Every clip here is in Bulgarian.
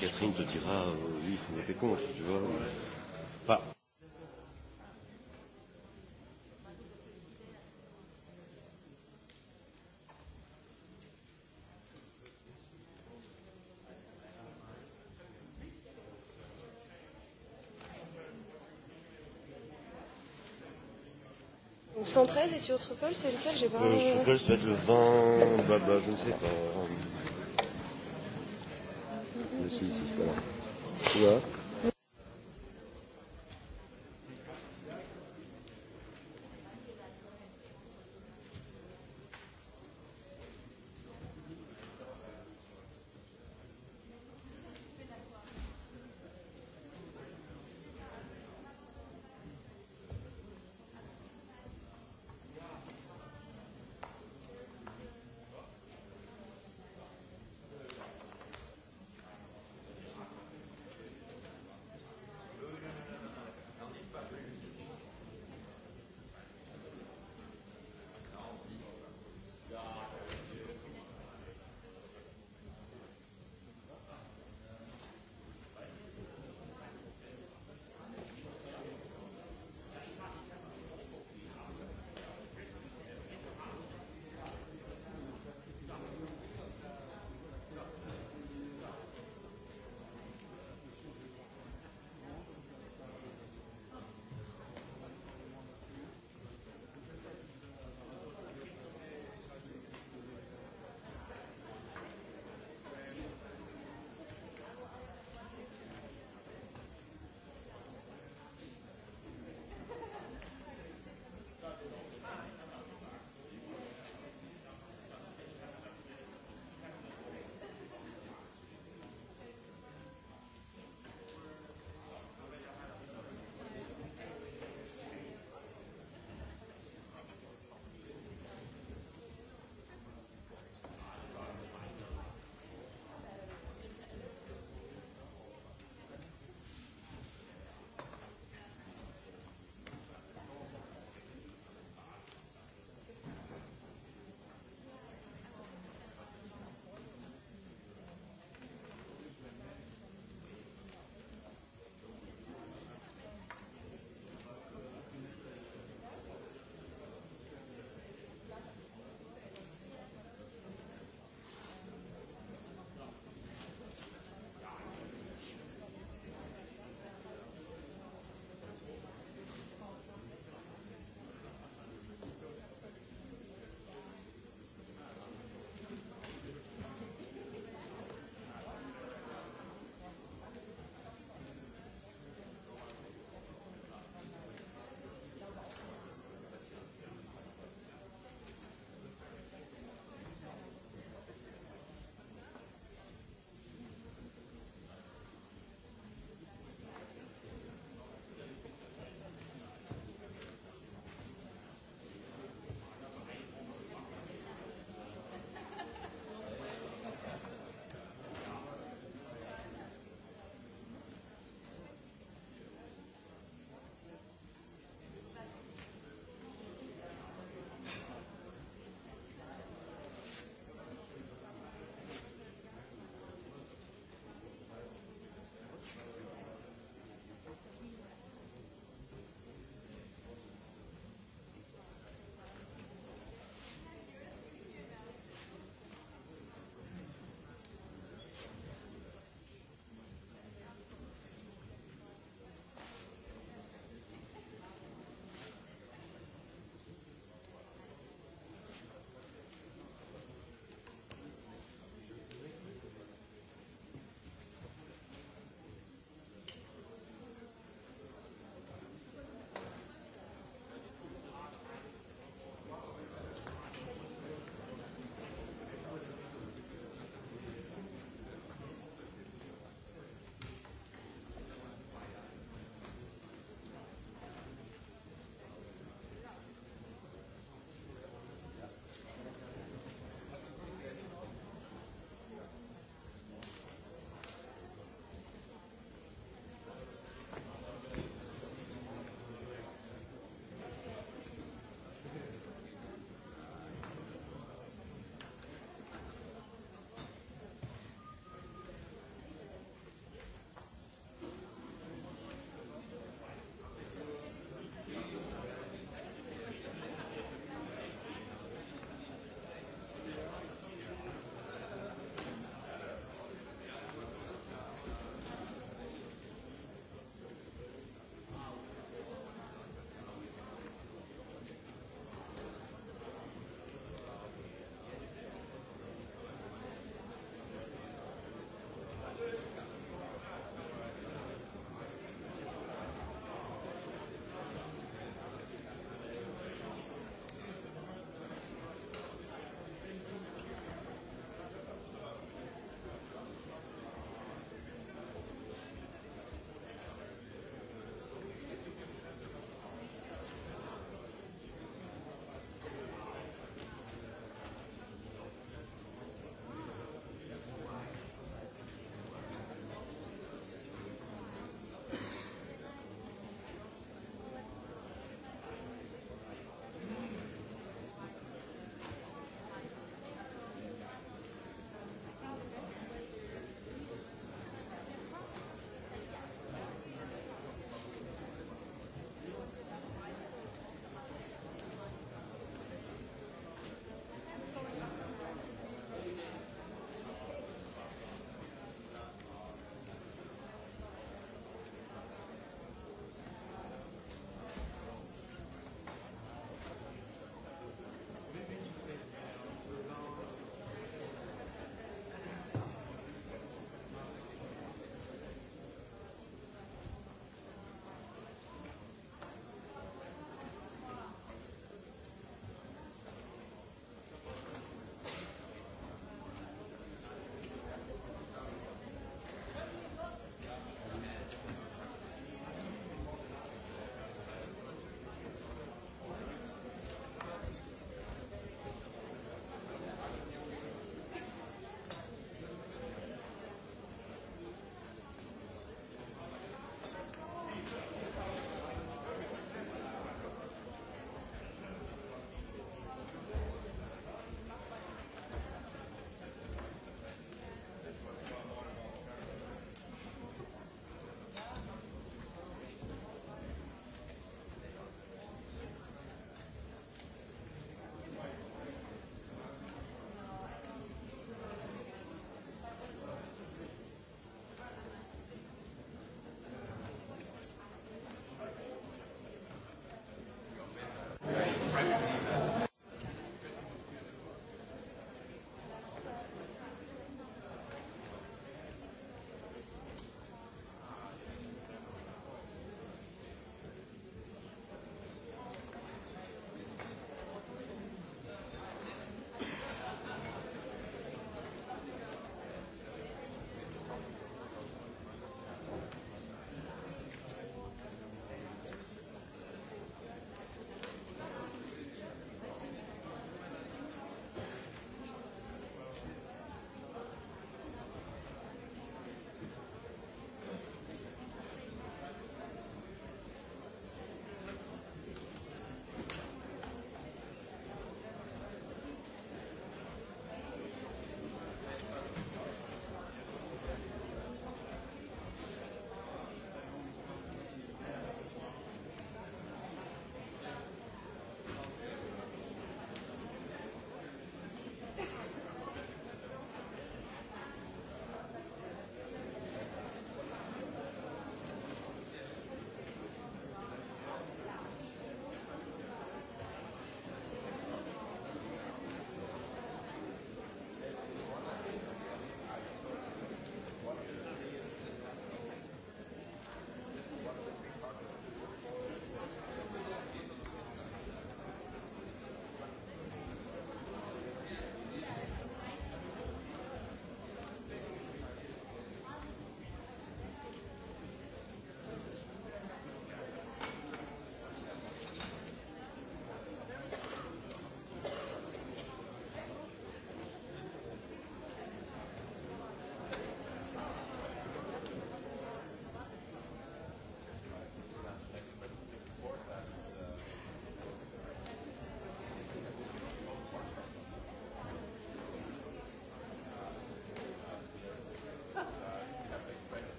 Catherine te dira, euh, oui, il faut voter contre, tu vois. Pas. Donc 113 et sur Truffle, c'est lequel j'ai pas... Euh, Truffle, ça va être le 20, Bah, bah, je ne sais pas je suis ici. Voilà. Tu vois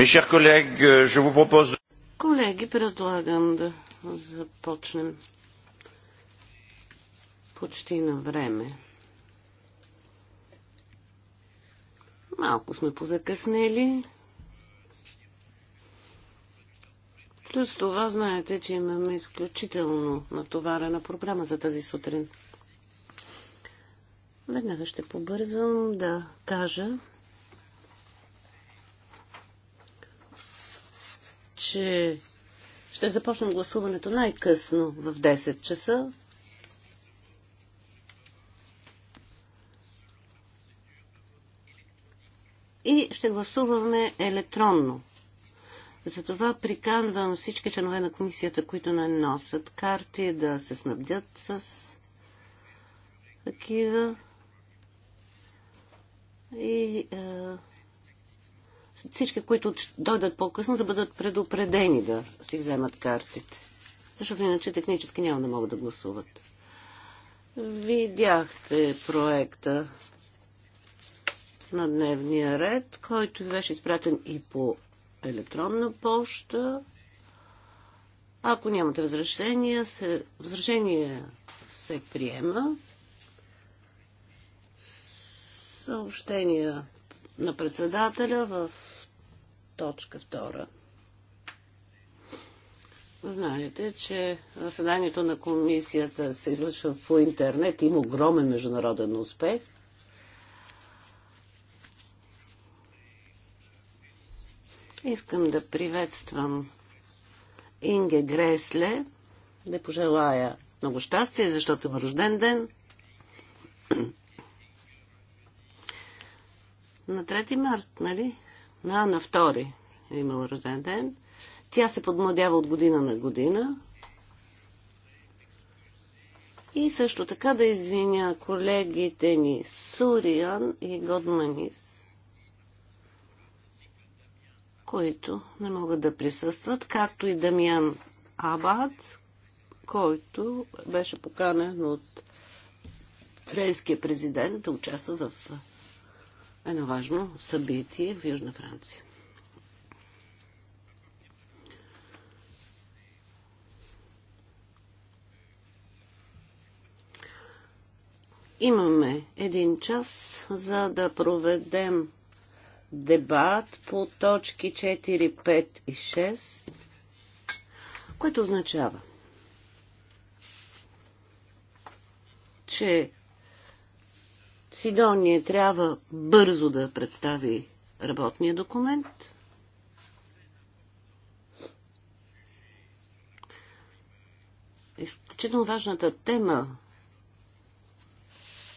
Euh, Колеги, предлагам да започнем почти на време. Малко сме позакъснели. Плюс това знаете, че имаме изключително натоварена програма за тази сутрин. Веднага ще побързам да кажа, че ще започнем гласуването най-късно в 10 часа. И ще гласуваме електронно. Затова приканвам всички членове на комисията, които не носят карти, да се снабдят с такива. И е, всички, които дойдат по-късно, да бъдат предупредени да си вземат картите. Защото иначе технически няма да могат да гласуват. Видяхте проекта на дневния ред, който ви беше изпратен и по електронна поща. Ако нямате възражения, се, възражение се приема. Съобщения на председателя в точка втора. Знаете, че заседанието на комисията се излъчва по интернет. Има огромен международен успех. Искам да приветствам Инге Гресле, да пожелая много щастие, защото има рожден ден. На 3 март, нали? на, на втори е имал рожден ден. Тя се подмладява от година на година. И също така да извиня колегите ни Суриан и Годманис, които не могат да присъстват, както и Дамян Абад, който беше поканен от френския президент да участва в едно важно събитие в Южна Франция. Имаме един час, за да проведем дебат по точки 4, 5 и 6, което означава, че Сидония трябва бързо да представи работния документ. Изключително важната тема,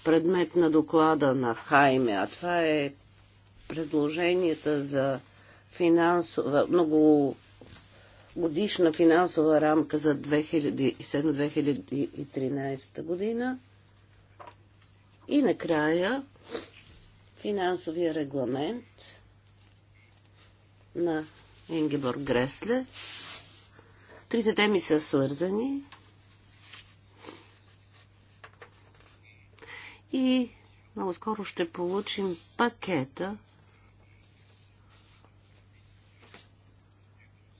предмет на доклада на Хайме, а това е предложенията за финансова, много годишна финансова рамка за 2007-2013 година – и накрая финансовия регламент на Ингеборг Гресле. Трите теми са свързани. И много скоро ще получим пакета,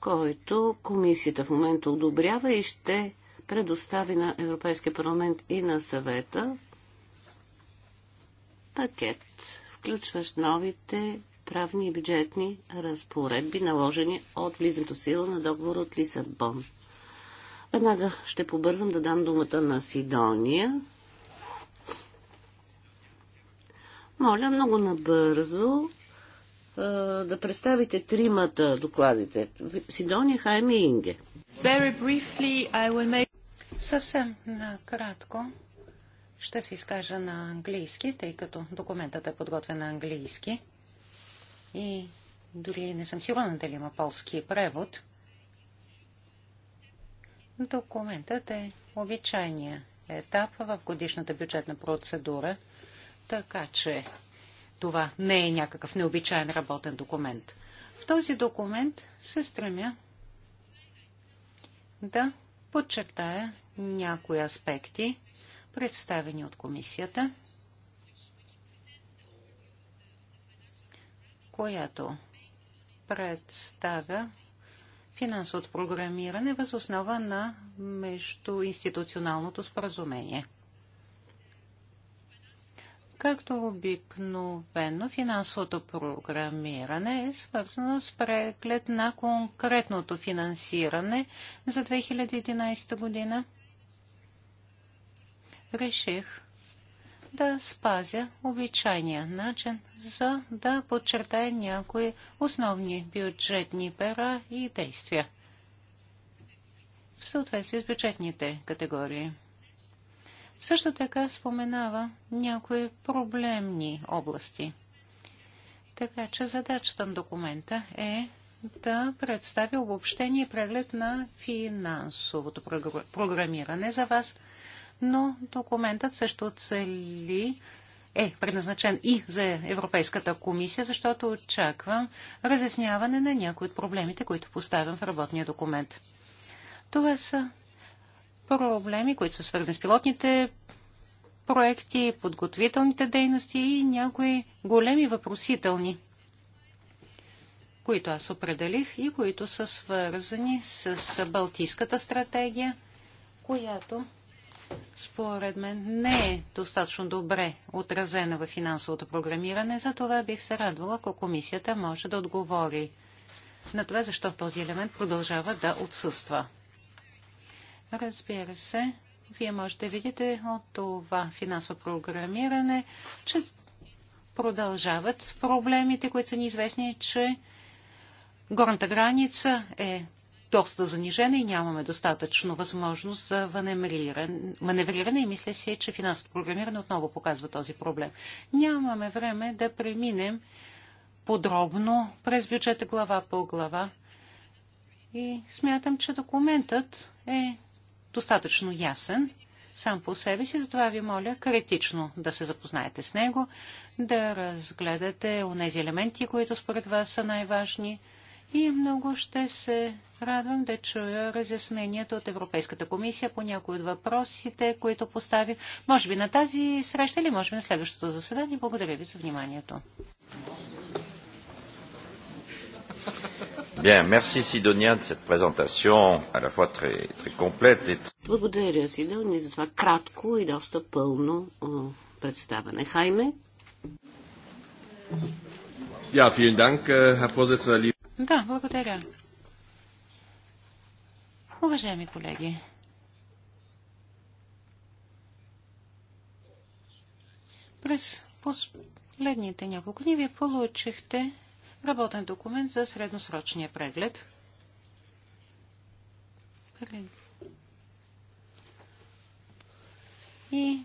който комисията в момента одобрява и ще предостави на Европейския парламент и на съвета пакет, включващ новите правни и бюджетни разпоредби, наложени от влизането сила на договор от Лисабон. Веднага ще побързам да дам думата на Сидония. Моля много набързо е, да представите тримата докладите. Сидония, Хайми и Инге. Very briefly, I will make... Съвсем накратко ще се изкажа на английски, тъй като документът е подготвен на английски и дори не съм сигурна дали има полски превод. Документът е обичайния етап в годишната бюджетна процедура, така че това не е някакъв необичайен работен документ. В този документ се стремя да подчертая някои аспекти, представени от комисията, която представя финансовото програмиране въз основа на междуинституционалното споразумение. Както обикновено, финансовото програмиране е свързано с преглед на конкретното финансиране за 2011 година – реших да спазя обичайния начин, за да подчертая някои основни бюджетни пера и действия в съответствие с бюджетните категории. Също така споменава някои проблемни области. Така че задачата на документа е да представя обобщение и преглед на финансовото програмиране за вас но документът също цели е предназначен и за Европейската комисия, защото очаквам разясняване на някои от проблемите, които поставям в работния документ. Това са проблеми, които са свързани с пилотните проекти, подготвителните дейности и някои големи въпросителни, които аз определих и които са свързани с Балтийската стратегия, която според мен не е достатъчно добре отразена в финансовото програмиране, за това бих се радвала, ако комисията може да отговори на това, защо този елемент продължава да отсъства. Разбира се, вие можете да видите от това финансово програмиране, че продължават проблемите, които са неизвестни, че горната граница е доста занижена и нямаме достатъчно възможност за маневриране. И мисля си, че финансовото програмиране отново показва този проблем. Нямаме време да преминем подробно през бюджета глава по глава. И смятам, че документът е достатъчно ясен сам по себе си, затова ви моля критично да се запознаете с него, да разгледате онези елементи, които според вас са най-важни – и много ще се радвам да чуя разясненията от Европейската комисия по някои от въпросите, които постави. Може би на тази среща или може би на следващото заседание. Благодаря ви за вниманието. Bien, merci Sidonia de cette présentation à la fois très, très complète et... Благодаря, Сидони, за това кратко и доста пълно представане. Хайме? Ja, vielen Dank, э, Herr Vorsitzender. Да, благодаря. Уважаеми колеги, през последните няколко дни вие получихте работен документ за средносрочния преглед. И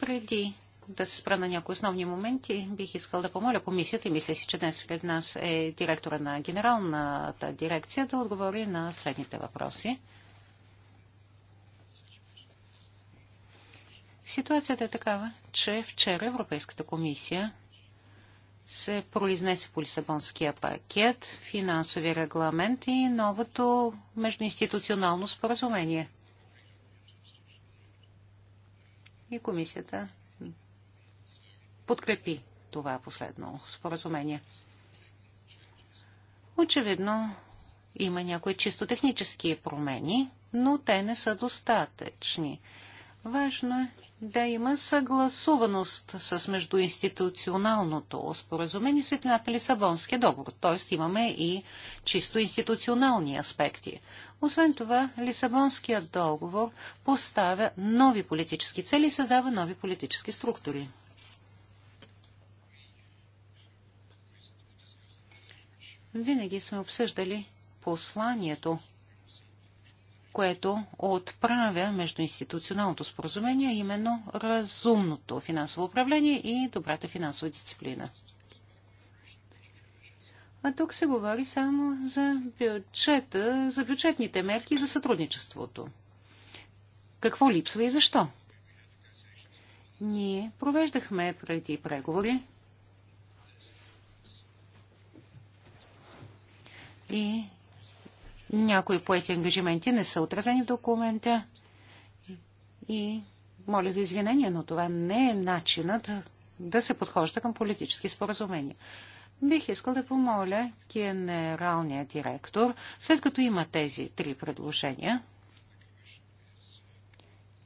преди да се спра на някои основни моменти. Бих искал да помоля комисията и мисля си, че днес след нас е директора на генералната дирекция да отговори на следните въпроси. Ситуацията е такава, че вчера Европейската комисия се произнесе по Лисабонския пакет, финансови регламент и новото междуинституционално споразумение. И комисията подкрепи това последно споразумение. Очевидно има някои чисто технически промени, но те не са достатъчни. Важно е да има съгласуваност с междуинституционалното споразумение светлината Лисабонския договор, т.е. имаме и чисто институционални аспекти. Освен това, Лисабонският договор поставя нови политически цели и създава нови политически структури. винаги сме обсъждали посланието, което отправя между институционалното споразумение, именно разумното финансово управление и добрата финансова дисциплина. А тук се говори само за бюджета, за бюджетните мерки и за сътрудничеството. Какво липсва и защо? Ние провеждахме преди преговори и някои поети ангажименти не са отразени в документа. И моля за извинение, но това не е начинът да се подхожда към политически споразумения. Бих искал да помоля генералния директор, след като има тези три предложения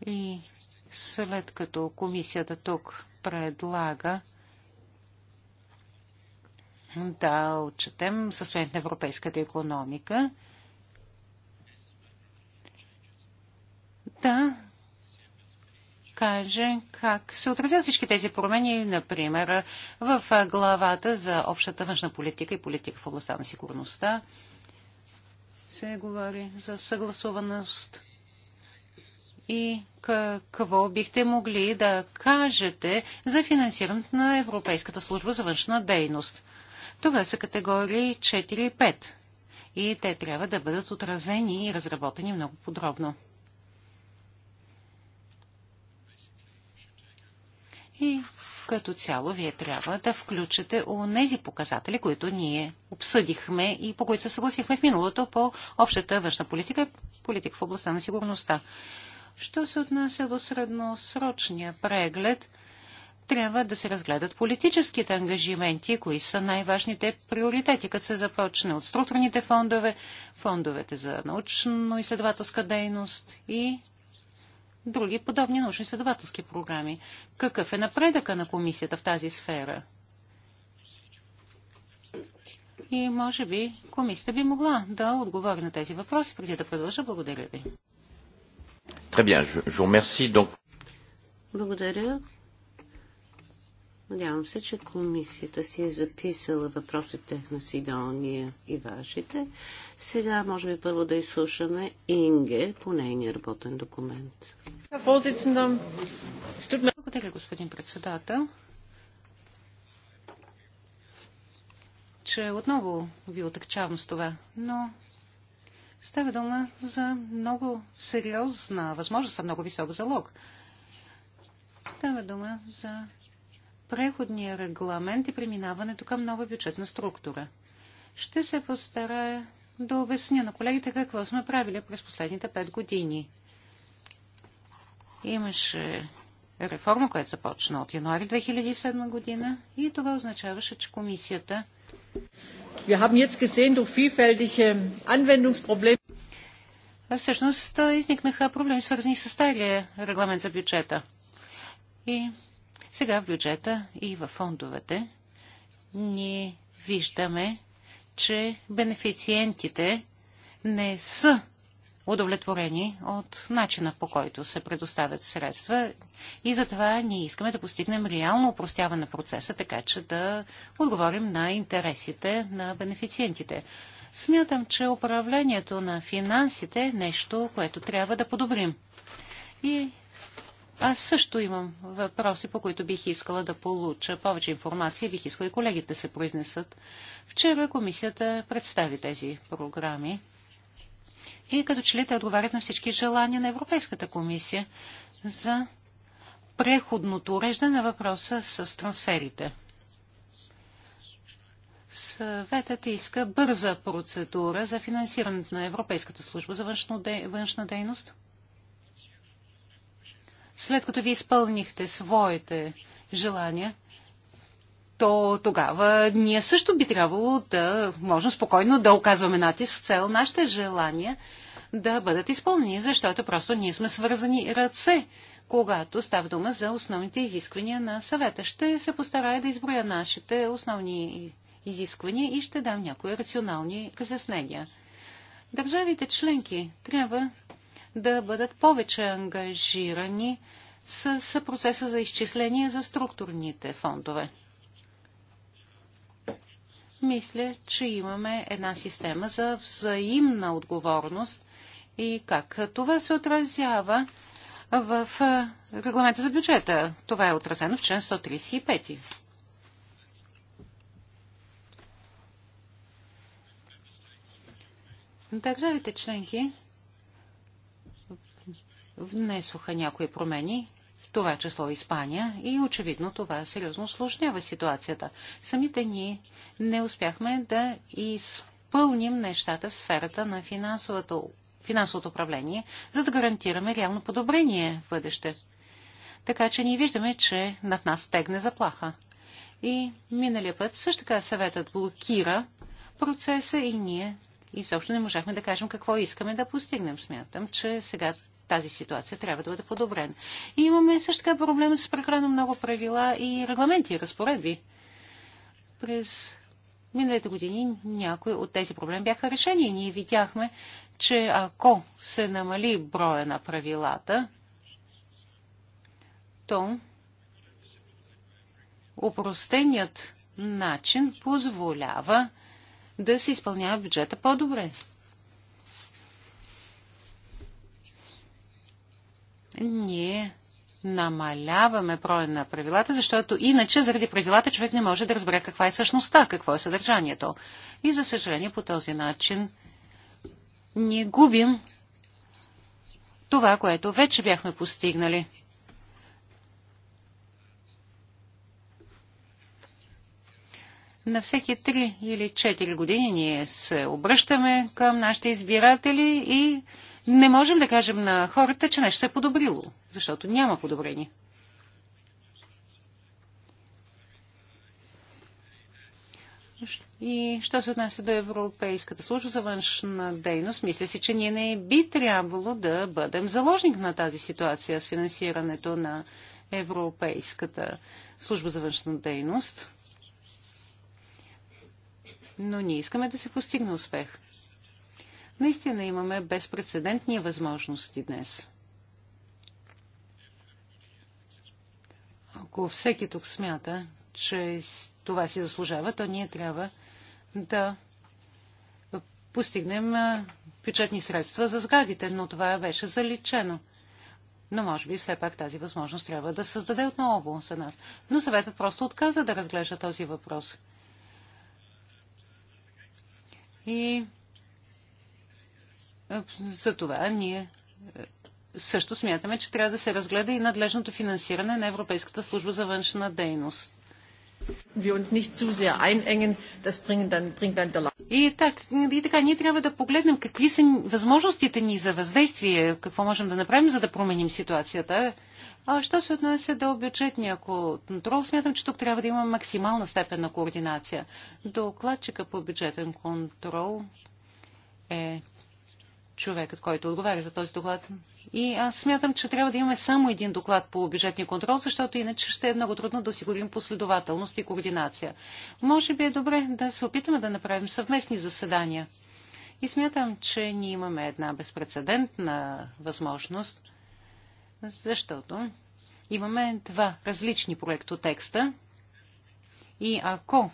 и след като комисията тук предлага да отчетем състоянието на европейската економика. Да каже как се отразят всички тези промени, например, в главата за общата външна политика и политика в областта на сигурността. Се говори за съгласуваност. И какво бихте могли да кажете за финансирането на Европейската служба за външна дейност? Това са категории 4 и 5 и те трябва да бъдат отразени и разработени много подробно. И като цяло вие трябва да включите нези показатели, които ние обсъдихме и по които се съгласихме в миналото по общата външна политика, и политика в областта на сигурността. Що се отнася до средносрочния преглед – трябва да се разгледат политическите ангажименти, кои са най-важните приоритети, като се започне от структурните фондове, фондовете за научно-изследователска дейност и други подобни научно-изследователски програми. Какъв е напредъка на комисията в тази сфера? И може би комисията би могла да отговори на тези въпроси, преди да продължа. Благодаря ви. Благодаря. Надявам се, че комисията си е записала въпросите на Сидония и вашите. Сега може би първо да изслушаме Инге по нейния работен документ. Благодаря, господин председател, че отново ви отръчавам с това, но става дума за много сериозна възможност, за много висок залог. Става дума за преходния регламент и преминаването към нова бюджетна структура. Ще се постарая да обясня на колегите какво сме правили през последните пет години. Имаше реформа, която започна от януари 2007 година и това означаваше, че комисията Wir haben jetzt gesehen, durch vielfältige Anwendungsprobleme. Всъщност изникнаха проблеми, свързани с стария регламент за бюджета. И сега в бюджета и в фондовете ние виждаме, че бенефициентите не са удовлетворени от начина по който се предоставят средства и затова ние искаме да постигнем реално упростяване на процеса, така че да отговорим на интересите на бенефициентите. Смятам, че управлението на финансите е нещо, което трябва да подобрим. И аз също имам въпроси, по които бих искала да получа повече информация. Бих искала и колегите да се произнесат. Вчера комисията представи тези програми. И като че ли те отговарят на всички желания на Европейската комисия за преходното уреждане на въпроса с трансферите. Съветът иска бърза процедура за финансирането на Европейската служба за външна дейност – след като ви изпълнихте своите желания, то тогава ние също би трябвало да можем спокойно да оказваме натиск с цел нашите желания да бъдат изпълнени, защото просто ние сме свързани ръце, когато става дума за основните изисквания на съвета. Ще се постарая да изброя нашите основни изисквания и ще дам някои рационални разяснения. Държавите членки трябва да бъдат повече ангажирани с процеса за изчисление за структурните фондове. Мисля, че имаме една система за взаимна отговорност и как това се отразява в регламента за бюджета. Това е отразено в член 135. Държавите членки внесоха някои промени, в това число Испания, и очевидно това сериозно осложнява ситуацията. Самите ние не успяхме да изпълним нещата в сферата на финансовото, финансовото управление, за да гарантираме реално подобрение в бъдеще. Така че ние виждаме, че над нас тегне заплаха. И миналия път също така съветът блокира процеса и ние изобщо не можахме да кажем какво искаме да постигнем. Смятам, че сега тази ситуация трябва да бъде подобрен. И имаме също така проблема с прекалено много правила и регламенти и разпоредби. През миналите години някои от тези проблеми бяха решени. Ние видяхме, че ако се намали броя на правилата, то упростеният начин позволява да се изпълнява бюджета по-добре. ние намаляваме броя на правилата, защото иначе заради правилата човек не може да разбере каква е същността, какво е съдържанието. И за съжаление по този начин ние губим това, което вече бяхме постигнали. На всеки 3 или 4 години ние се обръщаме към нашите избиратели и не можем да кажем на хората, че нещо се е подобрило, защото няма подобрение. И що се отнася до Европейската служба за външна дейност, мисля си, че ние не би трябвало да бъдем заложник на тази ситуация с финансирането на Европейската служба за външна дейност. Но ние искаме да се постигне успех. Наистина имаме безпредседентни възможности днес. Ако всеки тук смята, че това си заслужава, то ние трябва да постигнем бюджетни средства за сградите, но това беше заличено. Но може би все пак тази възможност трябва да създаде отново за нас. Но съветът просто отказа да разглежда този въпрос. И е, за това ние е, също смятаме, че трябва да се разгледа и надлежното финансиране на Европейската служба за външна дейност. И, так, и така, ние трябва да погледнем какви са възможностите ни за въздействие, какво можем да направим, за да променим ситуацията. А що се отнася до бюджетния контрол, смятам, че тук трябва да има максимална степен на координация. Докладчика по бюджетен контрол е човекът, който отговаря за този доклад. И аз смятам, че трябва да имаме само един доклад по бюджетния контрол, защото иначе ще е много трудно да осигурим последователност и координация. Може би е добре да се опитаме да направим съвместни заседания. И смятам, че ние имаме една безпредседентна възможност, защото имаме два различни проекто текста. И ако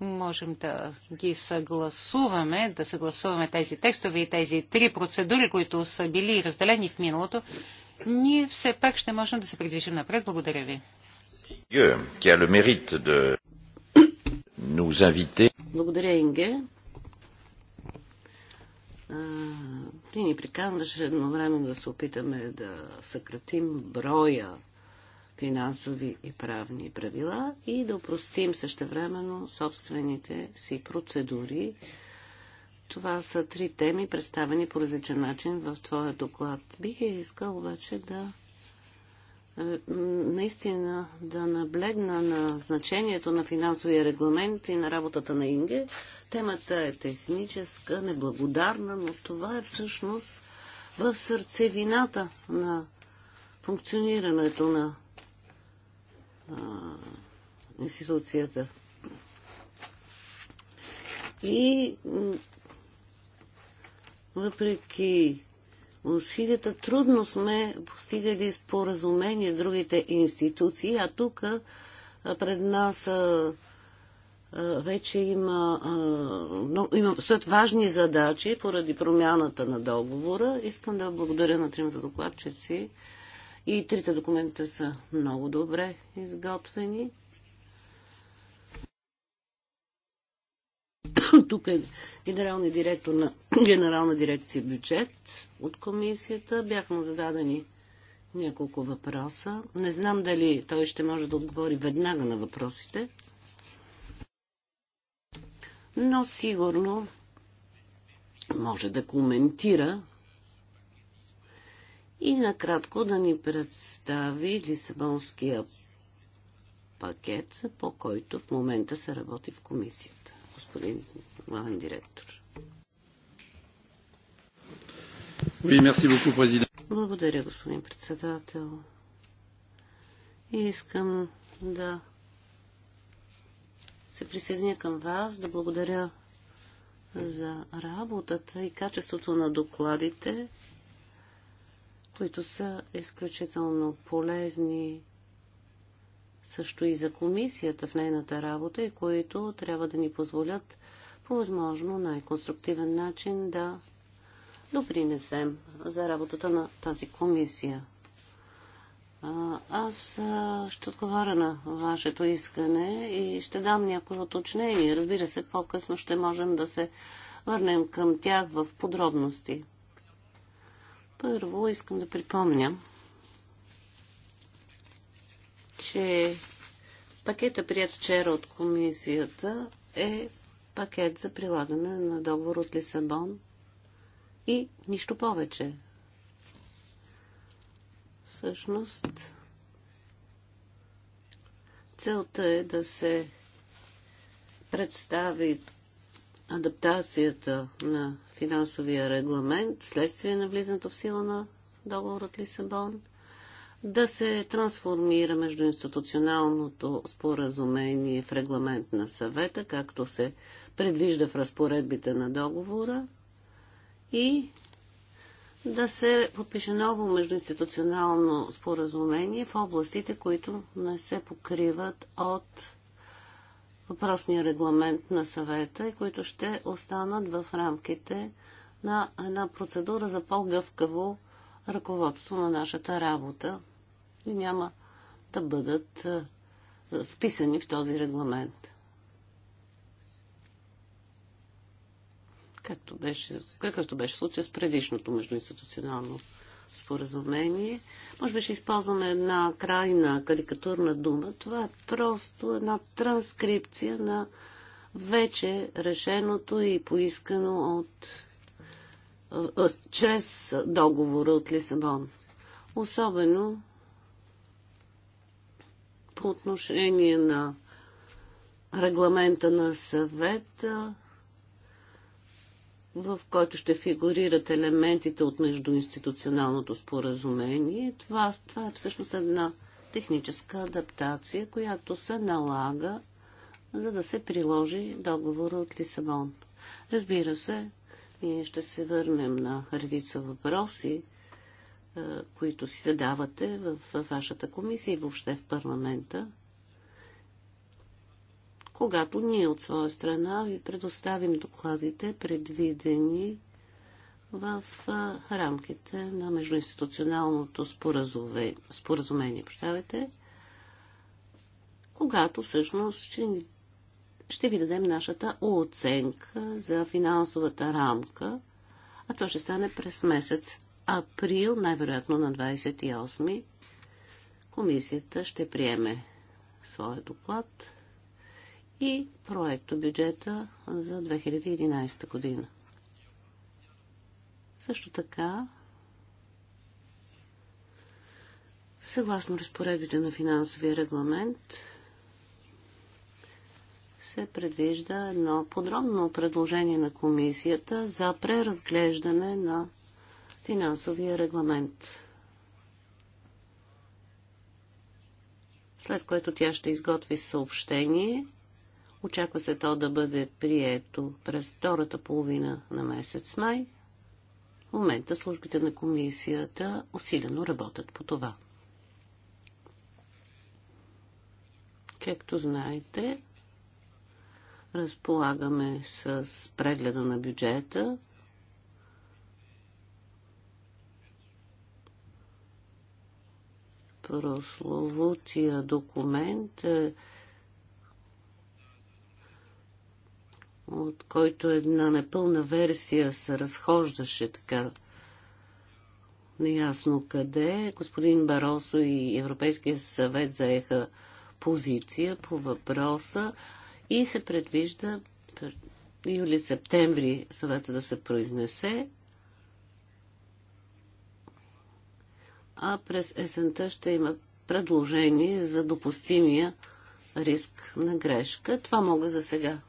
можем да ги съгласуваме, да съгласуваме тези текстове и тези три процедури, които са били разделени в миналото, ние все пак ще можем да се придвижим напред. Благодаря ви. Благодаря, Инге. Ти ни едно едновременно да се опитаме да съкратим броя финансови и правни правила и да упростим същевременно собствените си процедури. Това са три теми, представени по различен начин в твоя доклад. Бих е искал обаче да е, наистина да наблегна на значението на финансовия регламент и на работата на Инге. Темата е техническа, неблагодарна, но това е всъщност в сърцевината на функционирането на институцията. И въпреки усилията, трудно сме постигали споразумение с другите институции, а тук пред нас вече има, но, има, стоят важни задачи поради промяната на договора. Искам да благодаря на тримата докладчици и трите документа са много добре изготвени. Тук е генералният директор на Генерална дирекция бюджет от комисията. Бяха му зададени няколко въпроса. Не знам дали той ще може да отговори веднага на въпросите, но сигурно може да коментира и накратко да ни представи Лисабонския пакет, по който в момента се работи в комисията. Господин главен директор. Благодаря, господин председател. И искам да се присъединя към вас, да благодаря за работата и качеството на докладите, които са изключително полезни също и за комисията в нейната работа и които трябва да ни позволят по възможно най-конструктивен начин да допринесем за работата на тази комисия. Аз ще отговоря на вашето искане и ще дам някои уточнения. Разбира се, по-късно ще можем да се върнем към тях в подробности. Първо искам да припомня, че пакета, прият вчера от комисията, е пакет за прилагане на договор от Лисабон и нищо повече. Всъщност, целта е да се представи адаптацията на финансовия регламент следствие на влизането в сила на договор от Лисабон, да се трансформира между институционалното споразумение в регламент на съвета, както се предвижда в разпоредбите на договора и да се подпише ново междуинституционално споразумение в областите, които не се покриват от въпросния регламент на съвета и които ще останат в рамките на една процедура за по-гъвкаво ръководство на нашата работа и няма да бъдат е, вписани в този регламент. Както беше, какъвто беше случай с предишното междуинституционално споразумение. Може би ще използваме една крайна карикатурна дума. Това е просто една транскрипция на вече решеното и поискано от чрез договора от Лисабон. Особено по отношение на регламента на съвета в който ще фигурират елементите от междуинституционалното споразумение. Това, това е всъщност една техническа адаптация, която се налага, за да се приложи договора от Лисабон. Разбира се, ние ще се върнем на редица въпроси, е, които си задавате в вашата комисия и въобще в парламента когато ние от своя страна ви предоставим докладите, предвидени в рамките на междуинституционалното споразумение, споразумение прощавайте, когато всъщност ще, ще ви дадем нашата оценка за финансовата рамка, а то ще стане през месец април, най-вероятно на 28 комисията ще приеме своя доклад и проекто бюджета за 2011 година. Също така, съгласно разпоредбите на финансовия регламент, се предвижда едно подробно предложение на комисията за преразглеждане на финансовия регламент. След което тя ще изготви съобщение – Очаква се то да бъде прието през втората половина на месец май. В момента службите на комисията усилено работят по това. Както знаете, разполагаме с прегледа на бюджета. Прословутия документ е от който една непълна версия се разхождаше така неясно къде. Господин Баросо и Европейския съвет заеха позиция по въпроса и се предвижда юли-септември съвета да се произнесе. А през есента ще има предложение за допустимия риск на грешка. Това мога за сега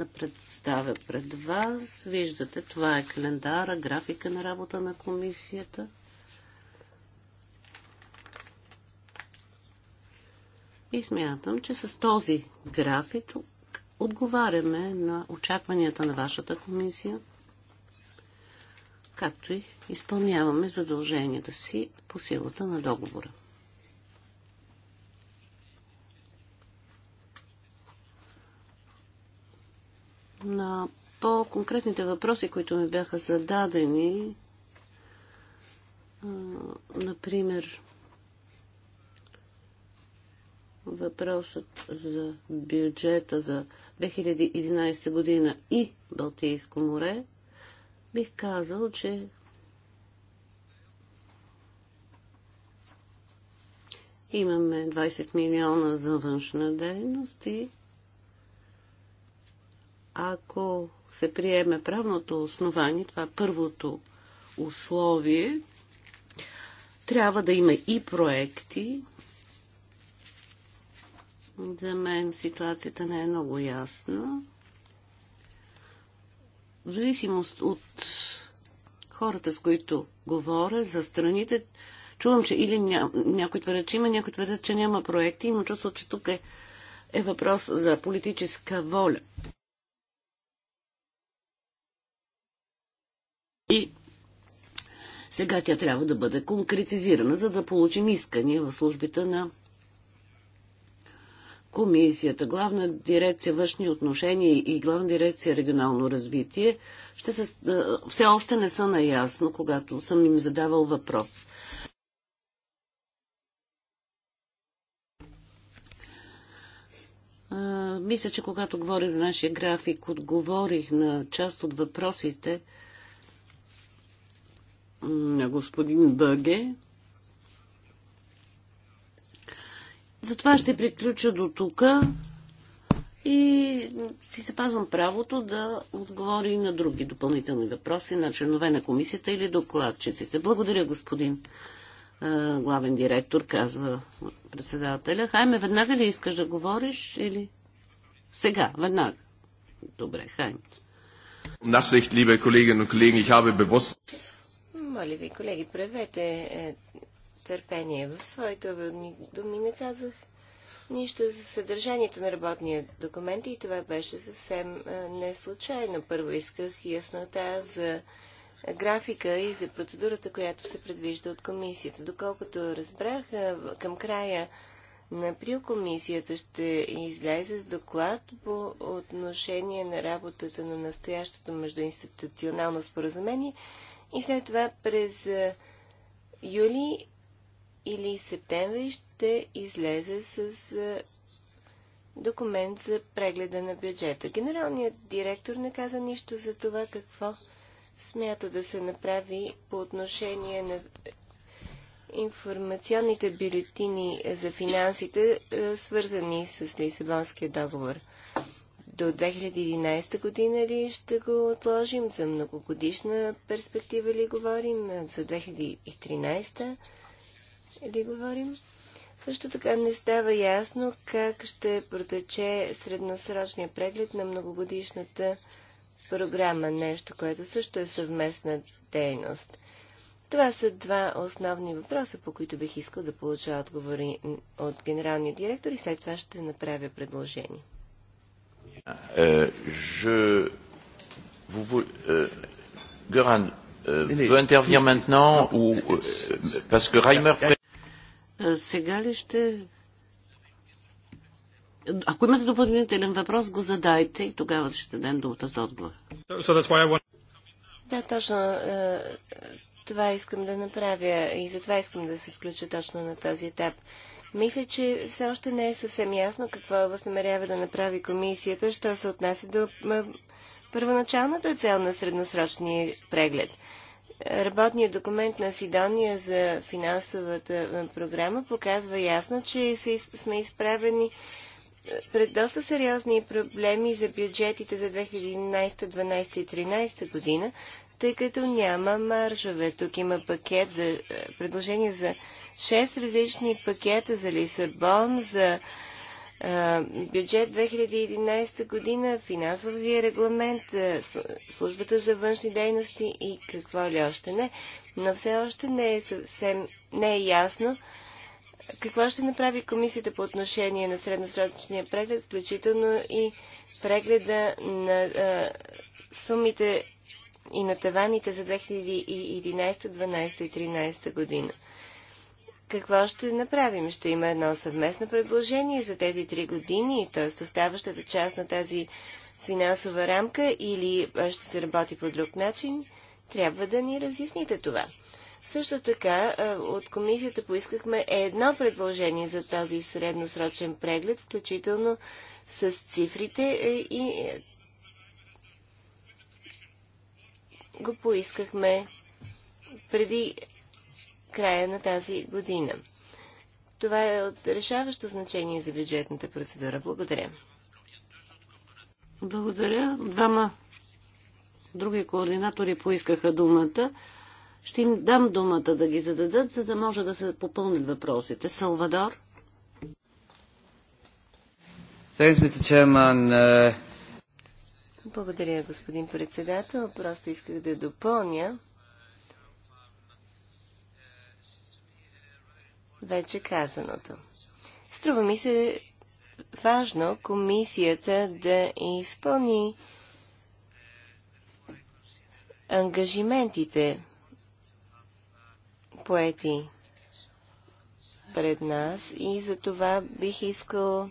да представя пред вас. Виждате, това е календара, графика на работа на комисията. И смятам, че с този график отговаряме на очакванията на вашата комисия, както и изпълняваме задълженията си по силата на договора. На по-конкретните въпроси, които ми бяха зададени, например, въпросът за бюджета за 2011 година и Балтийско море, бих казал, че имаме 20 милиона за външна дейност и ако се приеме правното основание, това е първото условие, трябва да има и проекти. За мен ситуацията не е много ясна. В зависимост от хората, с които говоря, за страните, чувам, че или ня... някой твърдят, че има, някой твърдят, че няма проекти. Има чувство, че тук е, е въпрос за политическа воля. И сега тя трябва да бъде конкретизирана, за да получим искания в службите на комисията, главна дирекция външни отношения и главна дирекция регионално развитие, ще се, все още не са наясно, когато съм им задавал въпрос. мисля, че когато говоря за нашия график, отговорих на част от въпросите, на господин Бъге. Затова ще приключа до тук и си се пазвам правото да отговори и на други допълнителни въпроси на членове на комисията или докладчиците. Благодаря, господин главен директор, казва председателя. Хайме, веднага ли искаш да говориш или... Сега, веднага. Добре, хайме. Nachsicht, liebe Kolleginnen und Kollegen, ich habe bewusst моля ви, колеги, правете е, търпение. В своите думи не казах нищо за съдържанието на работния документ и това беше съвсем е, не случайно. Първо исках яснота за графика и за процедурата, която се предвижда от комисията. Доколкото разбрах, е, към края на април комисията ще излезе с доклад по отношение на работата на настоящото междуинституционално споразумение и след това през юли или септември ще излезе с документ за прегледа на бюджета. Генералният директор не каза нищо за това какво смята да се направи по отношение на информационните бюлетини за финансите, свързани с Лисабонския договор до 2011 година ли ще го отложим? За многогодишна перспектива ли говорим? За 2013 ли говорим? Също така не става ясно как ще протече средносрочния преглед на многогодишната програма, нещо, което също е съвместна дейност. Това са два основни въпроса, по които бих искал да получа отговори от генералния директор и след това ще направя предложение. Euh, je... Vous, vous, euh, Göran euh, veut intervenir maintenant ou euh, parce que Reimer. Е, Ако имате допълнителен въпрос, го задайте и тогава ще дадем думата за отговор. Да, точно. Е, това искам да направя и затова искам да се включа точно на този етап. Мисля, че все още не е съвсем ясно какво възнамерява да направи комисията, що се отнася до първоначалната цел на средносрочния преглед. Работният документ на Сидония за финансовата програма показва ясно, че сме изправени е, пред доста сериозни проблеми за бюджетите за 2011, 2012 и 2013 година, тъй като няма маржове. Тук има пакет за е, предложение за 6 различни пакета за Лисабон, за а, е, бюджет 2011 година, финансовия регламент, е, службата за външни дейности и какво ли още не. Но все още не е съвсем не е ясно какво ще направи комисията по отношение на средносрочния преглед, включително и прегледа на а, сумите и на таваните за 2011, 2012 и 2013 година. Какво ще направим? Ще има едно съвместно предложение за тези три години, т.е. оставащата част на тази финансова рамка или ще се работи по друг начин? Трябва да ни разясните това. Също така от комисията поискахме едно предложение за този средносрочен преглед, включително с цифрите е, и го поискахме преди края на тази година. Това е от решаващо значение за бюджетната процедура. Благодаря. Благодаря. Двама други координатори поискаха думата. Ще им дам думата да ги зададат, за да може да се попълнят въпросите. Салвадор. Thanks, Mr. Chairman. Uh... Благодаря, господин председател. Просто исках да допълня. Вече казаното. Струва ми се важно комисията да изпълни ангажиментите поети пред нас и за това бих искал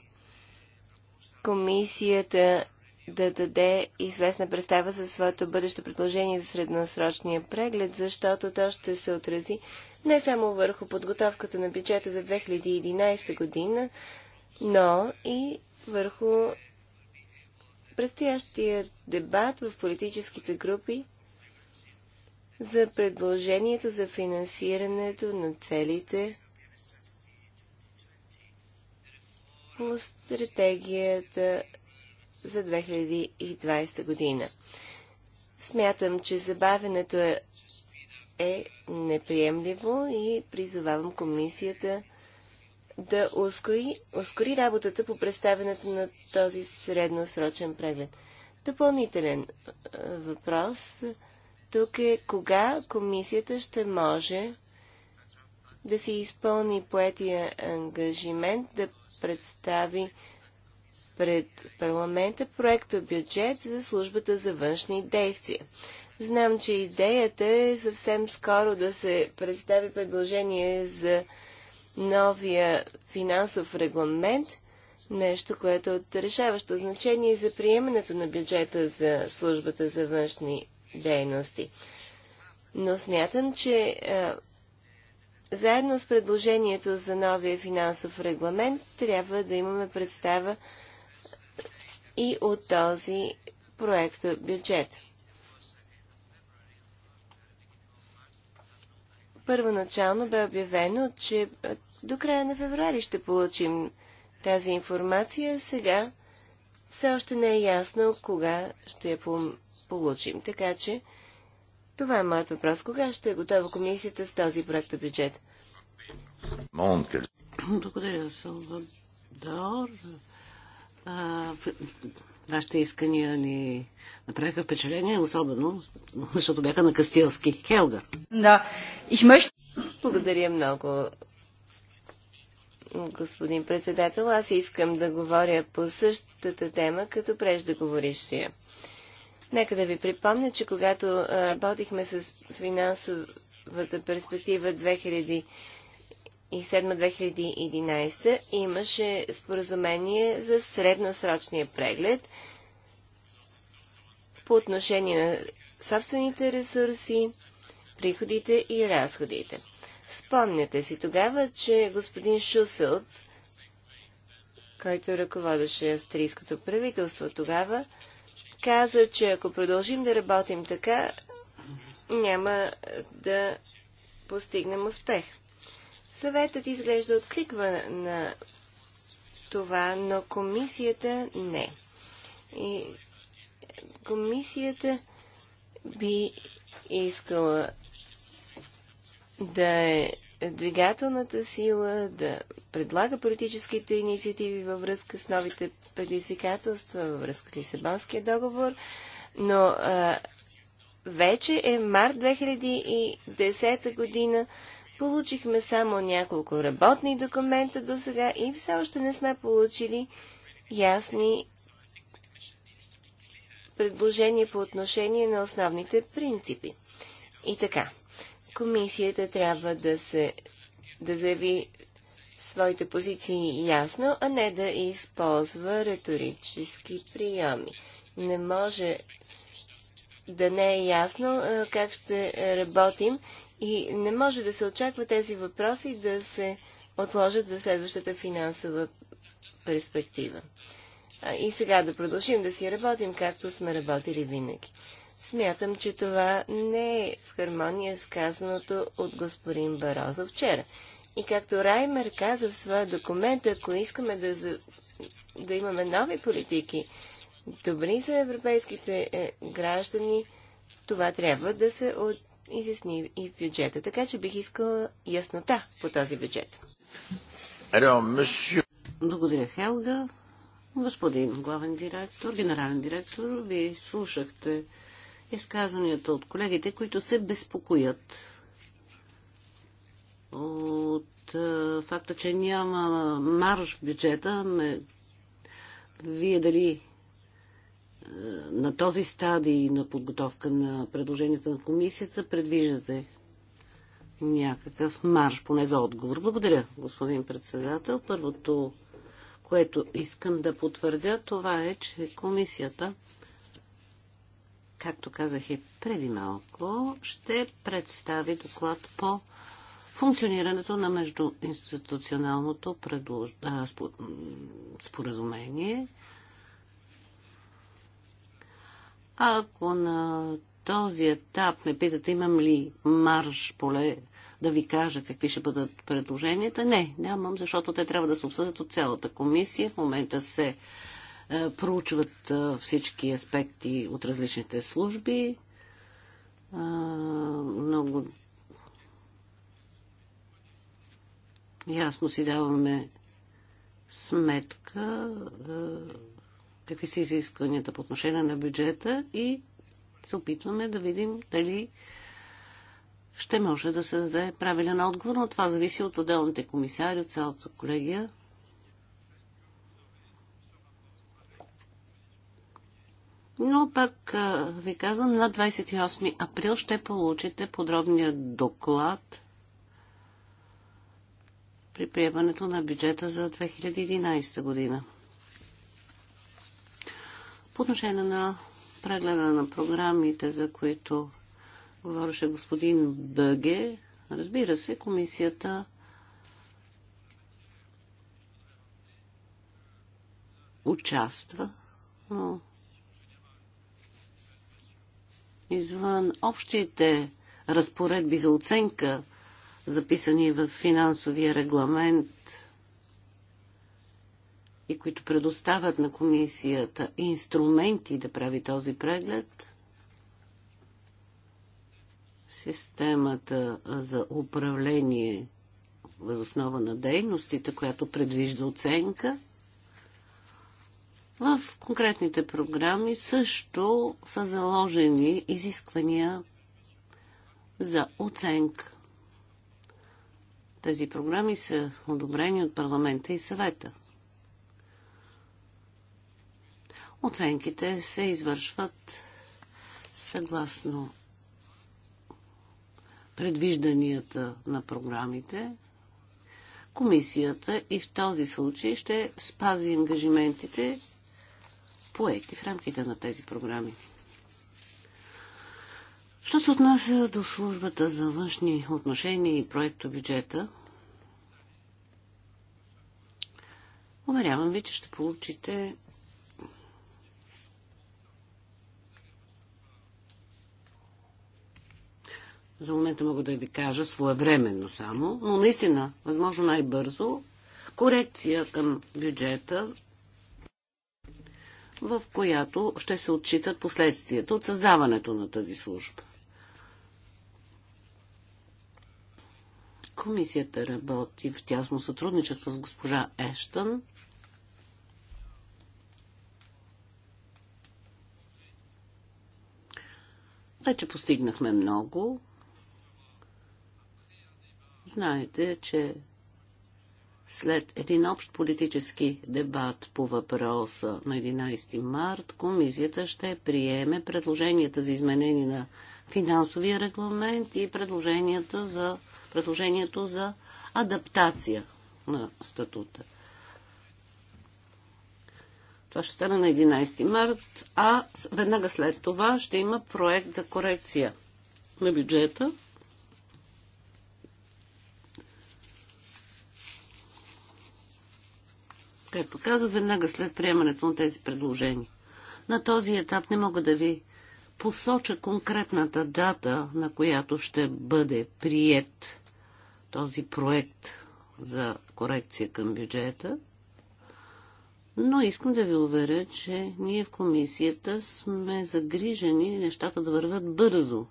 комисията да даде известна представа за своето бъдещо предложение за средносрочния преглед, защото то ще се отрази не само върху подготовката на бюджета за 2011 година, но и върху предстоящия дебат в политическите групи за предложението за финансирането на целите по стратегията за 2020 година. Смятам, че забавенето е, е неприемливо и призовавам комисията да ускори, ускори работата по представенето на този средносрочен преглед. Допълнителен е, въпрос тук е кога комисията ще може да си изпълни поетия ангажимент да представи пред парламента проекта бюджет за службата за външни действия. Знам, че идеята е съвсем скоро да се представи предложение за новия финансов регламент, нещо, което е от решаващо значение за приемането на бюджета за службата за външни дейности. Но смятам, че а, заедно с предложението за новия финансов регламент трябва да имаме представа и от този проект бюджет. Първоначално бе обявено, че до края на феврари ще получим тази информация. Сега все още не е ясно кога ще я получим. Така че това е моят въпрос. Кога ще е готова комисията с този проект бюджет? Благодаря, Салвадор. А, вашите искания ни направиха впечатление, особено защото бяха на Кастилски. Хелга. Да, Благодаря много, господин председател. Аз искам да говоря по същата тема, като говорищия. Нека да ви припомня, че когато работихме с финансовата перспектива 2000 2007-2011 имаше споразумение за средносрочния преглед по отношение на собствените ресурси, приходите и разходите. Спомняте си тогава, че господин Шуселт, който ръководеше австрийското правителство тогава, каза, че ако продължим да работим така, няма да постигнем успех. Съветът изглежда откликва на това, но комисията не. И комисията би искала да е двигателната сила, да предлага политическите инициативи във връзка с новите предизвикателства, във връзка с Лисабонския договор, но а, вече е март 2010 година, Получихме само няколко работни документа до сега и все още не сме получили ясни предложения по отношение на основните принципи. И така, комисията трябва да, се, да заяви своите позиции ясно, а не да използва риторически приеми. Не може да не е ясно как ще работим и не може да се очаква тези въпроси да се отложат за следващата финансова перспектива. И сега да продължим да си работим, както сме работили винаги. Смятам, че това не е в хармония с казаното от господин Барозо вчера. И както Раймер каза в своя документ, ако искаме да, за... да имаме нови политики, добри за европейските е, граждани, това трябва да се от изясни и бюджета. Така че бих искала яснота по този бюджет. Благодаря, Хелга. Господин главен директор, генерален директор, ви слушахте изказванията от колегите, които се безпокоят от е, факта, че няма марш в бюджета. Ме... Вие дали на този стадий на подготовка на предложенията на комисията предвиждате някакъв марш, поне за отговор. Благодаря, господин председател. Първото, което искам да потвърдя, това е, че комисията, както казах и преди малко, ще представи доклад по функционирането на междуинституционалното предлож... а, споразумение ако на този етап ме питате, имам ли марш поле да ви кажа какви ще бъдат предложенията, не, нямам, защото те трябва да се обсъдят от цялата комисия. В момента се е, проучват е, всички аспекти от различните служби. Е, много ясно си даваме сметка е, какви са изискванията по отношение на бюджета и се опитваме да видим дали ще може да се даде правилен отговор, но това зависи от отделните комисари, от цялата колегия. Но пък ви казвам, на 28 април ще получите подробния доклад при приемането на бюджета за 2011 година. По отношение на прегледа на програмите, за които говореше господин Бъге, разбира се, комисията участва, но извън общите разпоредби за оценка, записани в финансовия регламент и които предоставят на комисията инструменти да прави този преглед, системата за управление възоснова на дейностите, която предвижда оценка, в конкретните програми също са заложени изисквания за оценка. Тези програми са одобрени от парламента и съвета. Оценките се извършват съгласно предвижданията на програмите. Комисията и в този случай ще спази ангажиментите поети в рамките на тези програми. Що се отнася до службата за външни отношения и проекто бюджета, уверявам ви, че ще получите За момента мога да ви кажа своевременно само, но наистина, възможно най-бързо, корекция към бюджета, в която ще се отчитат последствията от създаването на тази служба. Комисията работи в тясно сътрудничество с госпожа Ештън. Вече постигнахме много. Знаете, че след един общ политически дебат по въпроса на 11 март, комисията ще приеме предложенията за изменение на финансовия регламент и предложенията за, предложението за адаптация на статута. Това ще стане на 11 март, а веднага след това ще има проект за корекция на бюджета както каза, веднага след приемането на тези предложения. На този етап не мога да ви посоча конкретната дата, на която ще бъде прият този проект за корекция към бюджета, но искам да ви уверя, че ние в комисията сме загрижени нещата да върват бързо,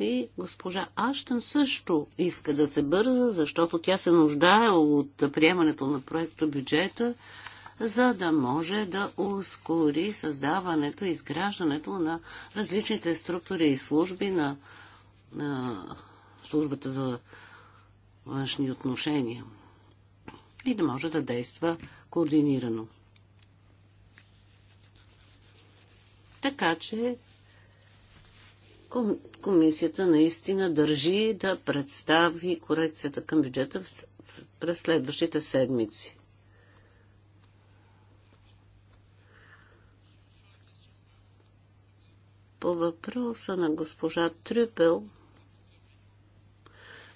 и госпожа Аштън също иска да се бърза, защото тя се нуждае от приемането на проекто бюджета, за да може да ускори създаването и изграждането на различните структури и служби на, на службата за външни отношения и да може да действа координирано. Така че комисията наистина държи да представи корекцията към бюджета през следващите седмици. По въпроса на госпожа Трюпел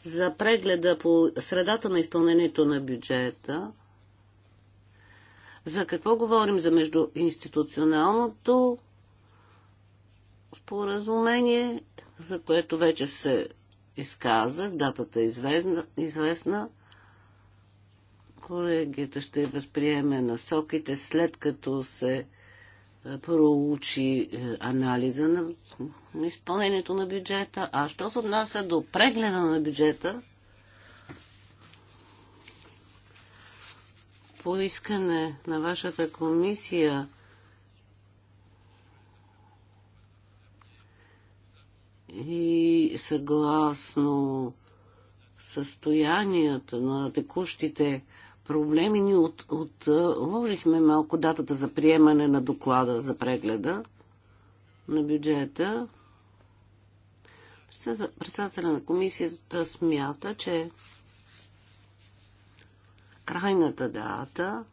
за прегледа по средата на изпълнението на бюджета, за какво говорим за междуинституционалното споразумение, за което вече се изказа, Датата е известна. известна. Колегията ще възприеме насоките след като се е, проучи е, анализа на изпълнението на бюджета. А що се отнася до прегледа на бюджета, по искане на вашата комисия И съгласно състоянията на текущите проблеми, ние от, отложихме малко датата за приемане на доклада за прегледа на бюджета. Председателя на комисията смята, че крайната дата,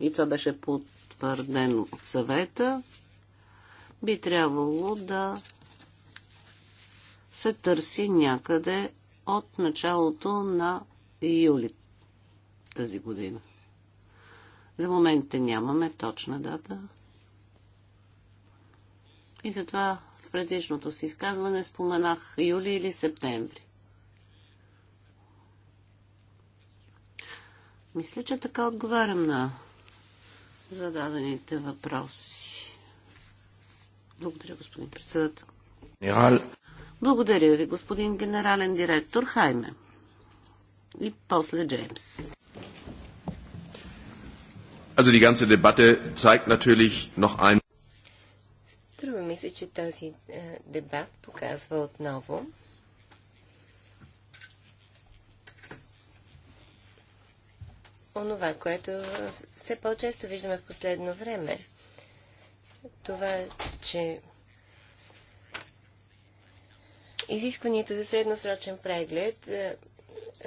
и това беше потвърдено от съвета, би трябвало да се търси някъде от началото на юли тази година. За момента нямаме точна дата. И затова в предишното си изказване споменах юли или септември. Мисля, че така отговарям на зададените въпроси. Благодаря, господин председател. Генерал. Благодаря ви, господин генерален директор Хайме. И после Джеймс. Also die ganze Debatte zeigt natürlich noch ein... Струва ми се, че този е, дебат показва отново, онова, което все по-често виждаме в последно време. Това, че Изискванията за средносрочен преглед е,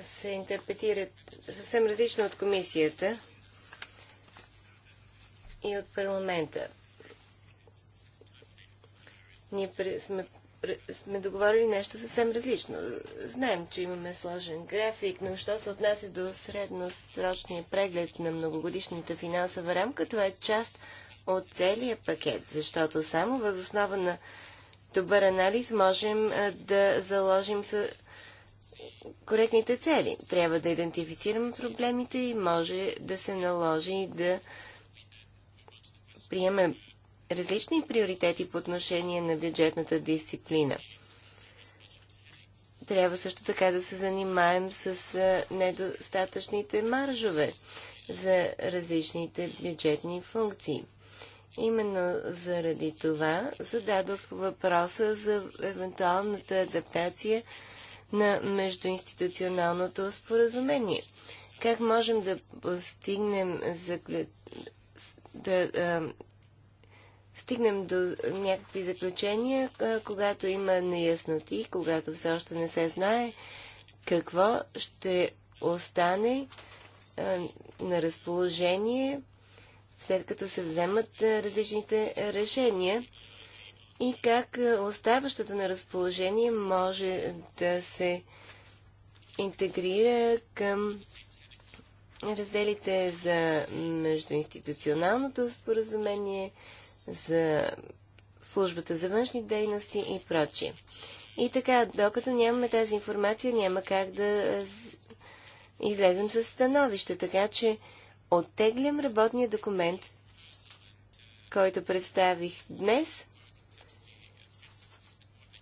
се интерпретират съвсем различно от комисията и от парламента. Ние сме, сме договорили нещо съвсем различно. Знаем, че имаме сложен график, но що се отнася до средносрочния преглед на многогодишната финансова рамка, това е част от целия пакет, защото само възоснова на добър анализ можем да заложим с коректните цели. Трябва да идентифицираме проблемите и може да се наложи да приемем различни приоритети по отношение на бюджетната дисциплина. Трябва също така да се занимаем с недостатъчните маржове за различните бюджетни функции. Именно заради това зададох въпроса за евентуалната адаптация на междуинституционалното споразумение. Как можем да постигнем да стигнем до някакви заключения, когато има неясноти, когато все още не се знае какво ще остане на разположение след като се вземат различните решения и как оставащото на разположение може да се интегрира към разделите за междуинституционалното споразумение, за службата за външни дейности и прочие. И така, докато нямаме тази информация, няма как да излезем с становище, така че оттеглям работния документ, който представих днес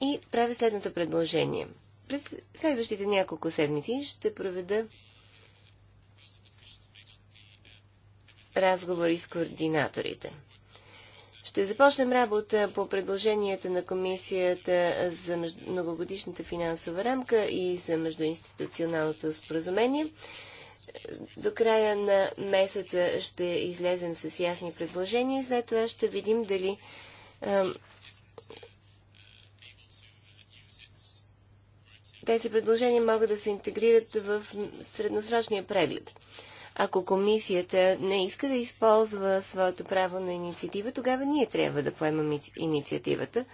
и правя следното предложение. През следващите няколко седмици ще проведа разговори с координаторите. Ще започнем работа по предложенията на Комисията за многогодишната финансова рамка и за междуинституционалното споразумение до края на месеца ще излезем с ясни предложения. След това ще видим дали тези предложения могат да се интегрират в средносрочния преглед. Ако комисията не иска да използва своето право на инициатива, тогава ние трябва да поемам инициативата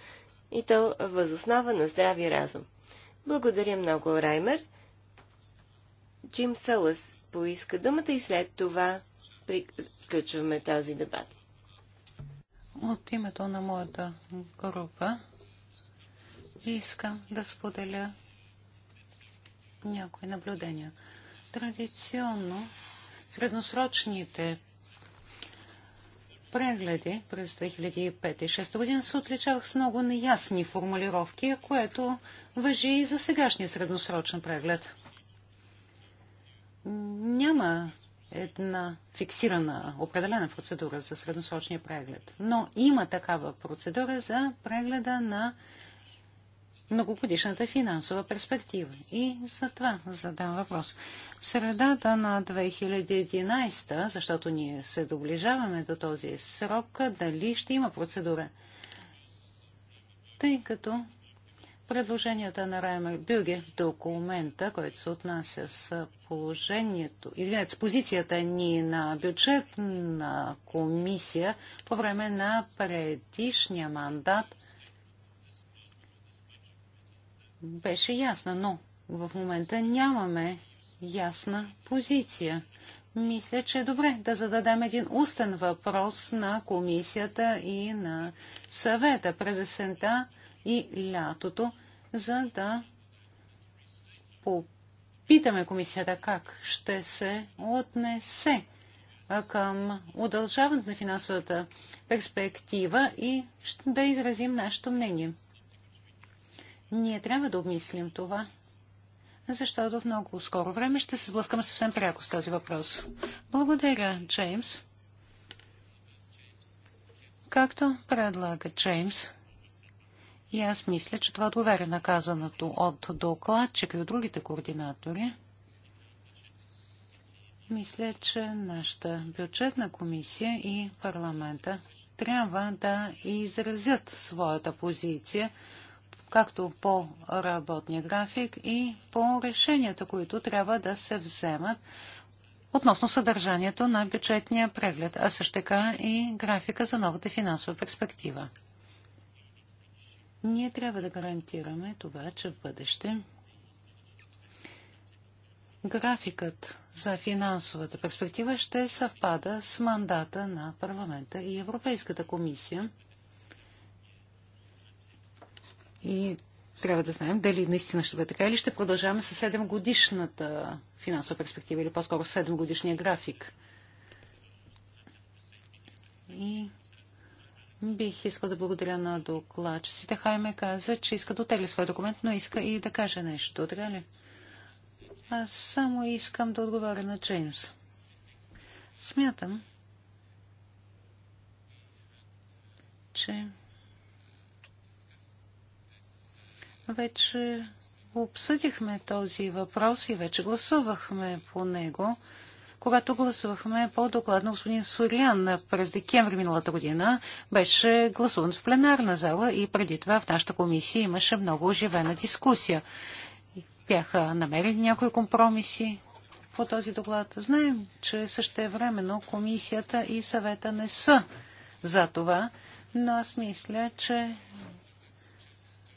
и то възоснова на здрави разум. Благодаря много, Раймер. Джим Сълъс поиска думата и след това приключваме този дебат. От името на моята група искам да споделя някои наблюдения. Традиционно средносрочните прегледи през 2005-2006 година се отличавах с много неясни формулировки, което въжи и за сегашния средносрочен преглед. Няма една фиксирана, определена процедура за средносрочния преглед, но има такава процедура за прегледа на многогодишната финансова перспектива. И за това задам въпрос. В средата на 2011, защото ние се доближаваме до този срок, дали ще има процедура? Тъй като предложенията на Райма Бюге в документа, който се отнася с положението, извинете, с позицията ни на бюджетна комисия по време на предишния мандат беше ясна, но в момента нямаме ясна позиция. Мисля, че е добре да зададем един устен въпрос на комисията и на съвета през есента и лятото, за да попитаме комисията как ще се отнесе към удължаването на финансовата перспектива и да изразим нашето мнение. Ние трябва да обмислим това, защото в много скоро време ще се сблъскаме съвсем пряко с този въпрос. Благодаря, Джеймс. Както предлага Джеймс, и аз мисля, че това доверя наказаното от докладчика и от другите координатори. Мисля, че нашата бюджетна комисия и парламента трябва да изразят своята позиция, както по работния график и по решенията, които трябва да се вземат относно съдържанието на бюджетния преглед, а също така и графика за новата финансова перспектива. Ние трябва да гарантираме това, че в бъдеще графикът за финансовата перспектива ще съвпада с мандата на парламента и Европейската комисия. И трябва да знаем дали наистина ще бъде така или ще продължаваме с 7 годишната финансова перспектива или по-скоро 7 годишния график. И Бих искал да благодаря на докладчиците. Хайме каза, че иска да отегли своя документ, но иска и да каже нещо, така ли? Аз само искам да отговоря на Джеймс. Смятам, че вече обсъдихме този въпрос и вече гласувахме по него когато гласувахме по доклад на господин Сурян през декември миналата година, беше гласуван в пленарна зала и преди това в нашата комисия имаше много оживена дискусия. Бяха намерени някои компромиси по този доклад. Знаем, че също е същевременно комисията и съвета не са за това, но аз мисля, че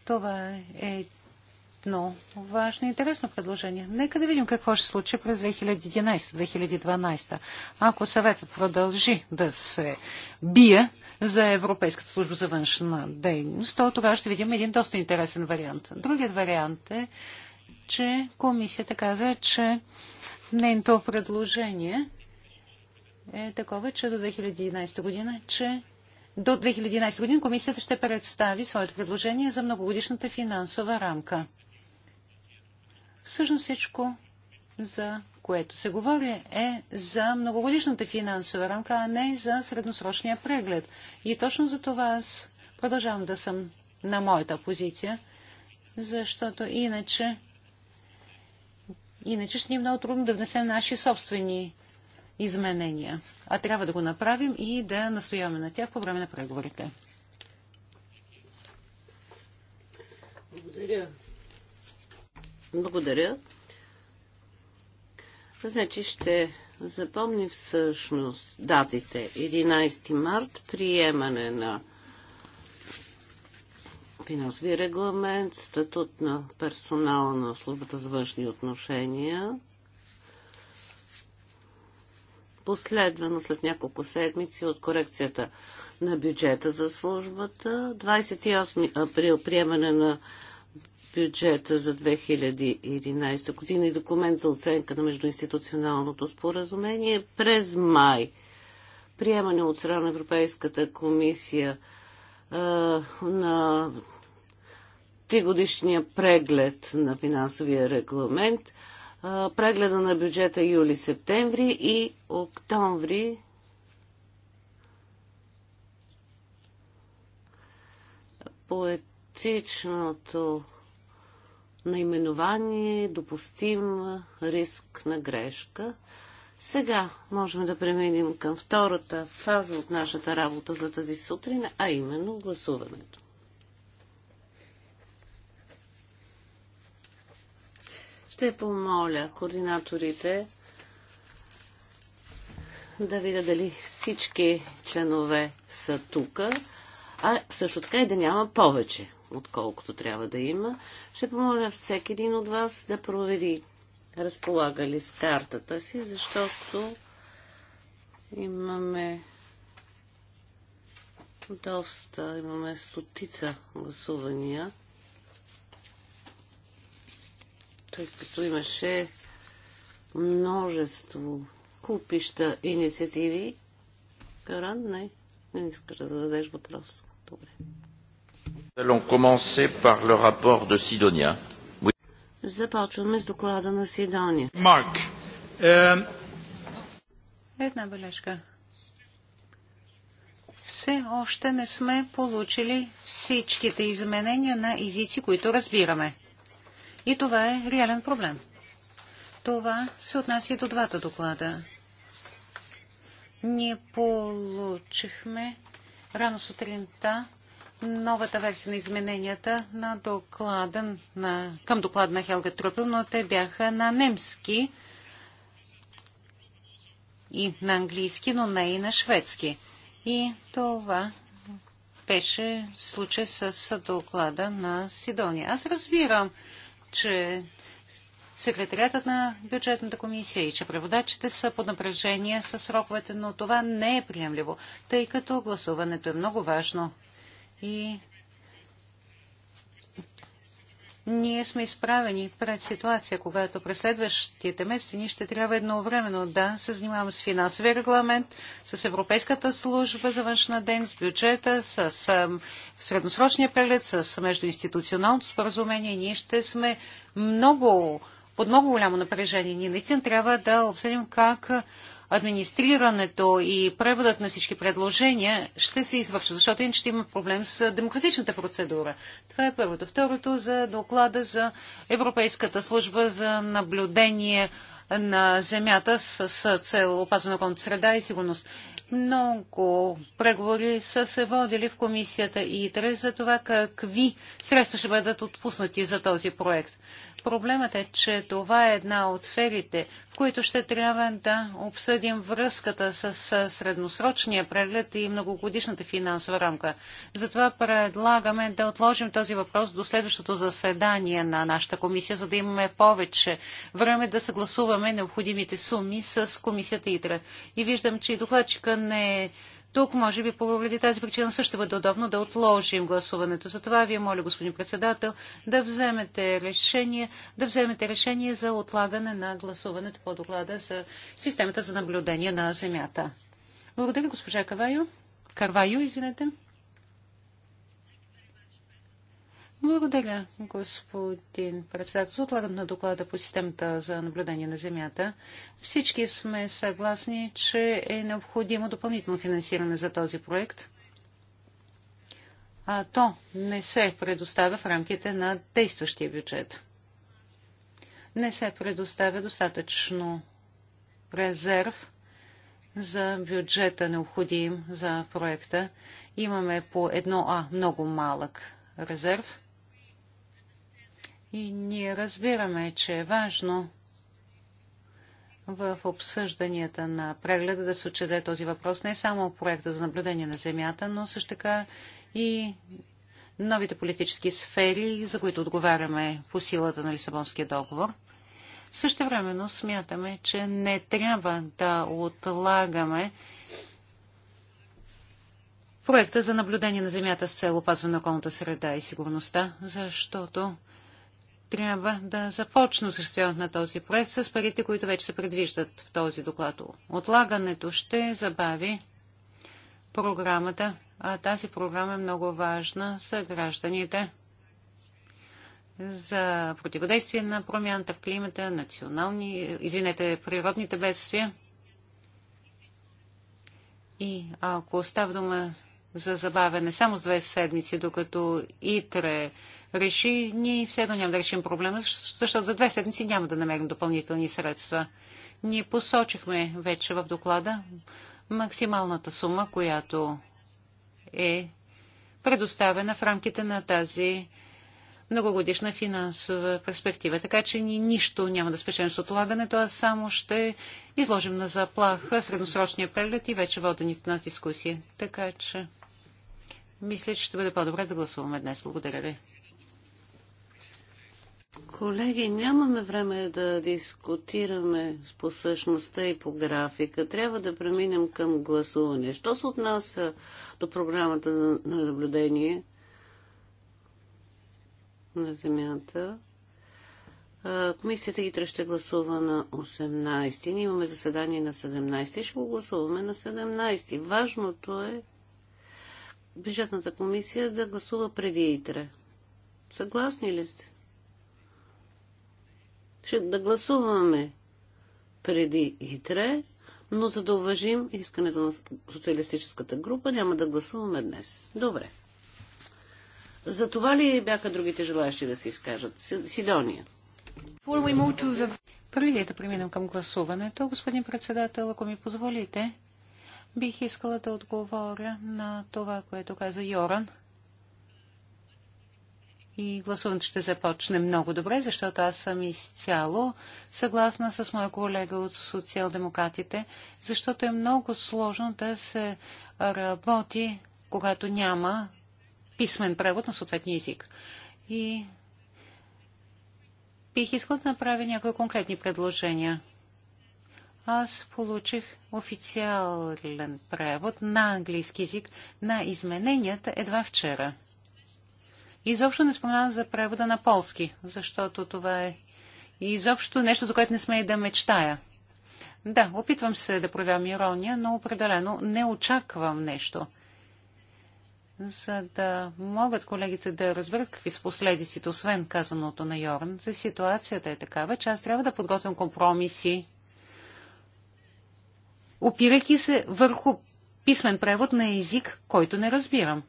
това е но важно и интересно предложение. Нека да видим какво ще случи през 2011-2012. Ако съветът продължи да се бие за Европейската служба за външна дейност, то тогава ще видим един доста интересен вариант. Другият вариант е, че комисията каза, че нейното предложение е такова, че до 2011 година, че до 2011 година комисията ще представи своето предложение за многогодишната финансова рамка. Всъщност всичко, за което се говори, е за многогодишната финансова рамка, а не за средносрочния преглед. И точно за това аз продължавам да съм на моята позиция, защото иначе, иначе ще ни е много трудно да внесем наши собствени изменения. А трябва да го направим и да настояваме на тях по време на преговорите. Благодаря. Благодаря. Значи ще запомни всъщност датите. 11 март, приемане на финансови регламент, статут на персонала на службата за външни отношения. Последвано след няколко седмици от корекцията на бюджета за службата. 28 април приемане на бюджета за 2011 година и документ за оценка на междуинституционалното споразумение през май. Приемане от страна на Европейската комисия е, на тригодишния преглед на финансовия регламент, е, прегледа на бюджета юли-септември и октомври поетичното наименование допустим риск на грешка. Сега можем да преминем към втората фаза от нашата работа за тази сутрин, а именно гласуването. Ще помоля координаторите да видя дали всички членове са тук, а също така и да няма повече отколкото трябва да има. Ще помоля всеки един от вас да провери разполага ли с картата си, защото имаме доста, имаме стотица гласувания. Тъй като имаше множество купища инициативи. Каран, не, не искаш да зададеш въпрос. Добре. Започваме с доклада на Сидония. Марк. Е... Една бележка. Все още не сме получили всичките изменения на езици, които разбираме. И това е реален проблем. Това се отнася и до двата доклада. Ние получихме рано сутринта новата версия на измененията на доклада на, към доклада на Хелга Трупел, но те бяха на немски и на английски, но не и на шведски. И това беше случай с доклада на Сидония. Аз разбирам, че секретарятът на бюджетната комисия и че преводачите са под напрежение с сроковете, но това не е приемливо, тъй като гласуването е много важно. И ние сме изправени пред ситуация, когато през следващите месеци ние ще трябва едновременно да се занимаваме с финансовия регламент, с Европейската служба за външна ден, с бюджета, с, с средносрочния преглед, с междуинституционалното споразумение. Ние ще сме много, под много голямо напрежение. Ние наистина трябва да обсъдим как администрирането и преводът на всички предложения ще се извършва, защото иначе ще има проблем с демократичната процедура. Това е първото. Второто за доклада за Европейската служба за наблюдение на земята с, с цел опазване на среда и сигурност. Много преговори са се водили в комисията ИТРЕ за това какви средства ще бъдат отпуснати за този проект. Проблемът е, че това е една от сферите, в които ще трябва да обсъдим връзката с средносрочния преглед и многогодишната финансова рамка. Затова предлагаме да отложим този въпрос до следващото заседание на нашата комисия, за да имаме повече време да съгласуваме необходимите суми с комисията ИТРА. И виждам, че и докладчика не е тук, може би, поради тази причина също бъде удобно да отложим гласуването. Затова вие моля, господин председател, да вземете решение, да вземете решение за отлагане на гласуването по доклада за системата за наблюдение на Земята. Благодаря, госпожа Кавайо. Карвайо, извинете. Благодаря, господин председател. Отлагам на доклада по системата за наблюдение на Земята. Всички сме съгласни, че е необходимо допълнително финансиране за този проект. А то не се предоставя в рамките на действащия бюджет. Не се предоставя достатъчно резерв за бюджета необходим за проекта. Имаме по 1А много малък резерв. И ние разбираме, че е важно в обсъжданията на прегледа да се отчеде този въпрос не само проекта за наблюдение на Земята, но също така и новите политически сфери, за които отговаряме по силата на Лисабонския договор. Също времено смятаме, че не трябва да отлагаме проекта за наблюдение на Земята с цел опазване на околната среда и сигурността, защото трябва да започне осъществяването на този проект с парите, които вече се предвиждат в този доклад. Отлагането ще забави програмата, а тази програма е много важна за гражданите за противодействие на промяната в климата, национални, извинете, природните бедствия. И ако става дума за забавяне само с две седмици, докато ИТРЕ реши, ние все едно няма да решим проблема, защото за две седмици няма да намерим допълнителни средства. Ние посочихме вече в доклада максималната сума, която е предоставена в рамките на тази многогодишна финансова перспектива. Така че ни нищо няма да спечелим с отлагането, а само ще изложим на заплаха средносрочния преглед и вече водените на дискусия. Така че мисля, че ще бъде по-добре да гласуваме днес. Благодаря ви. Колеги, нямаме време да дискутираме по същността и по графика. Трябва да преминем към гласуване. Що се отнася до програмата на наблюдение на Земята? Комисията ги ще гласува на 18. Ние имаме заседание на 17. Ще го гласуваме на 17. Важното е бюджетната комисия да гласува преди ИТРЕ. Съгласни ли сте? Ще да гласуваме преди ИТРЕ, но за да уважим искането на социалистическата група, няма да гласуваме днес. Добре. За това ли бяха другите желаящи да се изкажат? Сидония. Преди да преминем към гласуването, господин председател, ако ми позволите, бих искала да отговоря на това, което каза Йоран и гласуването ще започне много добре, защото аз съм изцяло съгласна с моя колега от социал-демократите, защото е много сложно да се работи, когато няма писмен превод на съответния език. И бих искал да направя някои конкретни предложения. Аз получих официален превод на английски язик на измененията едва вчера – Изобщо не споменавам за превода на полски, защото това е изобщо нещо, за което не сме и да мечтая. Да, опитвам се да проявявам ирония, но определено не очаквам нещо. За да могат колегите да разберат какви са последиците, освен казаното на Йорн, за ситуацията е такава, че аз трябва да подготвям компромиси, опирайки се върху писмен превод на език, който не разбирам.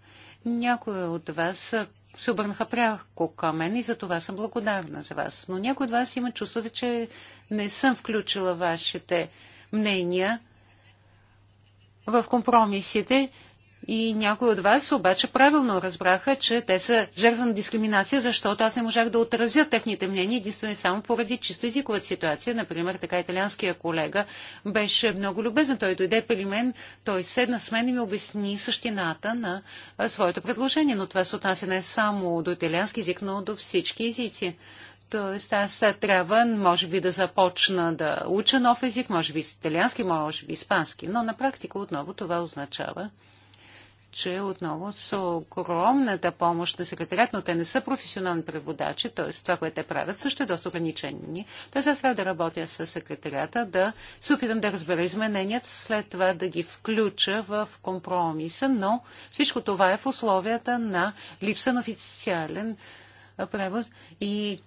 Някои от вас се обърнаха пряко към мен и за това съм благодарна за вас. Но някои от вас има чувството, че не съм включила вашите мнения в компромисите и някои от вас обаче правилно разбраха, че те са жертва на дискриминация, защото аз не можах да отразя техните мнения единствено и само поради чисто езиковата ситуация. Например, така италианския колега беше много любезен. Той дойде при мен, той седна с мен и ми обясни същината на своето предложение. Но това се отнася не само до италиански език, но до всички езици. Тоест аз трябва, може би, да започна да уча нов език, може би с италиански, може би испански, но на практика отново това означава, че отново с огромната помощ на секретарят, но те не са професионални преводачи, т.е. това, което те правят, също е доста ограничени. Т.е. аз трябва да работя с секретарята, да се опитам да разбера измененията, след това да ги включа в компромиса, но всичко това е в условията на липса на официален превод и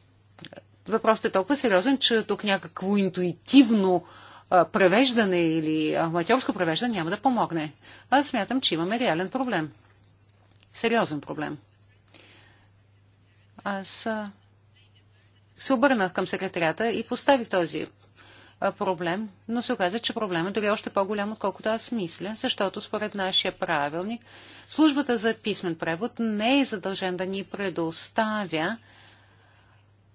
Въпросът е толкова сериозен, че тук някакво интуитивно превеждане или аматьорско превеждане няма да помогне. Аз смятам, че имаме реален проблем. Сериозен проблем. Аз се обърнах към секретарята и поставих този проблем, но се оказа, че проблемът е дори още по-голям, отколкото аз мисля, защото според нашия правилник службата за писмен превод не е задължен да ни предоставя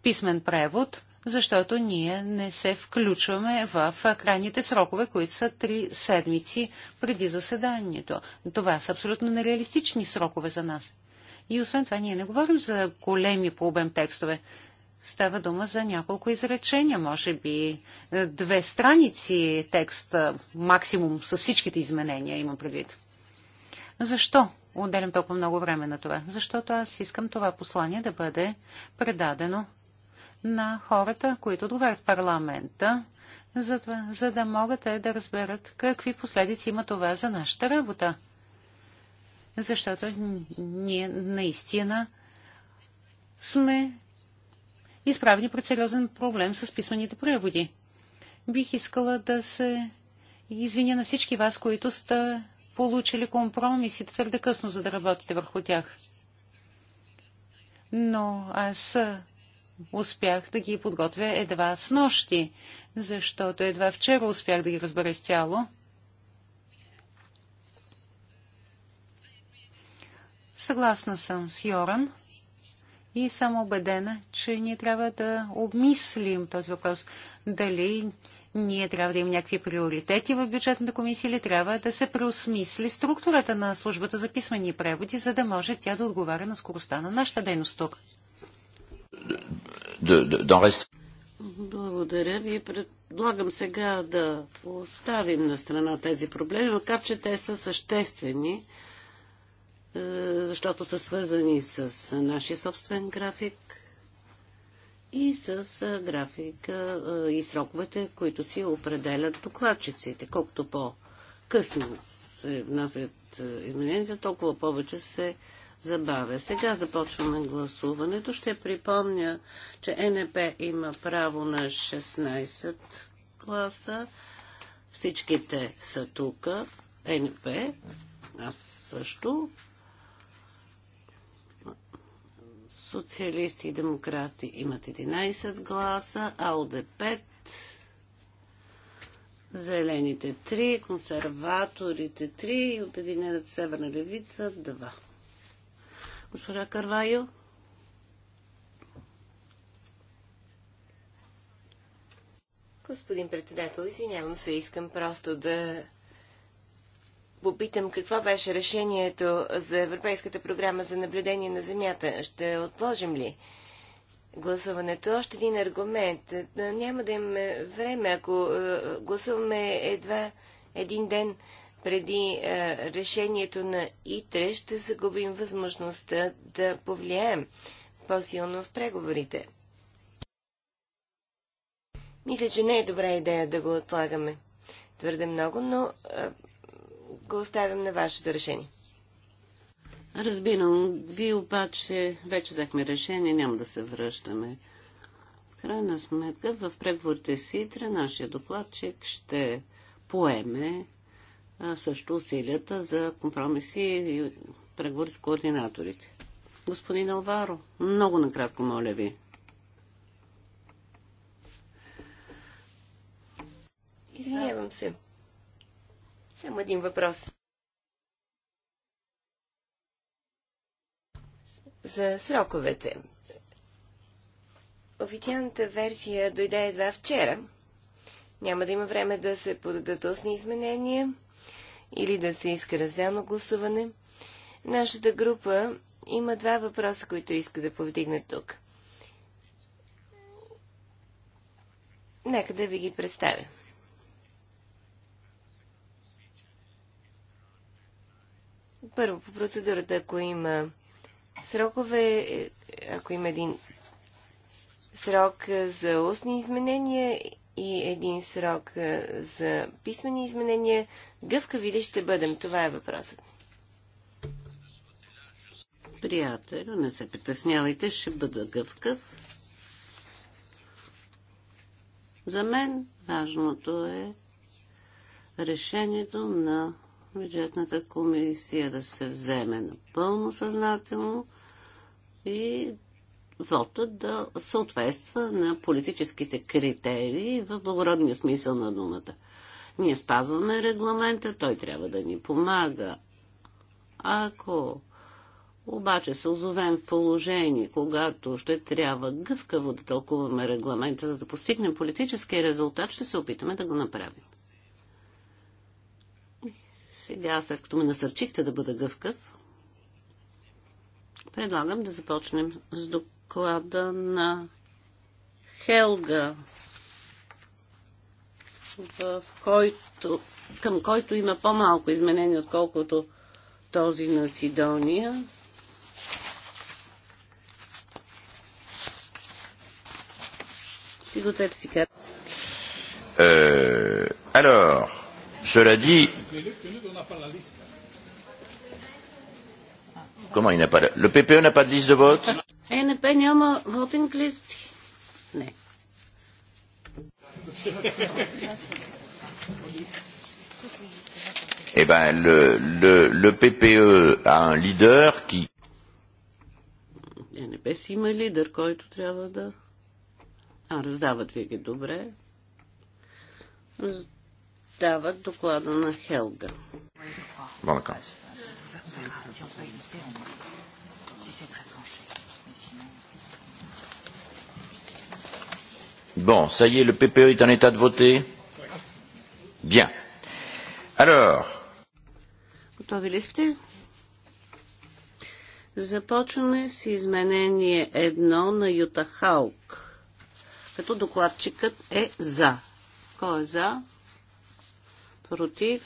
писмен превод защото ние не се включваме в крайните срокове, които са три седмици преди заседанието. Това са абсолютно нереалистични срокове за нас. И освен това, ние не говорим за големи по обем текстове. Става дума за няколко изречения, може би е, две страници текст, е, максимум с всичките изменения имам предвид. Защо отделям толкова много време на това? Защото аз искам това послание да бъде предадено на хората, които отговарят в парламента, за, това, за да могат те да разберат какви последици има това за нашата работа. Защото ние наистина сме изправени пред сериозен проблем с писмените преводи. Бих искала да се извиня на всички вас, които сте получили компромиси твърде късно, за да работите върху тях. Но аз успях да ги подготвя едва с нощи, защото едва вчера успях да ги разбера тяло. Съгласна съм с Йоран и съм убедена, че ние трябва да обмислим този въпрос. Дали ние трябва да имаме някакви приоритети в бюджетната комисия или трябва да се преосмисли структурата на службата за писмени преводи, за да може тя да отговаря на скоростта на нашата дейност тук d'en rester. Благодаря ви. Предлагам сега да оставим на страна тези проблеми, макар че те са съществени, е, защото са свързани с нашия собствен график и с е, графика е, и сроковете, които си определят докладчиците. Колкото по-късно се внасят измененията, толкова повече се забавя. Сега започваме гласуването. Ще припомня, че НП има право на 16 гласа. Всичките са тук. НП, аз също. Социалисти и демократи имат 11 гласа, АЛД 5, Зелените 3, консерваторите 3 и Обединената Северна Левица 2. Госпожа Карвайо. Господин председател, извинявам се, искам просто да попитам какво беше решението за Европейската програма за наблюдение на Земята. Ще отложим ли гласуването? Още един аргумент. Няма да имаме време, ако е, гласуваме едва един ден преди е, решението на ИТРЕ ще загубим възможността да повлияем по-силно в преговорите. Мисля, че не е добра идея да го отлагаме твърде много, но е, го оставям на вашето решение. Разбирам. Ви обаче вече взехме решение, няма да се връщаме. В крайна сметка, в преговорите си, нашия докладчик ще поеме също усилията за компромиси и преговори с координаторите. Господин Алваро, много накратко моля ви. Извинявам се. Само един въпрос. За сроковете. Официалната версия дойде едва вчера. Няма да има време да се подадат устни изменения или да се иска разделно гласуване. Нашата група има два въпроса, които иска да повдигне тук. Нека да ви ги представя. Първо, по процедурата, ако има срокове, ако има един срок за устни изменения и един срок за писмени изменения. Гъвкави ли ще бъдем? Това е въпросът. Приятелю, не се притеснявайте, ще бъда гъвкав. За мен важното е решението на бюджетната комисия да се вземе напълно съзнателно и вота да съответства на политическите критерии в благородния смисъл на думата. Ние спазваме регламента, той трябва да ни помага. Ако обаче се озовем в положение, когато ще трябва гъвкаво да тълкуваме регламента, за да постигнем политически резултат, ще се опитаме да го направим. Сега, след като ме насърчихте да бъда гъвкав, предлагам да започнем с, доклада на Хелга, в който, към който има по-малко изменения, отколкото този на Сидония. Пригответе си карта. Euh, alors, cela dit, Comment il n'a pas Le PPE n'a pas de liste de vote ЕНП няма вотинг листи? Не. Eh ben, le, le, le PPE a un leader qui... ЕНП си има лидер, който трябва да... А, раздават ви ги добре. Раздават доклада на Хелга. Bon, d'accord. Bon, ça y est, le PPE est en état de voter Bien. Alors. Готови ли сте? Започваме с изменение едно на Юта Хаук. Като докладчикът е за. Кой е за? Против?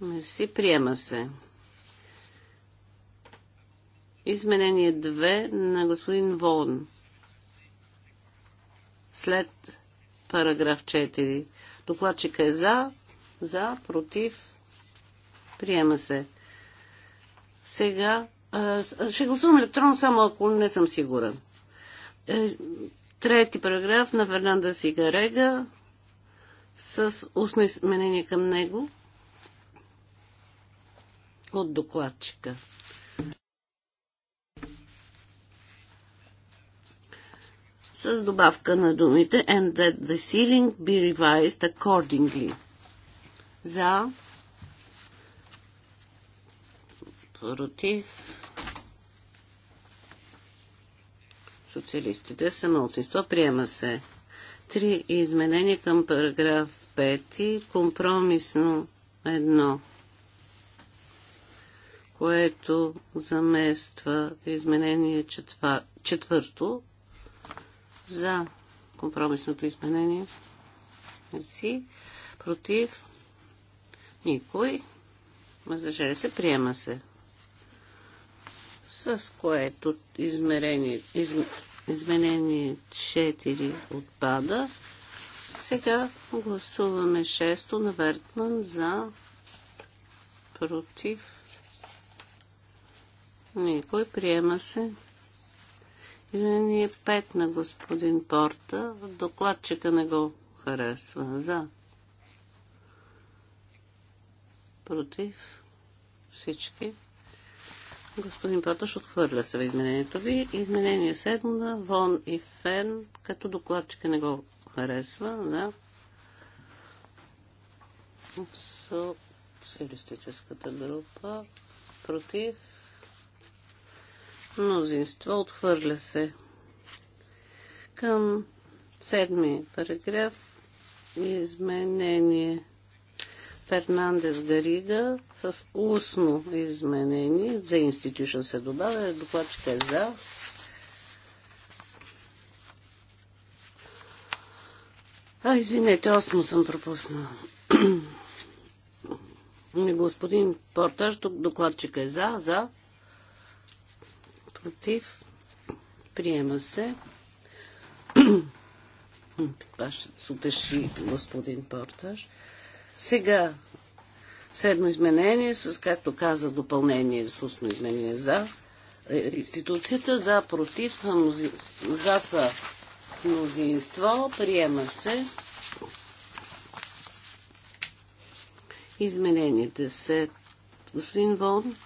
Не си приема се. Изменение две на господин Волн след параграф 4. Докладчика е за, за, против, приема се. Сега ще гласувам електронно, само ако не съм сигурен. Е, трети параграф на Фернанда Сигарега с устно изменение към него от докладчика. с добавка на думите and that the ceiling be revised accordingly. За против социалистите са мълцинство. Приема се. Три изменения към параграф 5. Компромисно едно което замества изменение четва... четвърто за компромисното изменение. Мерси. Против. Никой. Въздържали се. Приема се. С което измерение, из, изменение 4 отпада. Сега гласуваме 6 на Вертман за против. Никой. Приема се. Изменение 5 на господин Порта. Докладчика не го харесва. За. Против. Всички. Господин Паташ отхвърля се в изменението ви. Изменение 7 на Вон и Фен, като докладчика не го харесва. Да. Социалистическата група против Мнозинство отхвърля се. Към седми параграф изменение Фернандес Гарига с устно изменение за институшен се добавя. Докладчик е за. А, извинете, осмо съм пропуснала. Господин Портаж, докладчик е за, за против, приема се. Така ще се господин Порташ. Сега седмо изменение с, както каза, допълнение с устно изменение за е, институцията, за против, за са мнозинство, приема се. Измененията се. Господин Волн.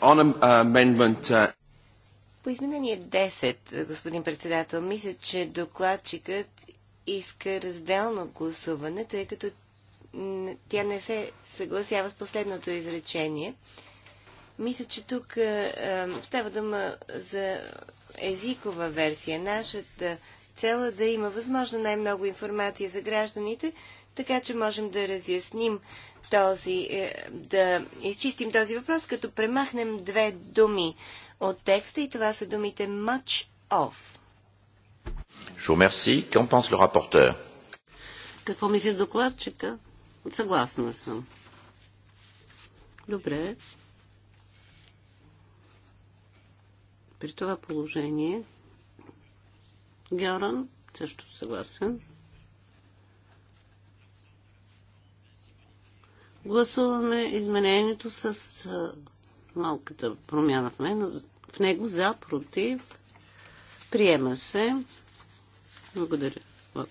Uh, uh, По изменение 10, е, господин председател, мисля, че докладчикът иска разделно гласуване, тъй като тя не се съгласява с последното изречение. Мисля, че тук е, е, става дума за езикова версия. Нашата цел е да има възможно най-много информация за гражданите, така че можем да разясним този, е, да изчистим този въпрос, като премахнем две думи от текста и това са думите much of. Какво мисли докладчика? Съгласна съм. Добре. При това положение Георан също съгласен. Гласуваме изменението с малката промяна в, мен, в него за, против. Приема се. Благодаря,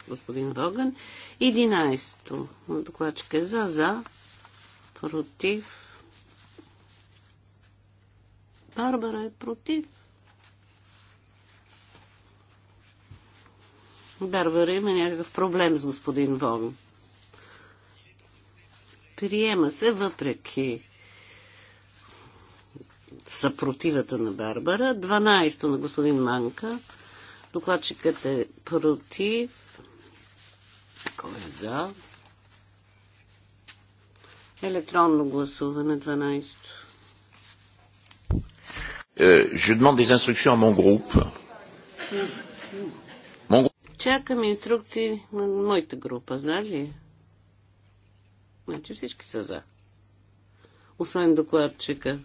господин Воган. 11-то. Докладчик е за, за, против. Барбара е против. Барбара има някакъв проблем с господин Воган. Приема се въпреки съпротивата на Барбара. 12-то на господин Манка. Докладчикът е против. Кой е за? Електронно гласуване 12. то е, je demande des instructions à mon groupe. Mon... Чакам инструкции на моята група, за ли? Значи всички са за. Освен докладчика.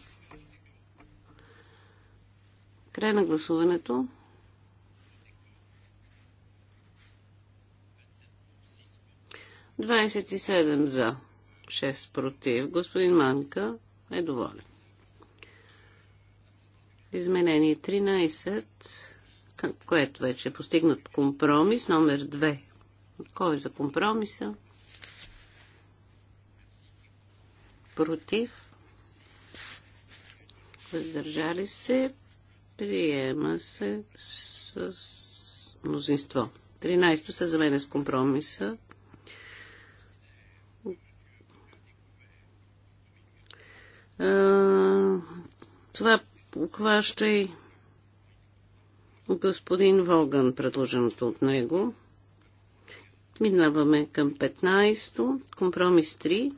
Край на гласуването. 27 за, 6 против. Господин Манка е доволен. Изменение 13, което вече е постигнат компромис, номер 2. Кой е за компромиса? против, въздържали се, приема се с, с мнозинство. 13 то се заменя с компромиса. А, това обхваща и господин Волган, предложеното от него. Минаваме към 15-то, компромис 3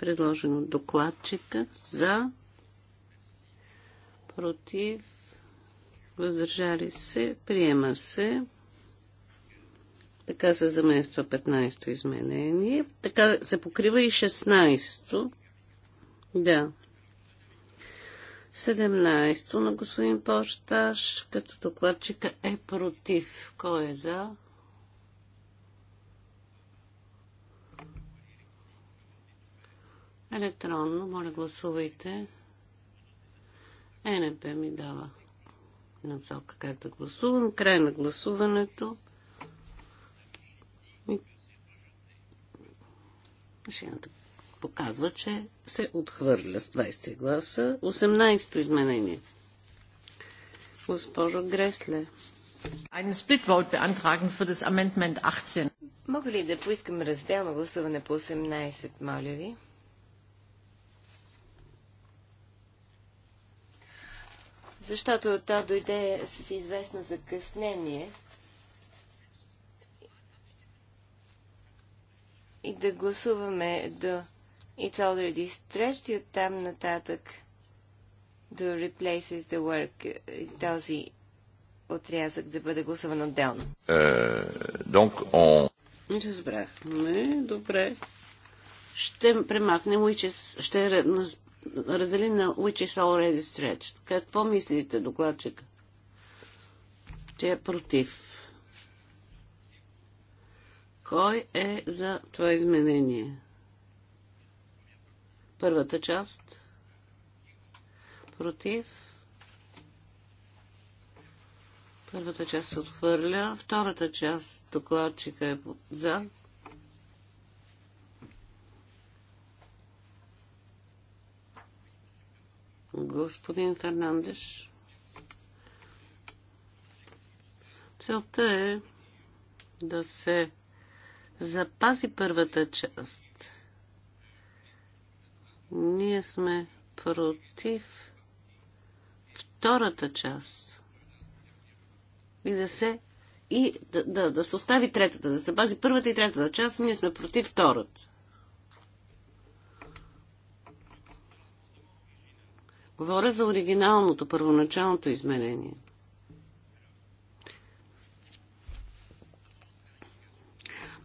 предложен от докладчика за против въздържали се, приема се. Така се замества 15-то изменение. Така се покрива и 16-то. Да. 17-то на господин Пошташ, като докладчика е против. Кой е за? Електронно, моля гласувайте. ЕНП ми дава насока как да гласувам. Край на гласуването. Машината показва, че се отхвърля с 20 гласа. 18-то изменение. Госпожо Гресле. Einen Splitvote beantragen für das Amendment 18. Мога ли да поискам разделно гласуване по 18, моля ви? защото то дойде с известно закъснение. И да гласуваме до It's already stretched и оттам нататък до Replaces the work този отрязък да бъде гласуван отделно. Е, donc on... Разбрахме. Добре. Ще премахнем и че ще раздели на which is already stretched. Какво мислите, докладчика? Че е против. Кой е за това изменение? Първата част. Против. Първата част се отхвърля. Втората част докладчика е за. господин Фернандеш. Целта е да се запази първата част. Ние сме против втората част. И да се и да, да, да се остави третата, да се пази първата и третата част, ние сме против втората. Говоря за оригиналното, първоначалното изменение.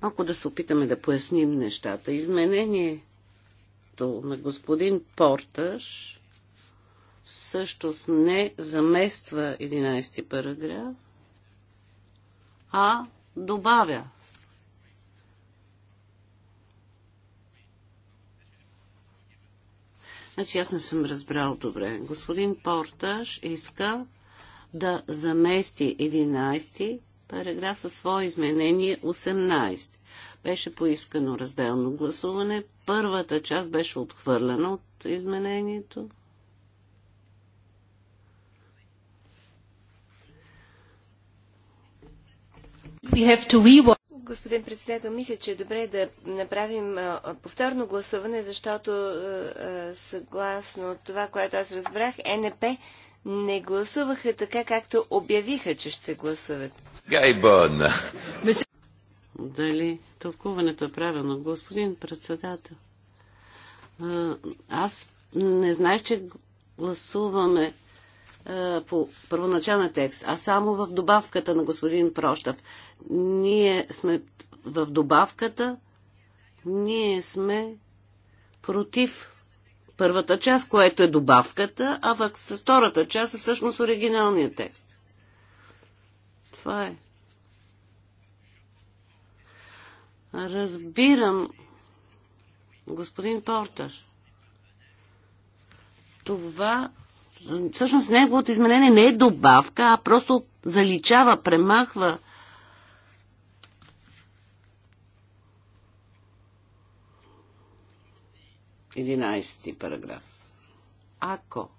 Малко да се опитаме да поясним нещата. Изменението на господин Порташ всъщност не замества 11 параграф, а добавя Значи аз не съм разбрал добре. Господин Порташ иска да замести 11 параграф със свое изменение 18. Беше поискано разделно гласуване. Първата част беше отхвърлена от изменението. We have to rework господин председател, мисля, че е добре да направим повторно гласуване, защото съгласно това, което аз разбрах, НП не гласуваха така, както обявиха, че ще гласуват. Гайбон! Дали тълкуването е правилно, господин председател? Аз не знаех, че гласуваме по първоначален текст, а само в добавката на господин Прощав. Ние сме в добавката, ние сме против първата част, което е добавката, а в втората част е всъщност оригиналният текст. Това е. Разбирам, господин Порташ. Това всъщност неговото изменение не е добавка, а просто заличава, премахва Единайсти параграф. Ако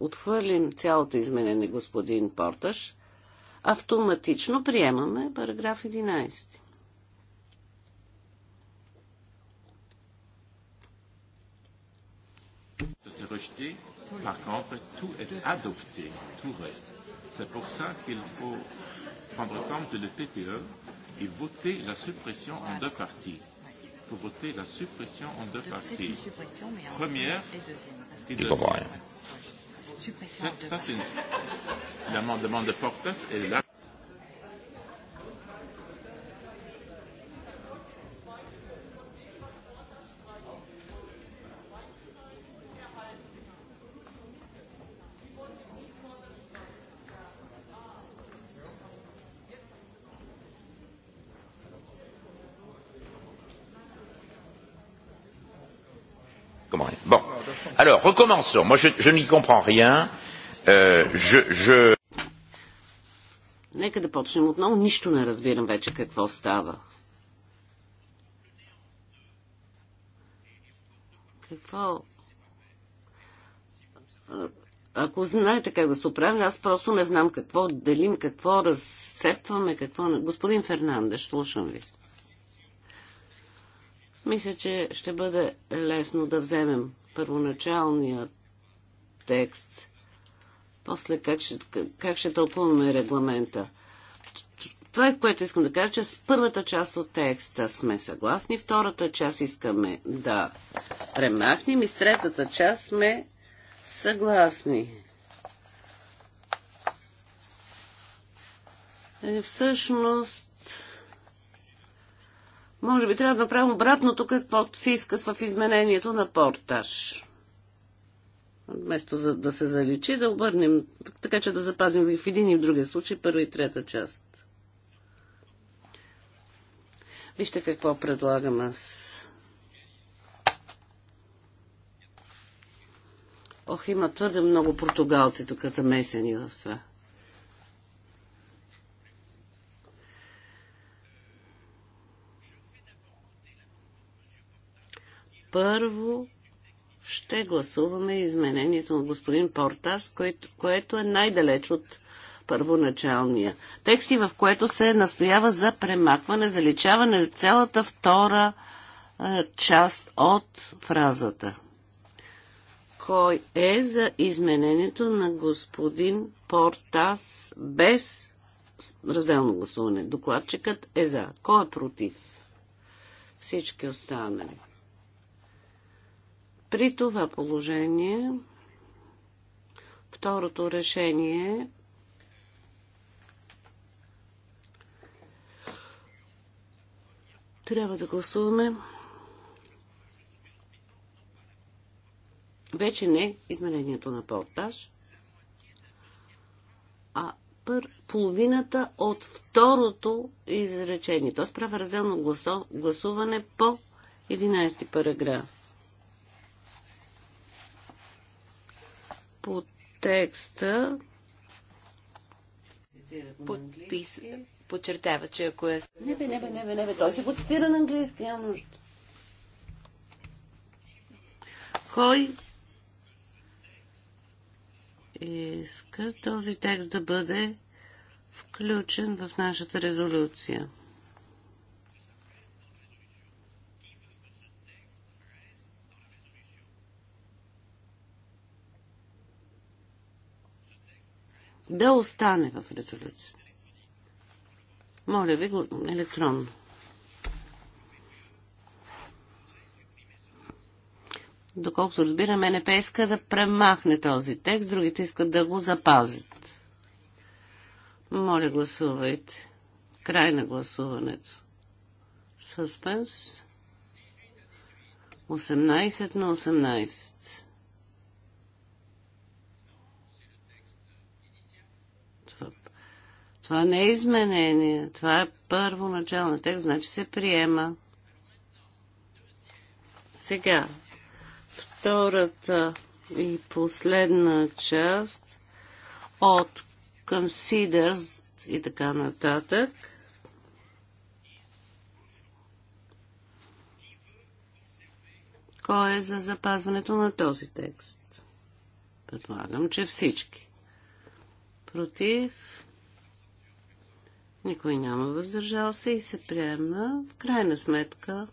отхвърлим цялото изменение, господин Порташ, автоматично приемаме параграф 11. rejeté. Par contre, tout est adopté, tout reste. C'est pour ça qu'il faut prendre compte de PPE et voter la suppression en deux parties. Pour voter la suppression en deux parties. Première et deuxième. Ça, c'est une... L'amendement de Portas et là Alors, recommençons. Moi, je, je n'y comprends rien. Euh, je, je... Нека да почнем отново. Нищо не разбирам вече какво става. Какво? Ако знаете как да се оправим, аз просто не знам какво делим, какво разцепваме, какво... Господин Фернандеш, слушам ви. Мисля, че ще бъде лесно да вземем първоначалния текст. После как ще, как ще тълкуваме регламента. Това е което искам да кажа, че с първата част от текста сме съгласни, втората част искаме да премахнем и с третата част сме съгласни. Е, всъщност може би трябва да направим обратното, каквото се иска в изменението на портаж. Вместо за, да се заличи, да обърнем, така че да запазим и в един и в другия случай първа и трета част. Вижте какво предлагам аз. Ох, има твърде много португалци тук замесени в това. Първо ще гласуваме изменението на господин Портас, което, което е най-далеч от първоначалния текст и в което се настоява за премахване, заличаване на цялата втора а, част от фразата. Кой е за изменението на господин Портас без разделно гласуване? Докладчикът е за. Кой е против? Всички останали. При това положение, второто решение трябва да гласуваме вече не изменението на портаж, а пър, половината от второто изречение. Тоест правя разделно гласо, гласуване по 11 параграф. по текста подпис... подчертава, че ако е... Не бе, не бе, не бе, не бе, той се подстира на английски, няма нужда. Кой иска този текст да бъде включен в нашата резолюция? да остане в резолюция. Моля ви, електронно. Доколкото разбираме, НП иска да премахне този текст, другите искат да го запазят. Моля, гласувайте. Край на гласуването. Съспенс. 18 на 18. Това не е изменение. Това е първоначален текст, значи се приема. Сега, втората и последна част от Considers и така нататък. Кой е за запазването на този текст? Предполагам, че всички. Против? Никой няма въздържал се и се приема. В крайна сметка,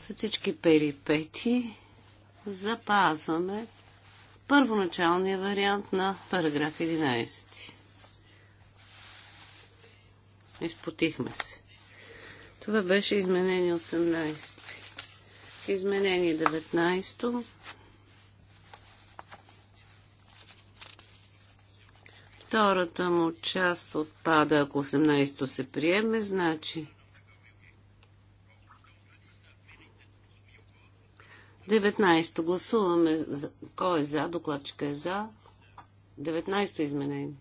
с всички перипети, запазваме първоначалния вариант на параграф 11. Изпотихме се. Това беше изменение 18. Изменение 19 Втората му част отпада, ако 18-то се приеме, значи 19-то гласуваме. Кой е за? Докладчика е за. 19-то изменение.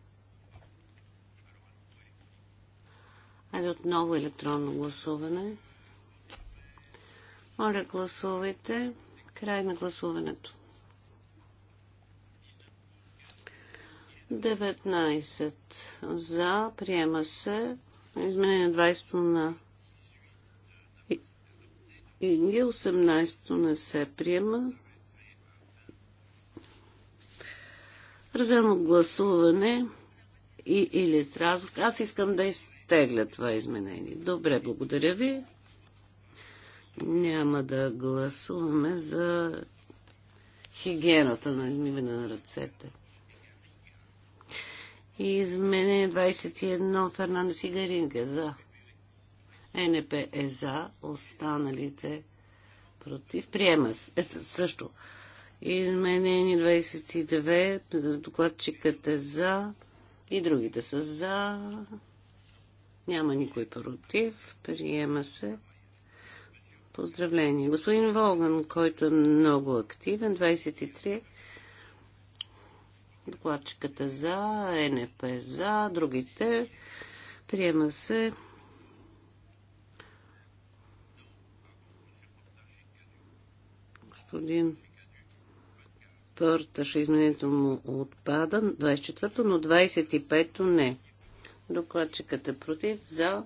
Хайде отново електронно гласуване. Моля, гласувайте. Край на гласуването. 19 за, приема се. Изменение 20 на и 18 не се приема. Разделно гласуване и или Страсбург. Аз искам да изтегля това изменение. Добре, благодаря ви. Няма да гласуваме за хигиената на измиване на ръцете. И изменение 21 Фернанда и за. НП е за, останалите против. Приема се е, също. Изменение 29, докладчикът е за и другите са за. Няма никой против. Приема се. Поздравление. Господин Волган, който е много активен, 23 Докладчиката за, НП за, другите. Приема се. Господин Пърташ, изменението му отпада. 24-то, но 25-то не. Докладчиката е против, за.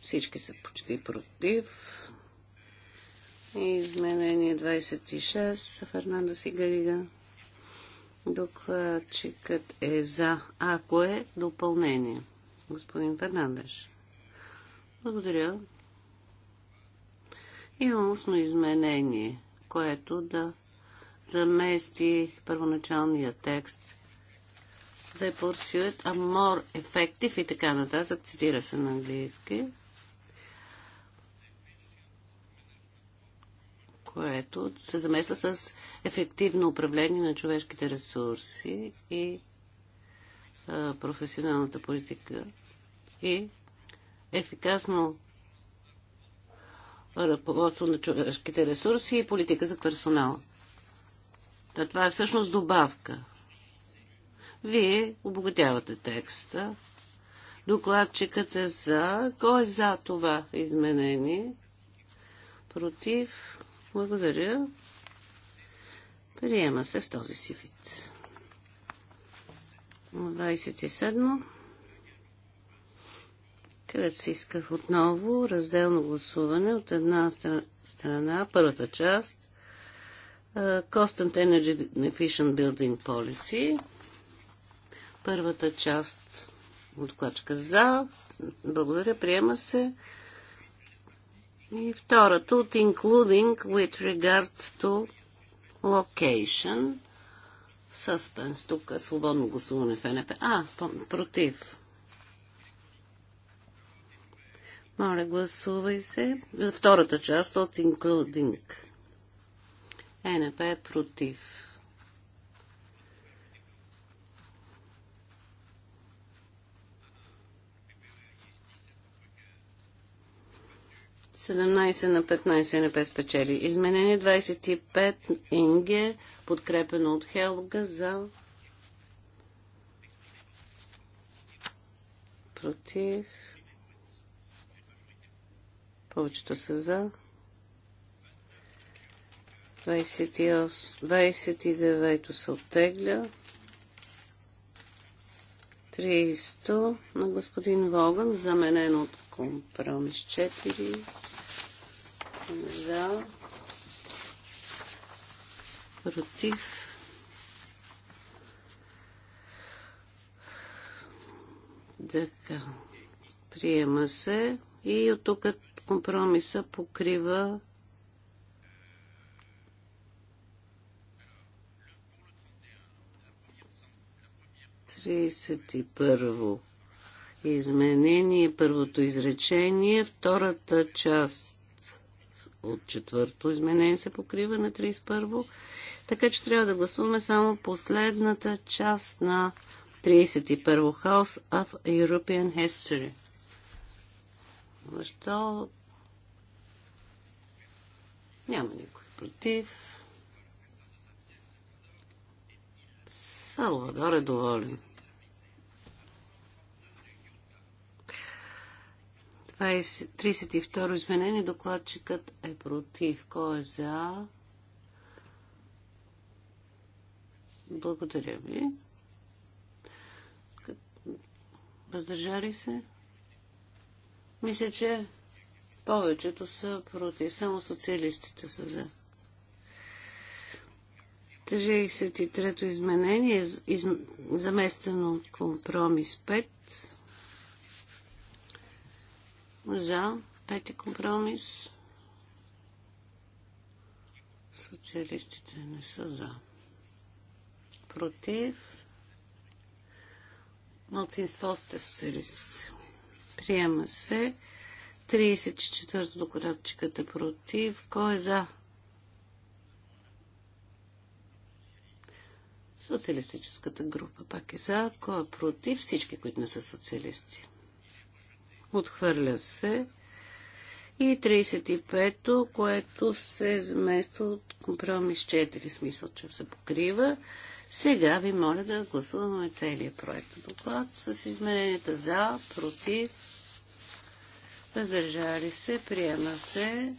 Всички са почти против. Изменение 26. Фернанда си Гарига. Докладчикът е за. Ако е, допълнение. Господин Фернандеш. Благодаря. Има устно изменение, което да замести първоначалния текст They pursued a more effective и така нататък. Цитира се на английски. което се замесва с ефективно управление на човешките ресурси и а, професионалната политика и ефикасно ръководство на човешките ресурси и политика за персонал. Та това е всъщност добавка. Вие обогатявате текста. Докладчикът е за. Кой е за това изменение? Против? Благодаря. Приема се в този си вид. 27 където се исках отново разделно гласуване от една страна, първата част, Constant Energy Efficient Building Policy, първата част от клачка за, благодаря, приема се, и втората от including with regard to location. Съспенс. Тук е свободно гласуване в НП. А, против. Моля, гласувай се. Втората част от including. НП е против. 17 на 15 НП спечели. Изменение 25 Инге, подкрепено от Хелга за против. Повечето са за. 29 се оттегля. 300 на господин Воган, заменен от компромис 4 за, против, Така. Приема се и от тук компромиса покрива и първо изменение, първото изречение, втората част от четвърто изменение се покрива на 31. во Така че трябва да гласуваме само последната част на 31 House of European History. Защо? Няма никой против. Салвадор е доволен. 20, 32 изменение. Докладчикът е против. Кой е за? Благодаря ви. Въздържали се? Мисля, че повечето са против. Само социалистите са за. 63-то изменение, из, заместено от компромис 5. За. Пети компромис. Социалистите не са за. Против. Малцинство сте социалистите. Приема се. 34-то докладчикът е против. Кой е за? Социалистическата група пак е за. Кой е против? Всички, които не са социалисти. Отхвърля се. И 35-то, което се замества от компромис 4, смисъл, че се покрива. Сега ви моля да гласуваме целият проект доклад с измененията за, против, въздържали се, приема се.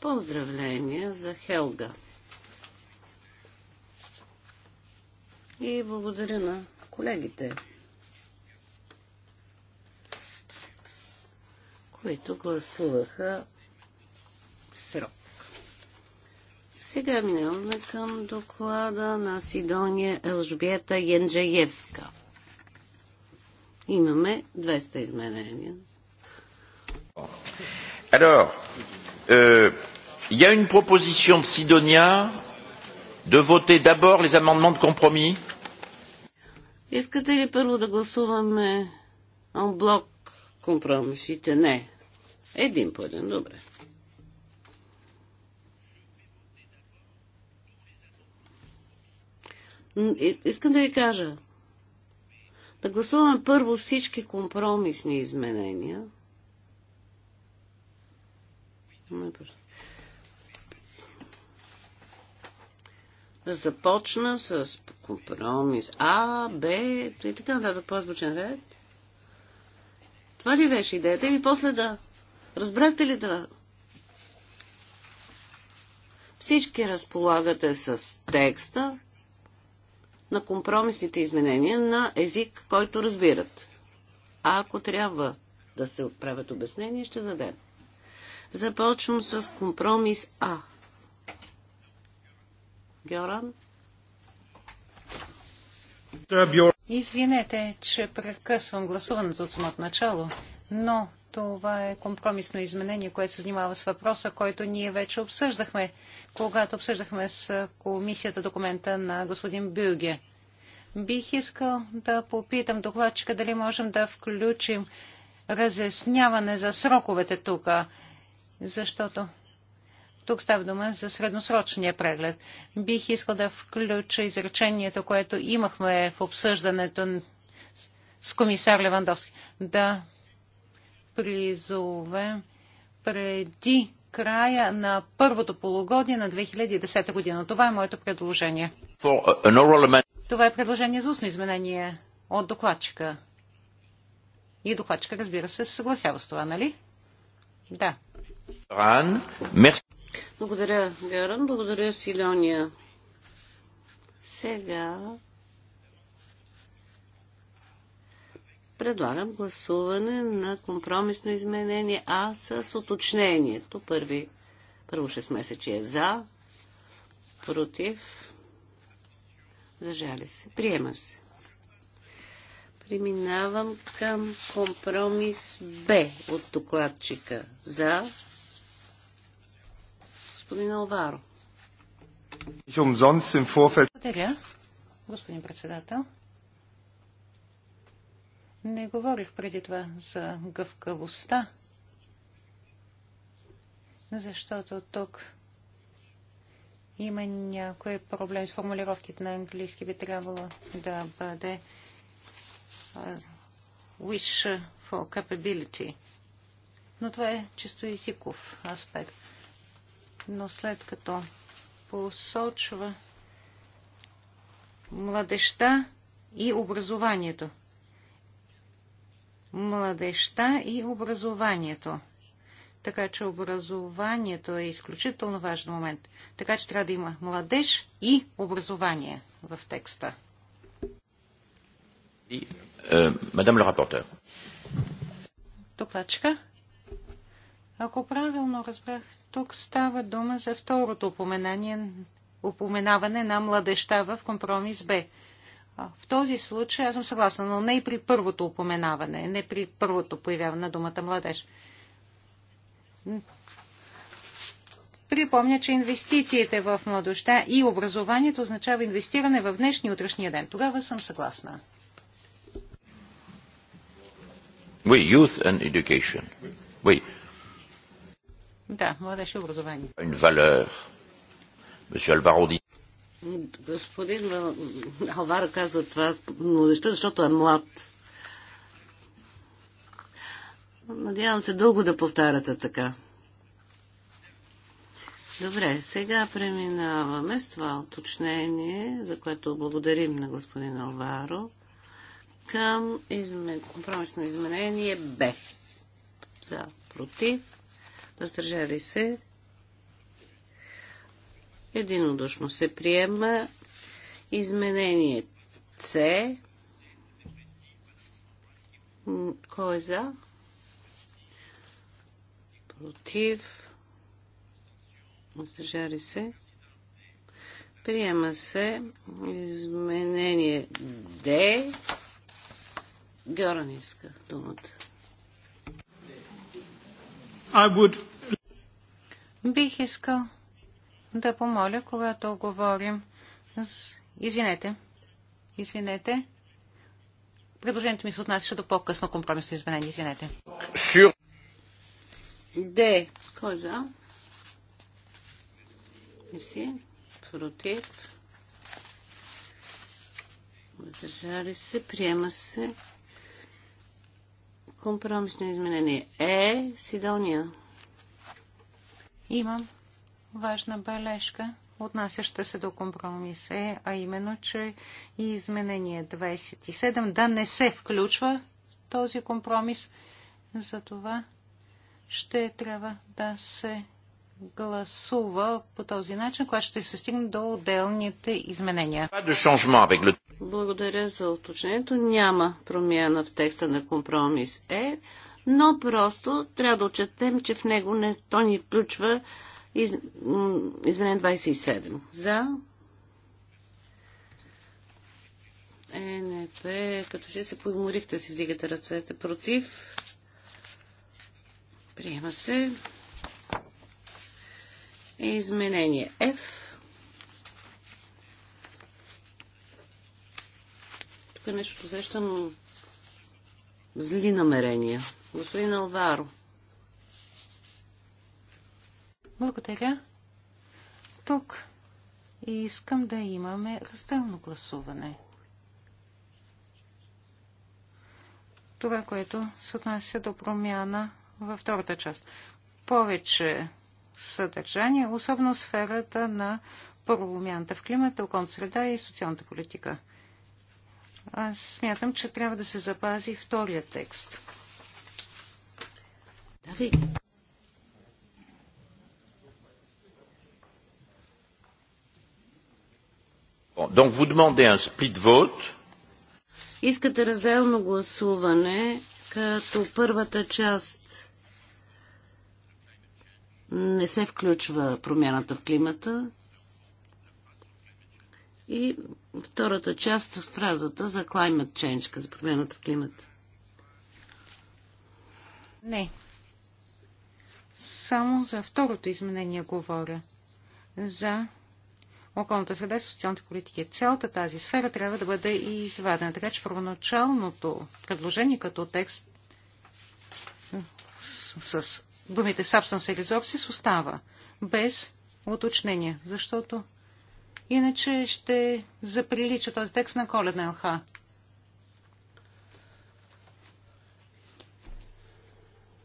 Поздравления за Хелга. И благодаря на колегите. които гласуваха в срок. Сега минаваме към доклада на Сидония Елжбета Янджаевска. Имаме 200 изменения. Alors, euh, il y a une proposition de Sidonia de voter d'abord les amendements de compromis. Искате ли първо да гласуваме bloc Компромисите не. Един по един, добре. Искам да ви кажа, да гласувам първо всички компромисни изменения. Е, да започна с компромис А, Б и така нататък по звучен ред. Това ли беше идеята? И после да... Разбрахте ли да... Всички разполагате с текста на компромисните изменения на език, който разбират. А ако трябва да се отправят обяснения, ще дадем. Започвам с компромис А. Георан? Извинете, че прекъсвам гласуването от самото начало, но това е компромисно изменение, което се занимава с въпроса, който ние вече обсъждахме, когато обсъждахме с комисията документа на господин Бюге. Бих искал да попитам докладчика дали можем да включим разясняване за сроковете тук, защото тук става дума за средносрочния преглед. Бих искал да включа изречението, което имахме в обсъждането с комисар Левандовски. Да призовем преди края на първото полугодие на 2010 година. Това е моето предложение. Това е предложение за устно изменение от докладчика. И докладчика, разбира се, се съгласява с това, нали? Да. Благодаря, Геран. Благодаря, Силония. Сега предлагам гласуване на компромисно изменение А с уточнението. Първи, първо 6 месечи е за, против, зажали се, приема се. Преминавам към компромис Б от докладчика. За, господин Алваро. Благодаря, господин председател. Не говорих преди това за гъвкавостта, защото тук има някой проблем с формулировките на английски. Би трябвало да бъде wish for capability. Но това е чисто езиков аспект но след като посочва младеща и образованието. Младеща и образованието. Така че образованието е изключително важен момент. Така че трябва да има младеж и образование в текста. Е, мадам ле Докладчика. Ако правилно разбрах, тук става дума за второто упоменание, упоменаване на младеща в компромис Б. В този случай аз съм съгласна, но не и при първото упоменаване, не при първото появяване на думата младеж. Припомня, че инвестициите в младоща и образованието означава инвестиране в днешния и утрешния ден. Тогава съм съгласна. Oui, youth and education. Oui. Да, младеше образование. Une valeur. Monsieur Alvaro dit... Господин Алвар казва това младеща, защото е млад. Надявам се дълго да повтаряте така. Добре, сега преминаваме с това уточнение, за което благодарим на господин Алваро, към измен... компромисно изменение Б. За против въздържали се. Единодушно се приема изменение С. Кой е за? Против. Въздържали се. Приема се изменение Д. Георан иска думата. Бих искал да помоля, когато говорим с... Извинете. Извинете. Предложението ми се отнасяше до по-късно компромисно изменение. Извинете. Сюр. Де. Кой е за? Мерси. Против. Въздържали се. Приема се. Компромисно изменение. Е, Сидония. Имам важна бележка, отнасяща се до компромис Е, а именно, че и изменение 27 да не се включва този компромис. Затова ще трябва да се гласува по този начин, когато ще се стигне до отделните изменения. Благодаря за уточнението. Няма промяна в текста на компромис Е, но просто трябва да отчетем, че в него не, то ни включва из, изменен 27. За ЕНП, като ще се поиморихте да си вдигате ръцете против. Приема се. Изменение F. Тук нещо срещам зли намерения. Господин Алваро. Благодаря. Тук искам да имаме разделно гласуване. Това, което се отнася до промяна във втората част. Повече съдържание, особено в сферата на промяната в климата, околната среда и социалната политика. Аз смятам, че трябва да се запази втория текст. Давид. Donc vous demandez un split vote. Искате разделно гласуване, като първата част не се включва промяната в климата. И втората част с фразата за climate change, за промяната в климата. Не. Само за второто изменение говоря. За околната среда и социалните политики. Цялата тази сфера трябва да бъде и извадена. Така че първоначалното предложение като текст с думите substance или resources остава без уточнение, защото иначе ще заприлича този текст на коледна ЛХ.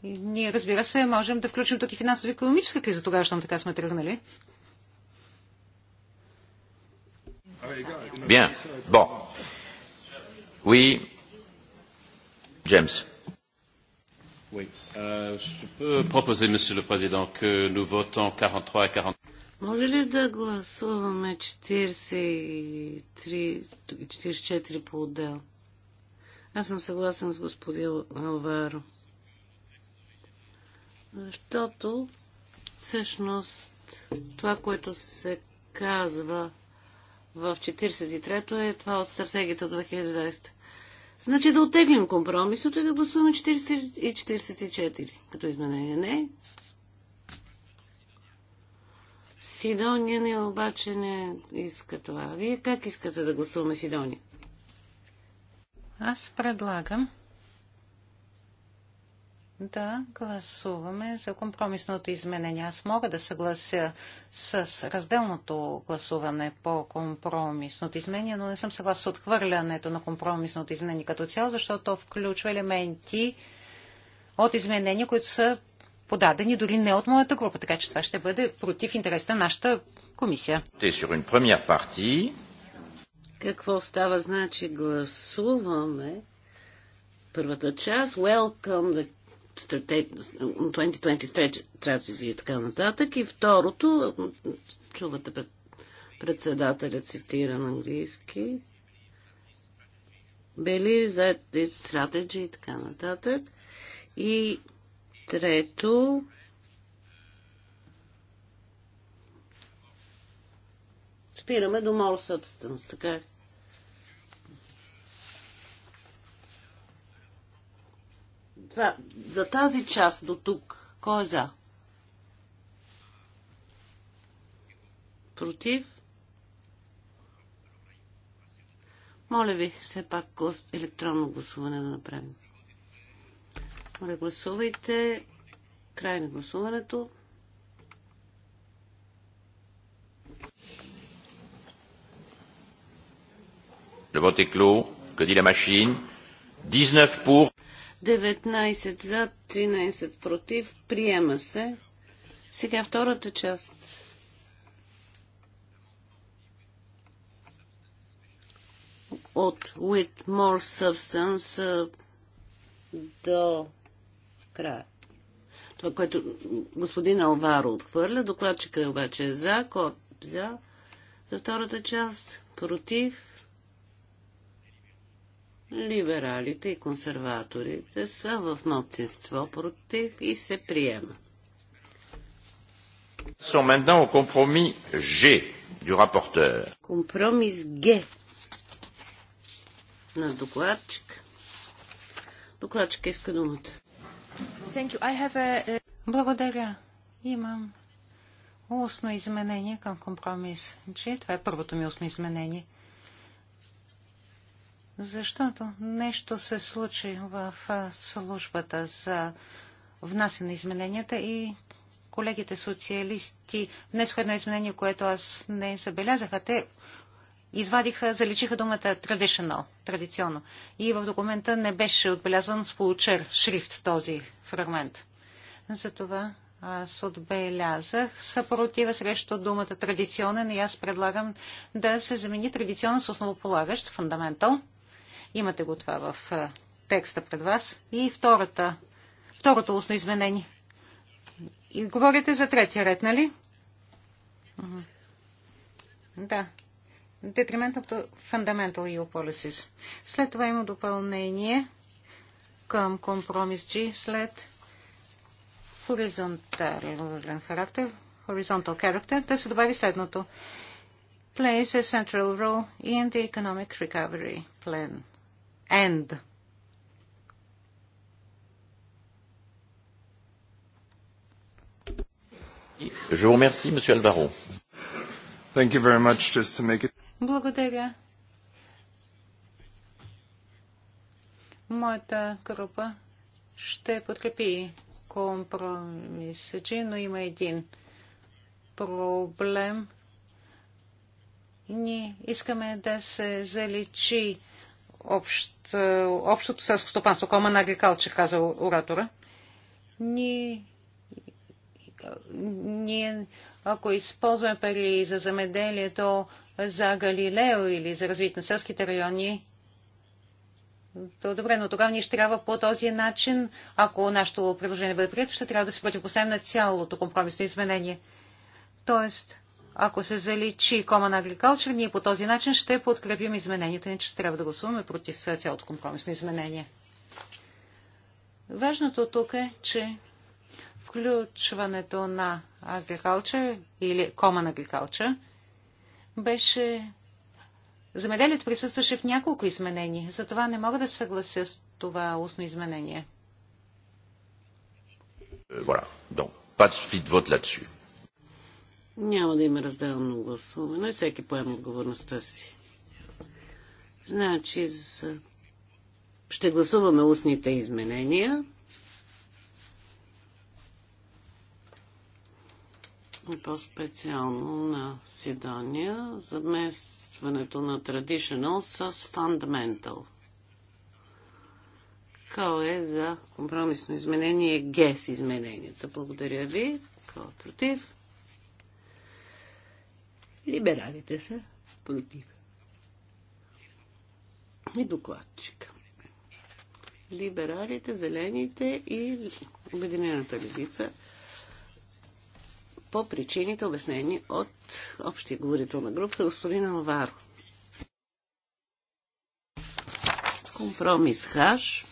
И ние, разбира се, можем да включим тук и финансово-економическа криза, тогава, щом така сме тръгнали. Bien. Bon. Oui. James. Oui. Euh, je peux proposer, Monsieur le Président, que nous votons 43 et Може ли да гласуваме 44 по отдел? Аз съм съгласен с господин Алваро. Защото всъщност това, което се казва в 43-то е това от стратегията от 2020. Значи да отеглим компромисното и да гласуваме 444 и 44 като изменение. Не. Сидония не обаче не иска това. Вие как искате да гласуваме Сидония? Аз предлагам да гласуваме за компромисното изменение. Аз мога да съглася с разделното гласуване по компромисното изменение, но не съм съгласна с отхвърлянето на компромисното изменение като цяло, защото то включва елементи от изменения, които са подадени дори не от моята група, така че това ще бъде против интереса на нашата комисия. Какво става, значи гласуваме първата част. Welcome the 2020 strategy и така нататък. И второто, чувате пред, председателя цитира на английски, Believe that it's strategy и така нататък. И трето, спираме до more substance, така Това, за тази част до тук, кой е за? Против? Моля ви, все пак електронно гласуване да направим. Моля, гласувайте. Край на гласуването. Le vote est clos. Que dit la machine 19 pour. 19 за, 13 против. Приема се. Сега втората част. От with more substance до края. Това, което господин Алваро отхвърля, докладчика е обаче е за, кор... за, за втората част, против, Либералите и консерваторите са в мълцинство против и се приема. Sont maintenant au compromis G du rapporteur. Компромис Г на докладчик. Докладчик иска думата. A... Благодаря. Имам устно изменение към компромис G. Това е първото ми устно изменение защото нещо се случи в службата за внасяне на измененията и колегите социалисти внесоха едно изменение, което аз не забелязах, а те извадиха, заличиха думата traditional, традиционно. И в документа не беше отбелязан с получер шрифт този фрагмент. Затова аз отбелязах съпротива срещу думата традиционен и аз предлагам да се замени традиционен с основополагащ, фундаментал – Имате го това в текста пред вас. И втората, второто устно изменение. И говорите за третия ред, нали? Да. Detrimental Fundamental EU Policies. След това има допълнение към компромис G след хоризонтален характер, horizontal character, да се добави следното. Plays a central role in the economic recovery plan and. Je vous remercie, monsieur Alvaro. Thank you very much. Just to make it... Благодаря. Моята група ще подкрепи компромиса, че, но има един проблем. Ние искаме да се заличи общ, е, общото селско стопанство, кома на агрикалче, каза оратора. Ние, ние, ако използваме пари за замеделието, за Галилео или за развитие на селските райони, то добре, но тогава ние ще трябва по този начин, ако нашето предложение бъде прието, ще трябва да се противопоставим на цялото компромисно изменение. Тоест, ако се заличи кома на агрикалчер, ние по този начин ще подкрепим изменението, иначе ще трябва да гласуваме против цялото компромисно изменение. Важното тук е, че включването на agriculture или кома на беше... Замеделието присъстваше в няколко изменения, затова не мога да съглася с това устно изменение. Е, voilà. Donc, pas de suite vote là-dessus. Няма да има разделно гласуване. Всеки поема отговорността си. Значи, за... ще гласуваме устните изменения. И по-специално на Сидония, заместването на Traditional с Fundamental. Какво е за компромисно изменение? ГЕС измененията. Благодаря ви. Какво е против? Либералите са против. И докладчика. Либералите, зелените и Обединената левица по причините обяснени от общия говорител на групата господина Наваро. Компромис хаш,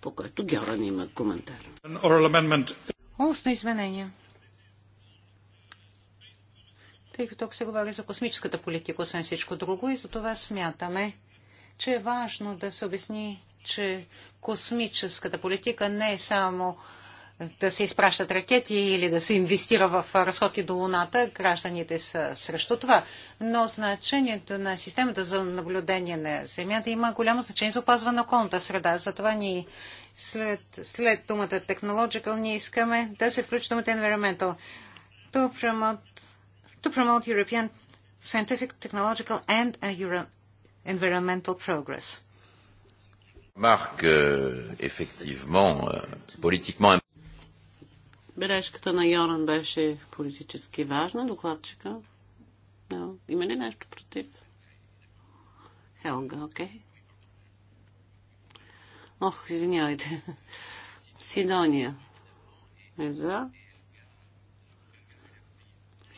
по който Георан има коментар. Устно изменение тъй като тук се говори за космическата политика, освен всичко друго, и за това смятаме, че е важно да се обясни, че космическата политика не е само да се изпращат ракети или да се инвестира в разходки до Луната, гражданите са срещу това. Но значението на системата за наблюдение на Земята има голямо значение за опазване на околната среда. Затова ние след, след думата technological ние искаме да се включи думата environmental. Тупремът to promote European scientific, technological and environmental progress. Marque, effectivement, politiquement... Бележката на Йоран беше политически важна, докладчика. No. Има ли нещо против? Хелга, окей. Okay. Ох, извинявайте. Сидония е за.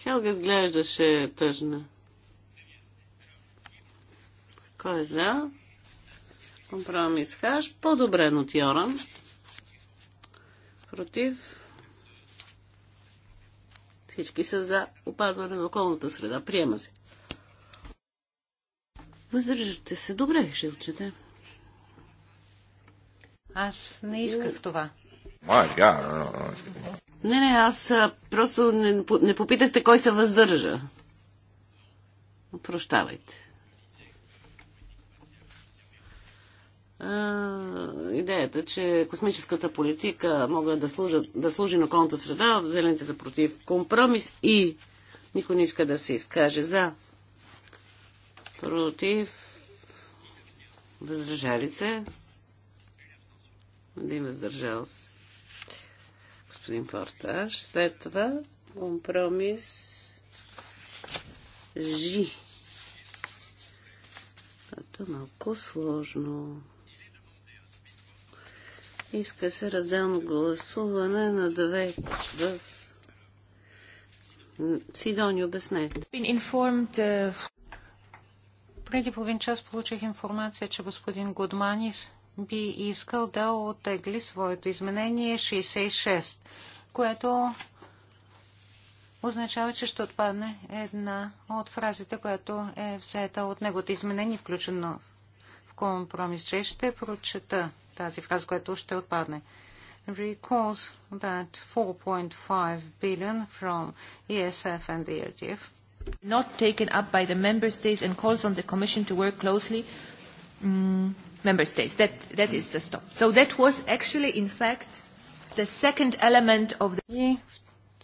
Хелга изглеждаше тъжна. Кой е за? Компромис хаш. По-добре от Йоран. Против. Всички са за опазване на околната среда. Приема се. Въздържате се. Добре, ще отчете. Аз не исках това. My God, no, no, no. Не, не, аз просто не, не попитахте кой се въздържа. Прощавайте. Uh, идеята, че космическата политика могат да, служа, да служи на околната среда, зелените са против компромис и никой не иска да се изкаже за против въздържали се един въздържал се господин Порташ. След това компромис Жи. Това е малко сложно. Иска се разделно гласуване на две в Сидони обяснете. Uh, Преди половин час получих информация, че господин Гудманис би искал да отегли своето изменение 66, което означава, че ще отпадне една от фразите, която е взета от неговото изменение, включено в компромис. Че ще прочета тази фраза, която ще отпадне. Recalls that 4.5 billion from ESF and the e RDF not taken up by the member states and calls on the commission to work closely um, member states. That, that is the stop. So that was actually, in fact, the second element of the... И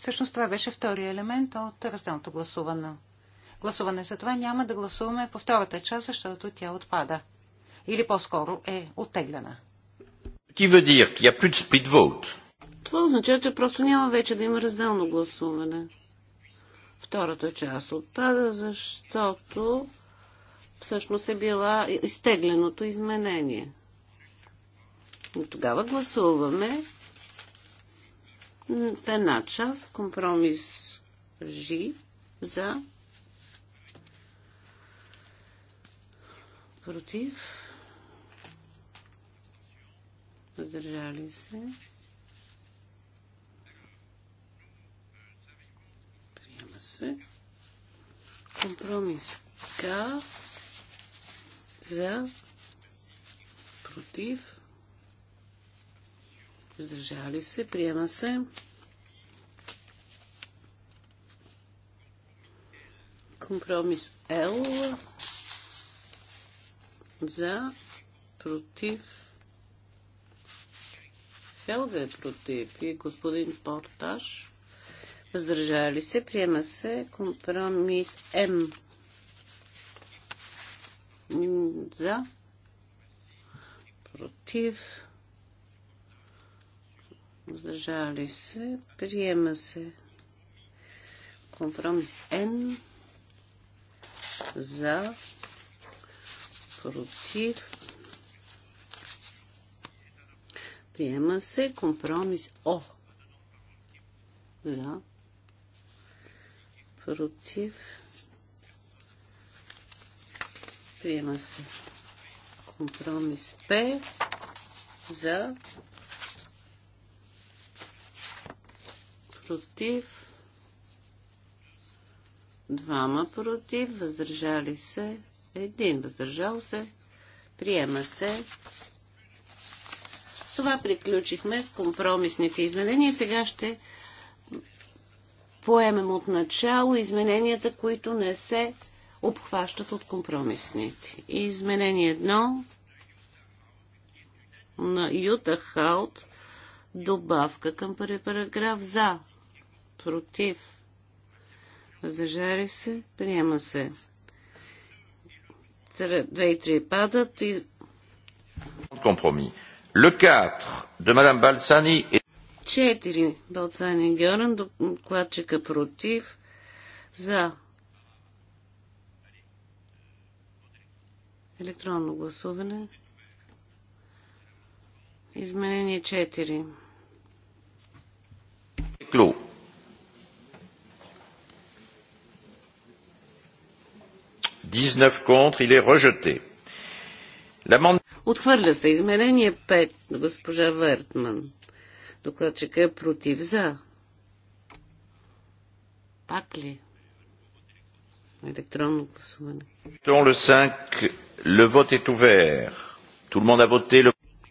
всъщност това беше втория елемент от разделното гласуване. Гласуване за това няма да гласуваме по втората част, защото тя отпада. Или по-скоро е оттеглена. Това означава, че просто няма вече да има разделно гласуване. Втората част отпада, защото всъщност е била изтегленото изменение. И тогава гласуваме в една част компромис Жи за против въздържали се приема се компромис К за, против, въздържали се, приема се. Компромис L за, против, Хелга е против и господин Порташ. Въздържали се, приема се компромис М за. Против. Въздържали се. Приема се. Компромис Н. За. Против. Приема се компромис О. За. Против. Приема се. Компромис П за против двама против, въздържали се един, въздържал се, приема се. С това приключихме с компромисните изменения. Сега ще поемем от начало измененията, които не се обхващат от компромисните. И изменение едно на Юта Хаут добавка към първи параграф за, против, въздържали се, приема се. Две и три падат и... Компромис. Le 4 de Madame Balsani et... 4. Балцани Георан, докладчика против, за Електронно гласуване. Изменение 4. Клю. contre, il est rejeté. Отхвърля се изменение 5 госпожа Вертман. Докладчика е против за. Пак ли? електронно гласуване.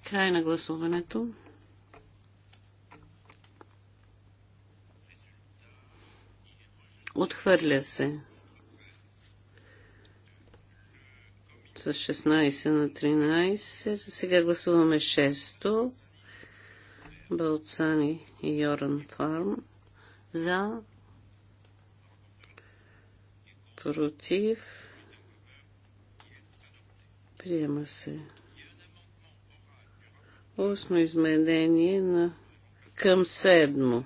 Край на гласуването. Отхвърля се. С 16 на 13. Сега гласуваме 6-то. Балцани и Йоран Фарм. За против, приема се. Осмо изменение на към седмо.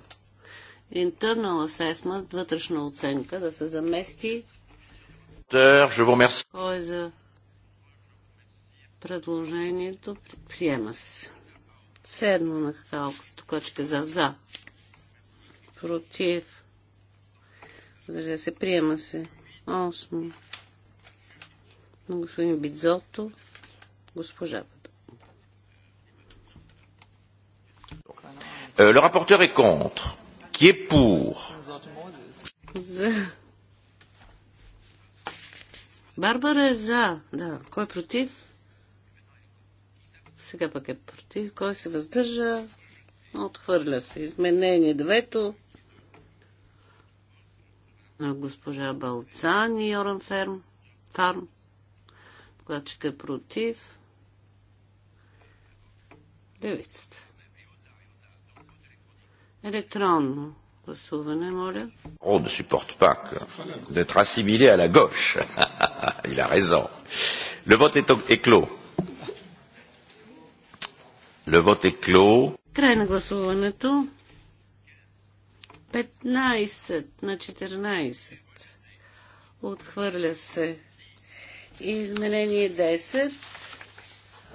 Internal assessment, вътрешна оценка, да се замести. Кой е за предложението? Приема се. Седмо на халка, стокочка за за. Против. Заря се, приема се. 8 на господин Бидзото, госпожа е, Le rapporteur est contre. Qui est pour За. Барбара е за. Да. Кой е против? Сега пък е против. Кой се въздържа? Отхвърля се. Изменение девето госпожа Балцан и Оран Ферм, Фарм. Докладчика е против. Девицата. Електронно гласуване, моля. Oh, ne supporte pas que d'être assimilé à la gauche. Il a raison. Le vote est, est clos. Le vote est clos. Край на гласуването. 15 на 14. Отхвърля се. Изменение 10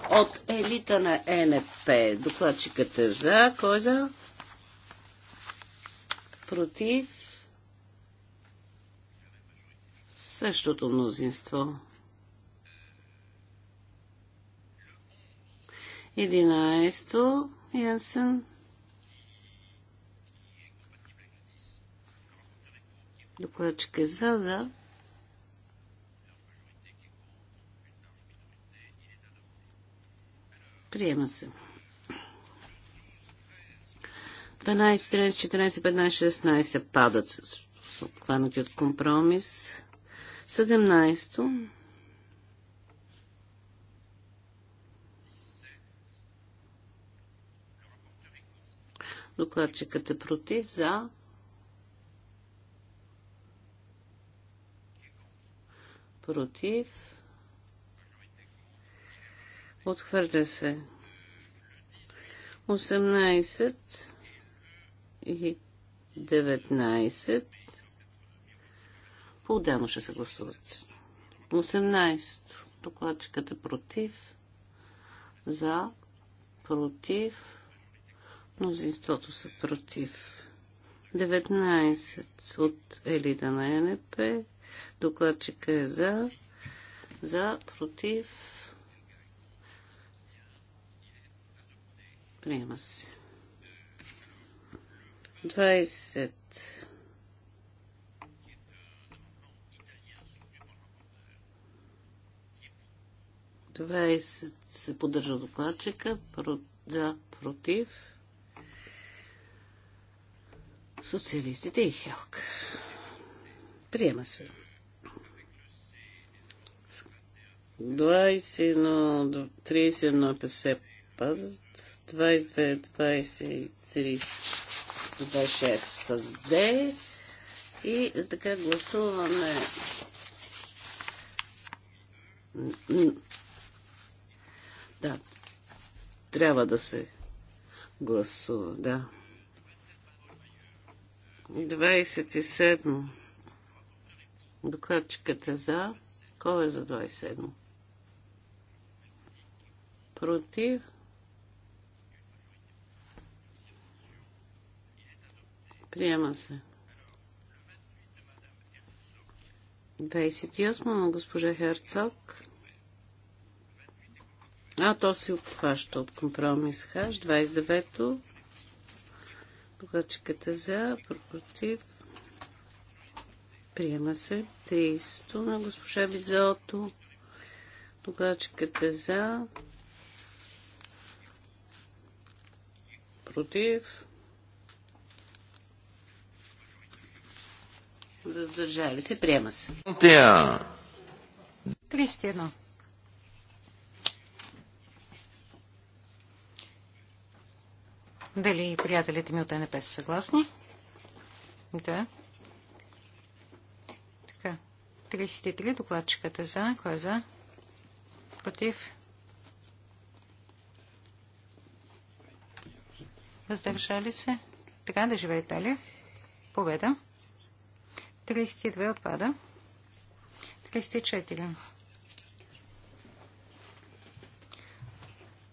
от елита на НП. Докладчикът е за. Кой е за? Против. Същото мнозинство. 11. Янсен. Докладчика е за, за. Приема се. 12, 13, 14, 15, 16 падат обхванати от компромис. 17. то Докладчикът е против, за. против, отхвърля се. 18 и 19 по-отделно ще се гласуват. 18 докладчиката е против, за, против, мнозинството са против. 19 от Елида на НП, Докладчика е за. За, против. Приема се. 20. 20 се поддържа докладчика про, за против социалистите и Хелка. Приема се. 20 на 30 на 50 пазат. 22, 23 26 с Д. И така гласуваме да, трябва да се гласува, да. 27. Докладчиката е за. Кой е за 27? Против. Приема се. 28 на госпожа Херцог. А то се обхваща от компромис Хаш. 29-то. Докладчиката е за, против, Приема се 300 на госпожа Бидзалто. Докладчиката е за. Против. Раздържали се. Приема се. 301. Дали приятелите ми от НП са съгласни? Да. 33 докладчиката е за. Кой е за? Против? Въздържали се? Така да живеете ли? Победа. 32 отпада. 34.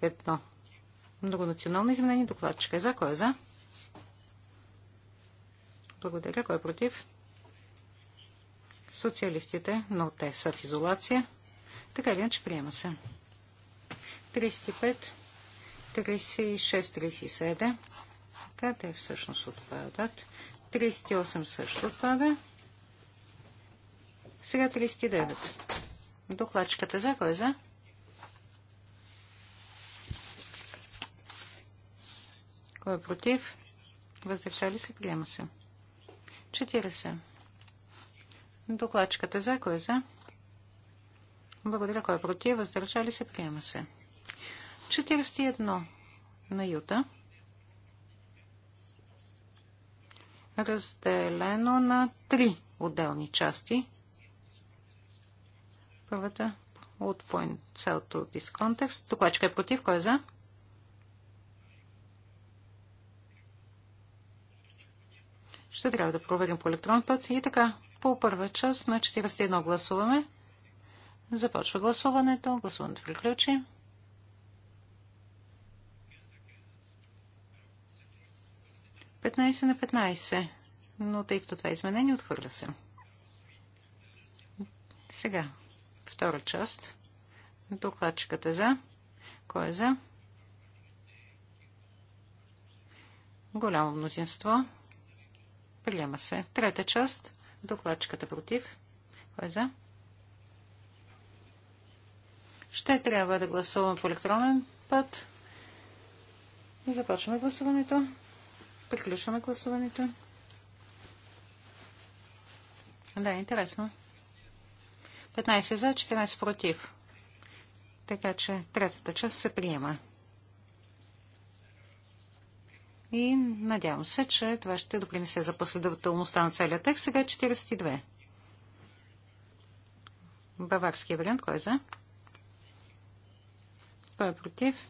Едно. Многонационално изменение. Докладчика е за. Кой е за? Благодаря. Кой е против? социалистите, но те са в изолация. Така или иначе приема се. 35, 36, 37. Така те всъщност отпадат. 38 също отпада. Сега 39. Докладчиката за кой е за? Кой е против? Въздържали се, приема се. 40. Докладчиката за. Кой е за? Благодаря. Кой е против? Въздържали се. Приема се. 41 на Юта. Разделено на три отделни части. Първата от Point South to this context. Докладчика е против. Кой е за? Ще трябва да проверим по електрон път. И така, по първа част на 41 гласуваме. Започва гласуването. Гласуването приключи. Петнайсет на 15. Но тъй като това е изменение, отхвърля се. Сега, втора част. Докладчиката е за. Кой е за? Голямо мнозинство. Приема се. Трета част. Докладчиката против. Кой е за? Ще трябва да гласуваме по електронен път. Започваме гласуването. Приключваме гласуването. Да, интересно. 15 за, 14 против. Така че третата част се приема. И надявам се, че това ще допринесе за последователността на целия текст. Сега е 42. Баварския вариант. Кой е за? Кой е против?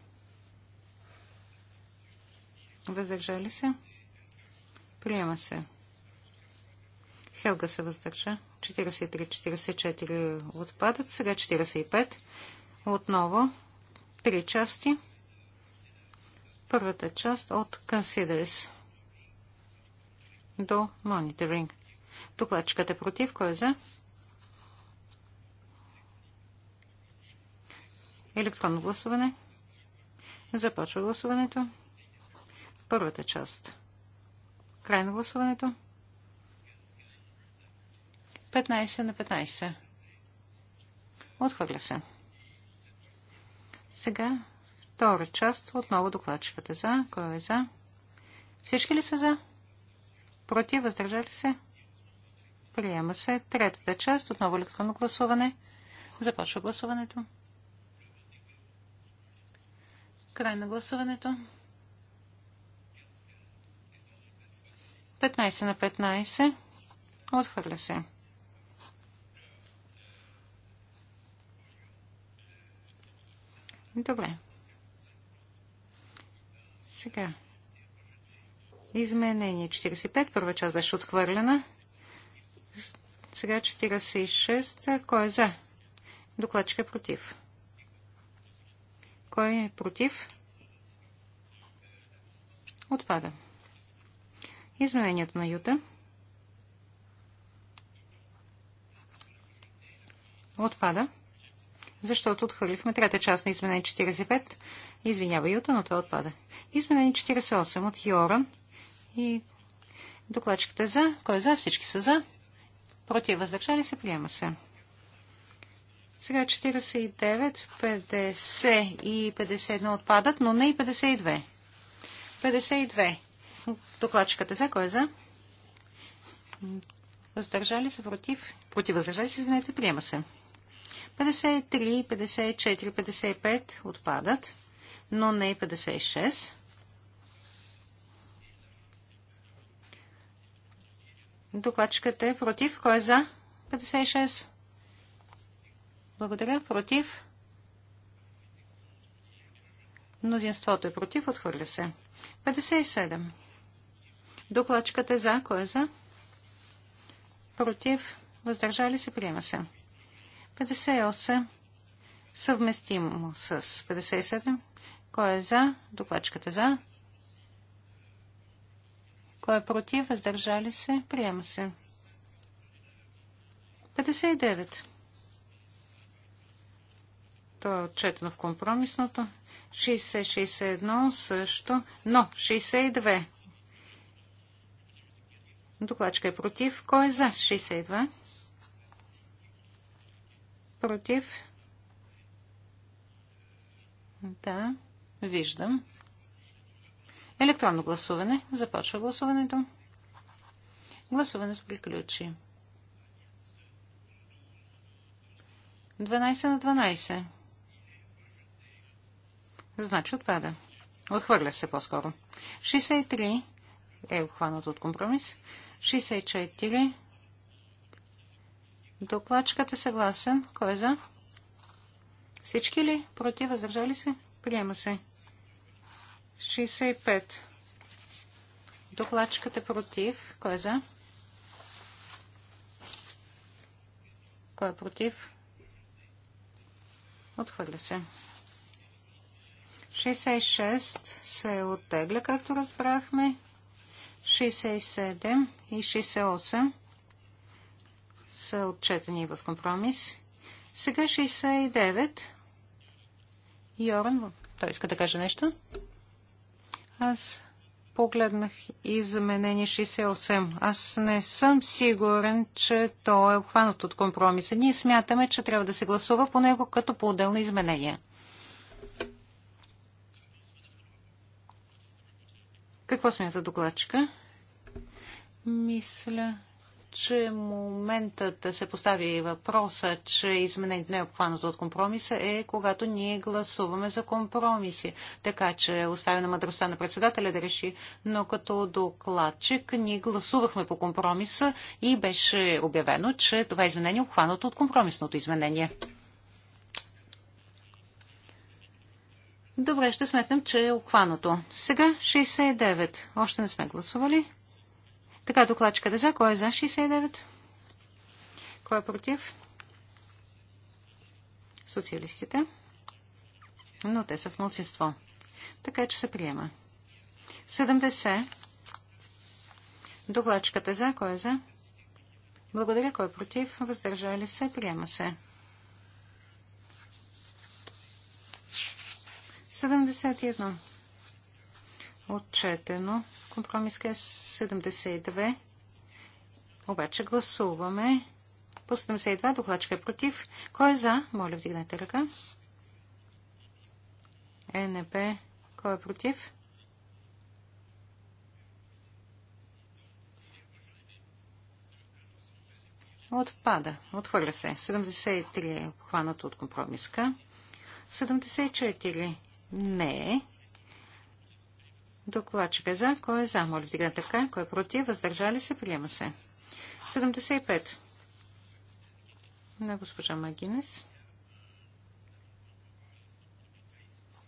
Въздържали се? Приема се. Хелга се въздържа. 43-44 отпадат. Сега 45. Отново три части първата част от Considers до Monitoring. Докладчикът е против. Кой е за? Електронно гласуване. Започва гласуването. Първата част. Край на гласуването. 15 на 15. Отхвърля се. Сега Втора част, отново докладчиката е за. Кой е за? Всички ли са за? Против, въздържали се? Приема се. Третата част, отново електронно гласуване. Започва гласуването. Край на гласуването. 15 на 15. Отхвърля се. Добре. Сега. Изменение 45. Първа част беше отхвърлена. Сега 46. Кой е за? Докладчик е против. Кой е против? Отпада. Изменението на Юта. Отпада защото отхвърлихме трета част на изменение 45. Извинява Юта, но това отпада. Изменение 48 от Йоран и докладчиката е за. Кой е за? Всички са за. Против въздържали се, приема се. Сега 49, 50 и 51 отпадат, но не и 52. 52. Докладчиката за. Кой е за? Въздържали се, против. Против въздържали се, извинете, приема се. 53, 54, 55 отпадат, но не и 56. Докладчикът е против. Кой е за? 56. Благодаря. Против. Мнозинството е против. Отхвърля се. 57. Докладчикът е за. Кой е за? Против. Въздържали се. Приема се. 58 съвместимо с 57. Кой е за? Докладчиката е за. Кой е против? Въздържали се? Приема се. 59. То е отчетено в компромисното. 60-61 също. Но 62. Докладчика е против. Кой е за 62? против. Да, виждам. Електронно гласуване. Започва гласуването. Гласуването приключи. 12 на 12. Значи отпада. Отхвърля се по-скоро. 63 е обхванато от компромис. 64 Докладчикът е съгласен. Кой е за? Всички ли? Против? Въздържали се? Приема се. 65. Докладчикът е против. Кой е за? Кой е против? Отхвърля се. 66 се оттегля, както разбрахме. 67 и 68 са отчетени в компромис. Сега 69. Йоран, той иска да каже нещо. Аз погледнах изменение 68. Аз не съм сигурен, че то е обхванато от компромиса. Ние смятаме, че трябва да се гласува по него като по-отделно изменение. Какво смята докладчика? Мисля, че моментът да се постави въпроса, че изменението не е обхванато от компромиса е когато ние гласуваме за компромиси. Така че оставя на мъдростта на председателя да реши, но като докладчик ние гласувахме по компромиса и беше обявено, че това изменение е обхванато от компромисното изменение. Добре, ще сметнем, че е обхванато. Сега 69. Още не сме гласували. Така, докладчиката е за. Кой е за 69? Кой е против? Социалистите. Но те са в мълцинство. Така е, че се приема. 70. Докладчиката е за. Кой е за? Благодаря. Кой е против? Въздържали се. Приема се. 71 отчетено. Компромис е 72. Обаче гласуваме по 72. Докладчика е против. Кой е за? Моля, вдигнете ръка. ЕНП. Кой е против? Отпада. Отхвърля се. 73 е обхванато от компромиска. 74 не е. Докладчика е за. Кой е за? Моля, вдигнете така. Кой е против? Въздържали се? Приема се. 75. На госпожа Магинес.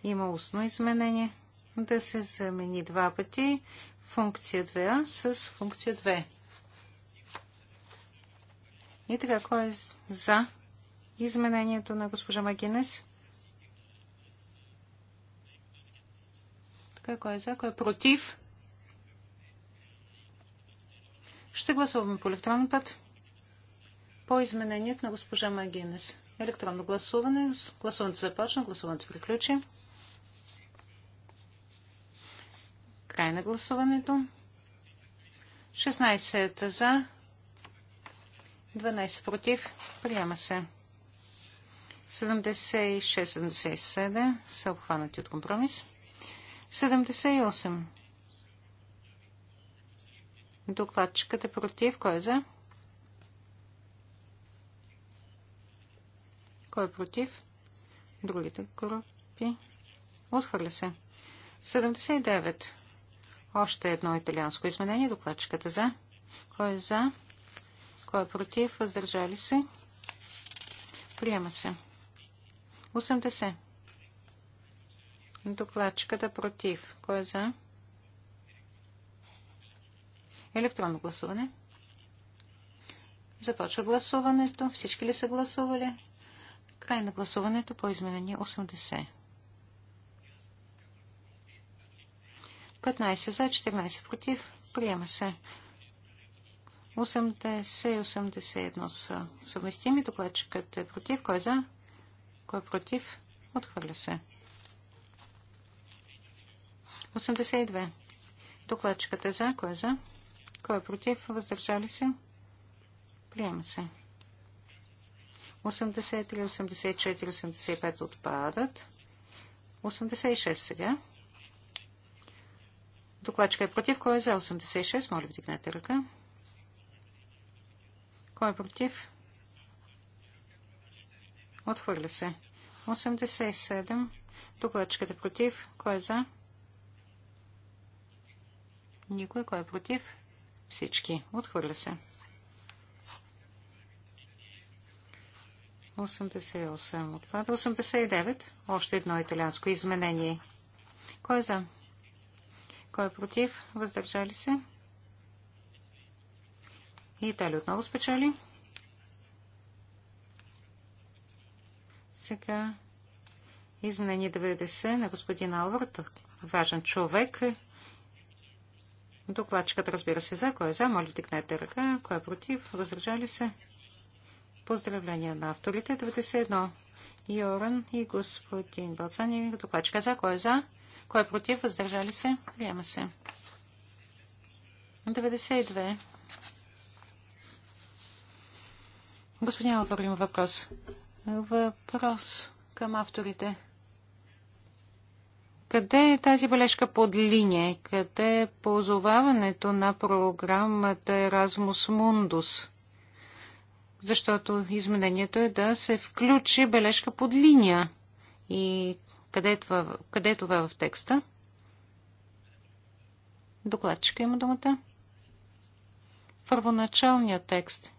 Има устно изменение. Да се замени два пъти функция 2а с функция 2. И така, кой е за изменението на госпожа Магинес? точка. Кой е за? Кой е против? Ще гласуваме по електронен път по изменението на госпожа Магинес. Електронно гласуване. Гласуването започна, гласуването приключи. Край на гласуването. 16 за, 12 против. Приема се. 76-77 са обхванати от компромис. 78. Докладчикът е против. Кой е за? Кой е против? Другите групи. Отхвърля се. 79. Още едно италианско изменение. Докладчиката е за. Кой е за? Кой е против? Въздържали се? Приема се. 80. Докладчиката против. Кой е за? Електронно гласуване. Започва гласуването. Всички ли са гласували? Край на гласуването по изменение 80. 15 за, 14 против. Приема се. 80 и 81 са съвместими. Докладчикът е против. Кой е за? Кой е против? Отхвърля се. 82. Докладчиката е за. Кой е за? Кой е против? Въздържали се? Приема се. 83, 84, 85 отпадат. 86 сега. Докладчика е против. Кой е за 86? Моля, вдигнете ръка. Кой е против? Отхвърля се. 87. Докладчиката е против. Кой е за? Никой. Кой е против? Всички. Отхвърля се. 88 отпада. 89. Още едно италианско изменение. Кой е за? Кой е против? Въздържали се? И Италия отново спечели. Сега изменение 90 на господин Алвард. Важен човек. Докладчикът разбира се за. Кой е за? Моля, дигнете ръка. Кой е против? Въздържали се? Поздравления на авторите. 91. Йоран и господин Балцани. Докладчика за. Кой е за? Кой е против? Въздържали се? Приема се. 92. Господин Алвар има въпрос. Въпрос към авторите. Къде е тази бележка под линия? Къде е позоваването на програмата Erasmus Mundus? Защото изменението е да се включи бележка под линия. И къде е това, къде е това в текста? Докладчика има думата. Първоначалният текст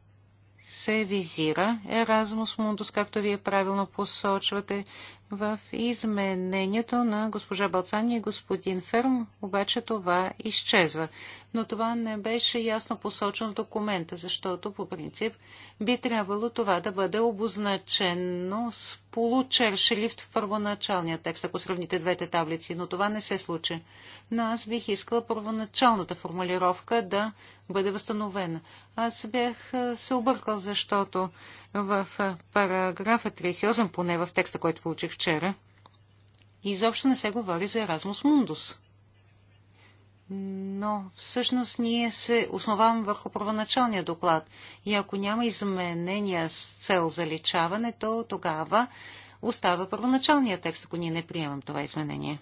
се визира Erasmus Mundus, както вие правилно посочвате, в изменението на госпожа Балцани и господин Ферм, обаче това изчезва но това не беше ясно посочено в документа, защото по принцип би трябвало това да бъде обозначено с получер шрифт в първоначалния текст, ако сравните двете таблици, но това не се случи. Но аз бих искала първоначалната формулировка да бъде възстановена. Аз бях се объркал, защото в параграфа 38, поне в текста, който получих вчера, изобщо не се говори за Еразмус Мундус но всъщност ние се основаваме върху първоначалния доклад. И ако няма изменения с цел заличаване, то тогава остава първоначалния текст, ако ние не приемам това изменение.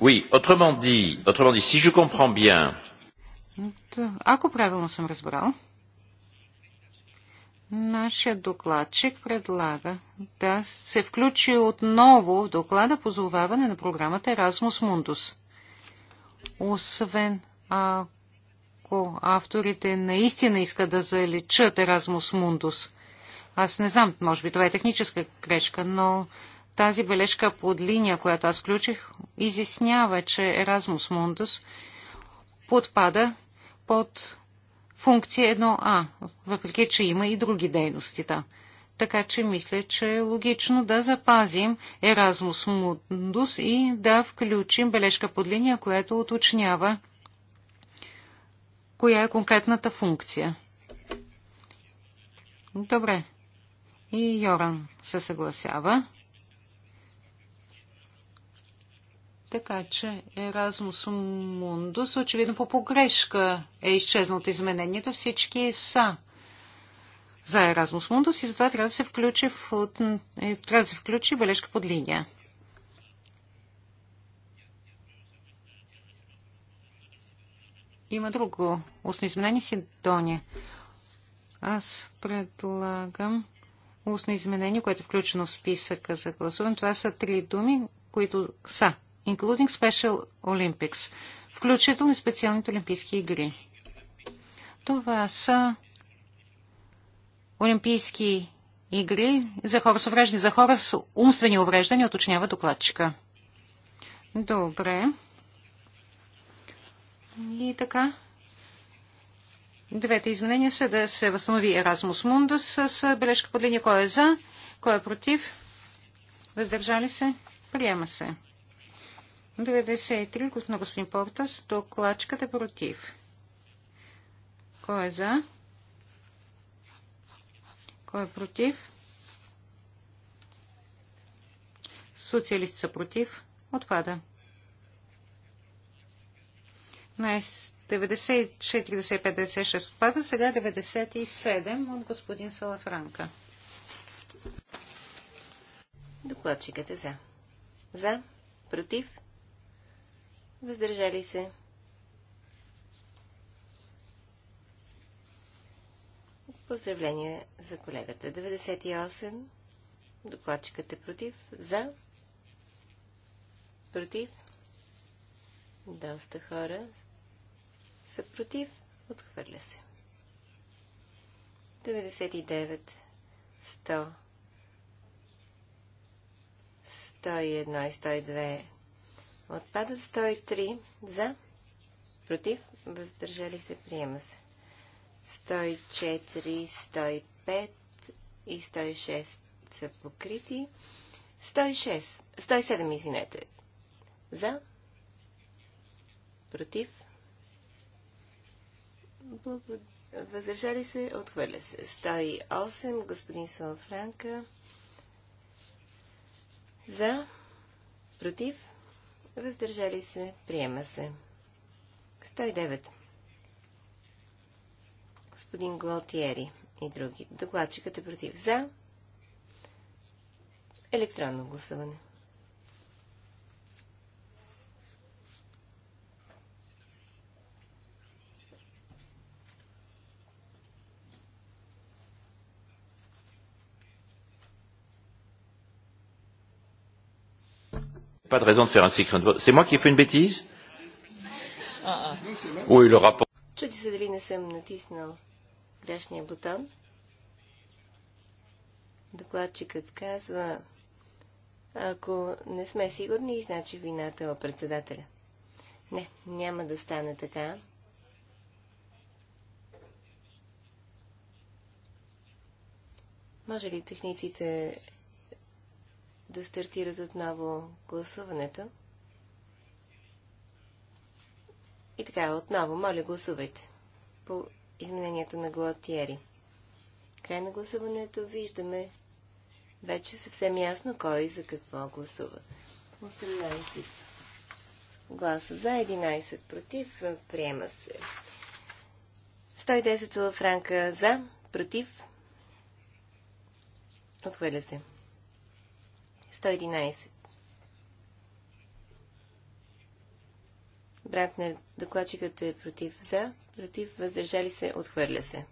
Oui, autrement dit, autrement dit, si je comprends bien. Ако правилно съм разбрал, Нашия докладчик предлага да се включи отново в доклада позоваване на програмата Erasmus Mundus. Освен ако авторите наистина искат да заличат Erasmus Mundus. Аз не знам, може би това е техническа грешка, но тази бележка под линия, която аз включих, изяснява, че Erasmus Mundus подпада под функция 1А, въпреки че има и други дейности Да. Така че мисля, че е логично да запазим Erasmus Mundus и да включим бележка под линия, която уточнява коя е конкретната функция. Добре. И Йоран се съгласява. Така че Еразмус Мундус очевидно по погрешка е изчезнал от изменението. Всички са за Еразмус Мундус и затова трябва да се включи, в, е, трябва да се включи бележка под линия. Има друго устно изменение Сидония. Аз предлагам устно изменение, което е включено в списъка за гласуване. Това са три думи, които са including Special Olympics, включително и специалните олимпийски игри. Това са олимпийски игри за хора с увреждани за хора с умствени увреждания, уточнява докладчика. Добре. И така. Двете изменения са да се възстанови Еразмус Мундус с бележка под линия кой е за, кой е против. Въздържали се? Приема се. 93 на господин Портас. Докладчиката е против. Кой е за? Кой е против? Социалисти са против. Отпада. На 94, 95, 96 отпада. Сега 97 от господин Салафранка. Докладчикът е за. За. Против. Въздържали се. Поздравление за колегата. 98. Докладчикът е против. За. Против. Доста хора са против. Отхвърля се. 99. 100. 101 и 102 Отпадат 103 за, против, въздържали се, приема се. 104, 105 и 106 са покрити. 106, 107, извинете. За, против, въздържали се, отхвърля се. 108, господин Салфранка. За, против, въздържали се, приема се. 109. Господин Голтиери и други. Докладчикът е против. За. Електронно гласуване. pas de raison de faire un secret vote. C'est moi qui ai fait une bêtise Oui, le rapport. Чуди се дали не съм натиснал грешния бутон. Докладчикът казва, ако не сме сигурни, значи вината е председателя. Не, няма да стане така. Може ли техниците да стартират отново гласуването. И така, отново, моля, гласувайте по изменението на Глотиери. Край на гласуването виждаме вече съвсем ясно кой и за какво гласува. 18 гласа за, 11 против, приема се. 110 франка за, против, отхвърля се. 111. Братнер, докладчикът е против за, против, въздържали се, отхвърля се.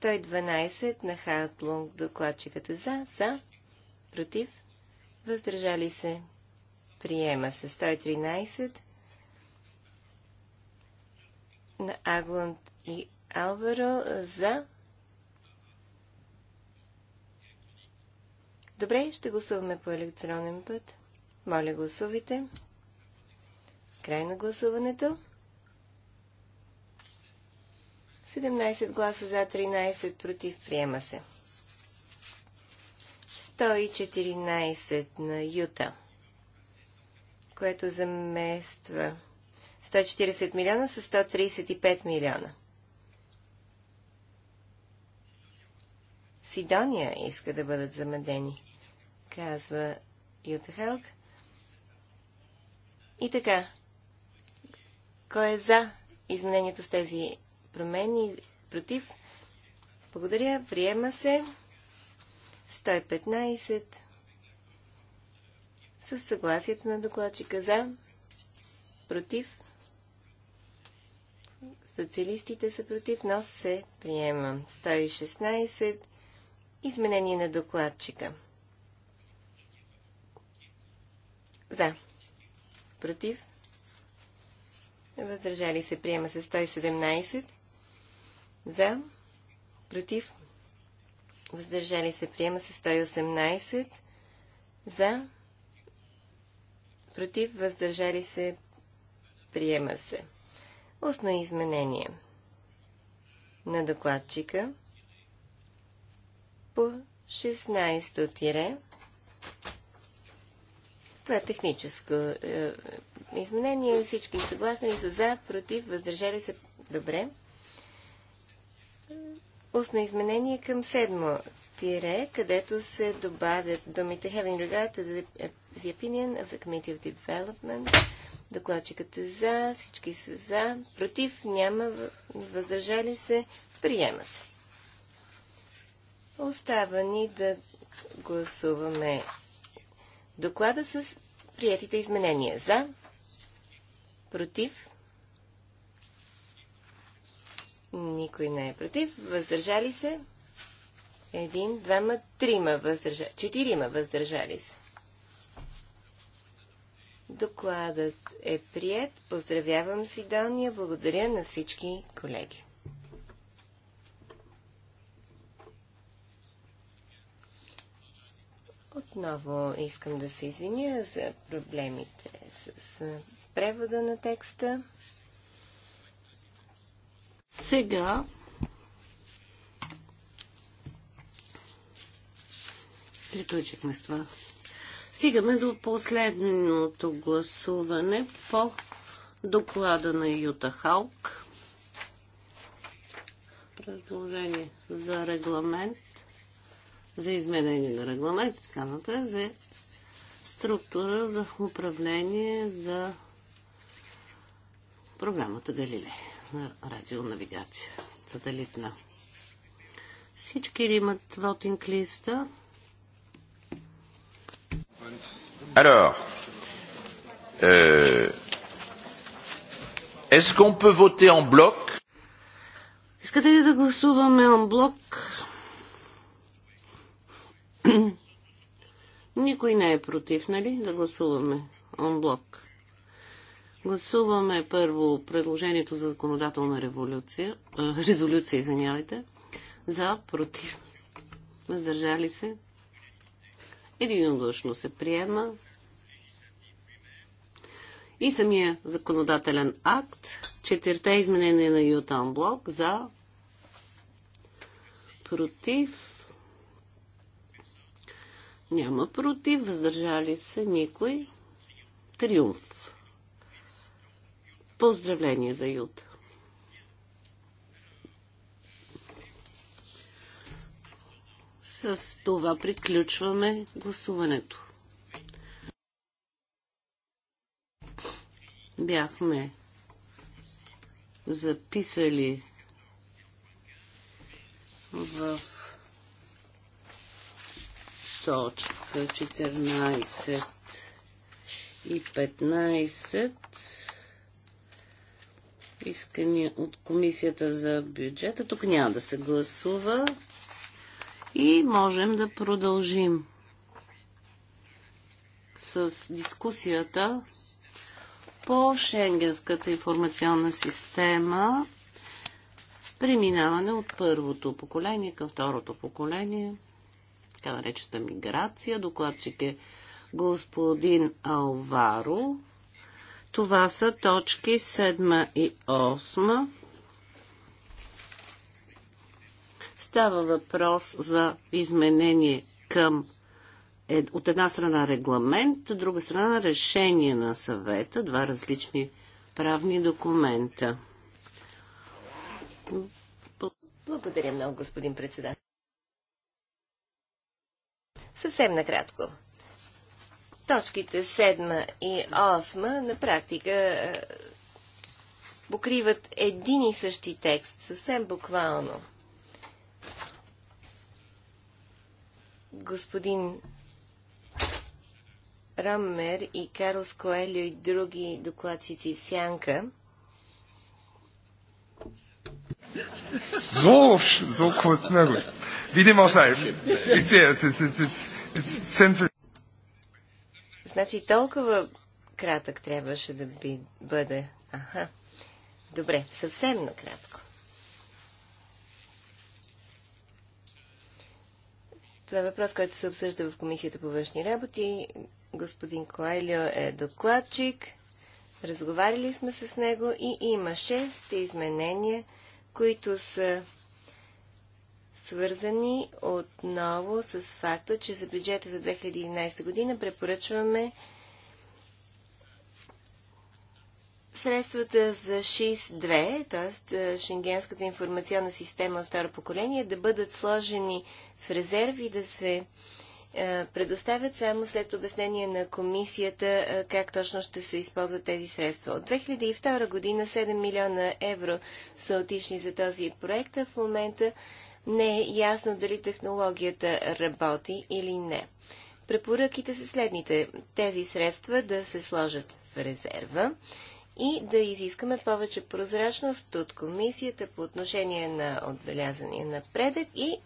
112 на Хартлунг, докладчикът е за, за, против, въздържали се, приема се. 113 на Агланд и Алваро за, Добре, ще гласуваме по електронен път. Моля, гласувайте. Край на гласуването. 17 гласа за, 13 против. Приема се. 114 на Юта, което замества 140 милиона с 135 милиона. Сидония иска да бъдат замедени казва Юта Хелк. И така, кой е за изменението с тези промени? Против? Благодаря. Приема се. 115. Със съгласието на докладчика за. Против. Социалистите са против, но се приема. 116. Изменение на докладчика. За. Против. Въздържали се. Приема се 117. За. Против. Въздържали се. Приема се 118. За. Против. Въздържали се. Приема се. Устно изменение на докладчика по 16 тире това е техническо е, изменение. Всички съгласни са за, против, въздържали се. Добре. Устно изменение към седмо тире, където се добавят думите Having regard to the opinion of the Committee of Development. Докладчикът е за, всички са за, против, няма, въздържали се, приема се. Остава ни да гласуваме доклада с приятите изменения. За, против, никой не е против, въздържали се, един, двама, трима въздържали, четирима въздържали се. Докладът е прият. Поздравявам Сидония. Благодаря на всички колеги. Отново искам да се извиня за проблемите с превода на текста. Сега приключихме с това. Стигаме до последното гласуване по доклада на Юта Халк. Предложение за регламент за изменение на регламент и така нататък, за структура за управление за програмата Галиле на радионавигация, сателитна. Всички ли имат вотинг листа? Alors, euh, est-ce qu'on peut voter en bloc Искате ли да гласуваме анблок Никой не е против, нали? Да гласуваме. Онблок. Гласуваме първо предложението за законодателна революция, э, резолюция, извинявайте. За, против. Въздържали се. Единодушно се приема. И самия законодателен акт. Четирте изменения на Ютан Блок за, против, няма против, въздържали се никой. Триумф. Поздравление за Юта. С това приключваме гласуването. Бяхме записали в точка 14 и 15 искания от Комисията за бюджета. Тук няма да се гласува и можем да продължим с дискусията по Шенгенската информационна система преминаване от първото поколение към второто поколение – така наречета миграция. Докладчик е господин Алваро. Това са точки 7 и 8. Става въпрос за изменение към е, от една страна регламент, от друга страна решение на съвета, два различни правни документа. Благодаря много, господин председател. Съвсем накратко. Точките 7 и 8 на практика е, покриват един и същи текст, съвсем буквално. Господин Раммер и Карлс Коелио и други докладчици в Сянка – So, so kurz, na gut. Wie dem auch sei. Ich sehe, jetzt, jetzt, jetzt, jetzt, jetzt censored. Значи толкова кратък трябваше да би, бъде. Аха. Добре, съвсем накратко. Това е въпрос, който се обсъжда в Комисията по външни работи. Господин Коелио е докладчик. Разговаряли сме с него и има шест изменения които са свързани отново с факта, че за бюджета за 2011 година препоръчваме средствата за ШИС-2, т.е. Шенгенската информационна система от второ поколение, да бъдат сложени в резерв и да се е, предоставят само след обяснение на комисията е, как точно ще се използват тези средства. От 2002 година 7 милиона евро са отишни за този проект, а в момента не е ясно дали технологията работи или не. Препоръките са следните. Тези средства да се сложат в резерва и да изискаме повече прозрачност от комисията по отношение на отбелязания напредък и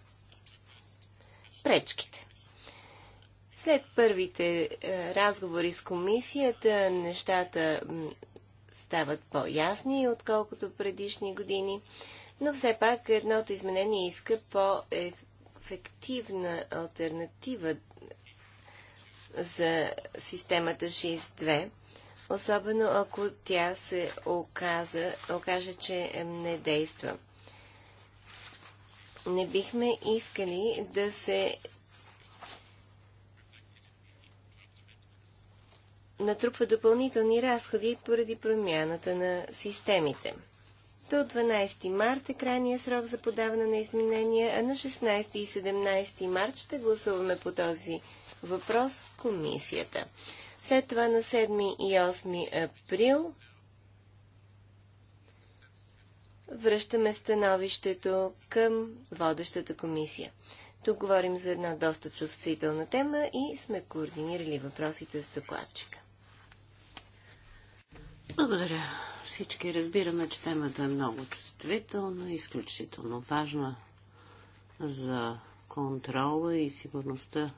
пречките. След първите е, разговори с комисията, нещата стават по-ясни, отколкото предишни години, но все пак едното изменение иска по-ефективна альтернатива за системата 6.2, особено ако тя се оказа, окаже, че не действа. Не бихме искали да се натрупва допълнителни разходи поради промяната на системите. До 12 март е крайния срок за подаване на изменения, а на 16 и 17 март ще гласуваме по този въпрос в комисията. След това на 7 и 8 април връщаме становището към водещата комисия. Тук говорим за една доста чувствителна тема и сме координирали въпросите с докладчика. Благодаря. Всички разбираме, че темата е много чувствителна, изключително важна за контрола и сигурността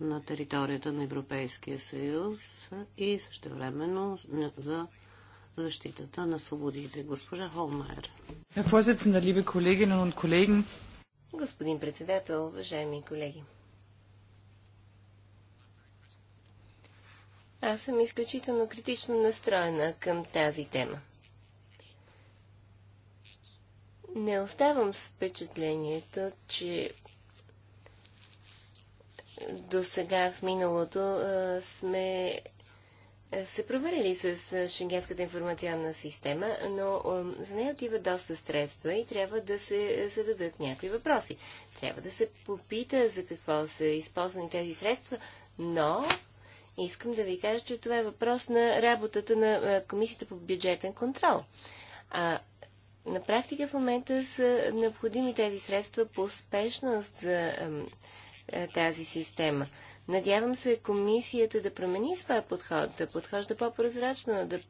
на територията на Европейския съюз и същевременно за защитата на свободите. Госпожа Холмайер. Господин председател, уважаеми колеги. Аз съм изключително критично настроена към тази тема. Не оставам с впечатлението, че до сега в миналото сме се проверили с Шенгенската информационна система, но за нея отива доста средства и трябва да се зададат някои въпроси. Трябва да се попита за какво са използвани тези средства, но Искам да ви кажа, че това е въпрос на работата на Комисията по бюджетен контрол. А на практика в момента са необходими тези средства по успешност за тази система. Надявам се комисията да промени своя подход, да подхожда по-прозрачно, да...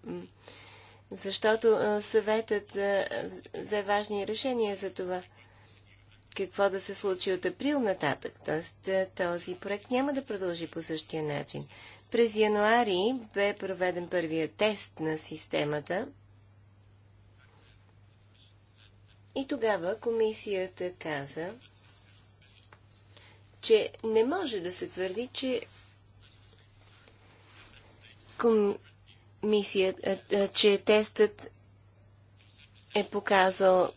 защото съветът взе важни решения за това какво да се случи от април нататък. Тоест този проект няма да продължи по същия начин. През януари бе проведен първия тест на системата и тогава комисията каза, че не може да се твърди, че комисията, че тестът е показал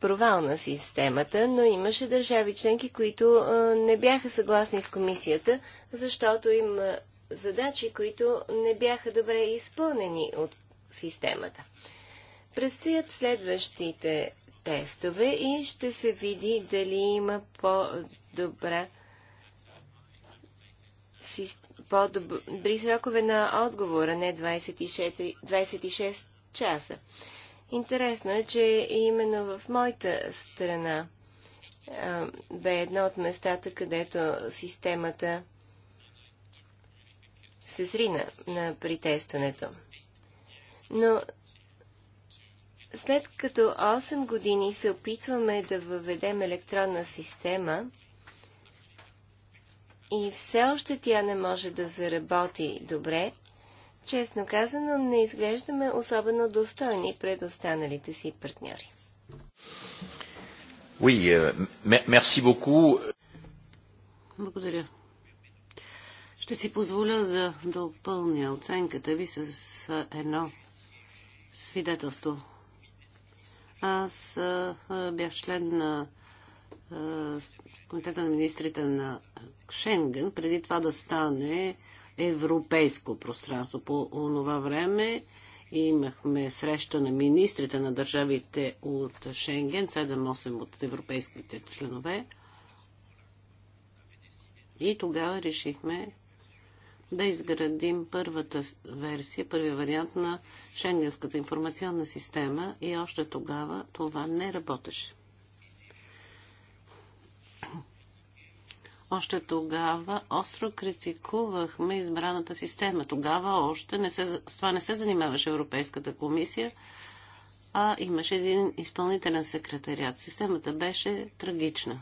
провал на системата, но имаше държави членки, които не бяха съгласни с комисията, защото им задачи, които не бяха добре изпълнени от системата. Предстоят следващите тестове и ще се види дали има по-добра по-добри срокове на отговора, не 24, 26 часа. Интересно е, че именно в моята страна а, бе едно от местата, където системата се зрина на, притестването. Но след като 8 години се опитваме да въведем електронна система и все още тя не може да заработи добре, честно казано не изглеждаме особено достойни пред останалите си партньори. Oui, euh, merci beaucoup. Благодаря. Ще си позволя да допълня оценката ви с едно свидетелство. Аз бях член на Комитета на министрите на Шенген, преди това да стане европейско пространство. По онова време имахме среща на министрите на държавите от Шенген, 7-8 от европейските членове. И тогава решихме да изградим първата версия, първия вариант на Шенгенската информационна система и още тогава това не работеше. Още тогава остро критикувахме избраната система. Тогава още не се, с това не се занимаваше Европейската комисия, а имаше един изпълнителен секретариат. Системата беше трагична.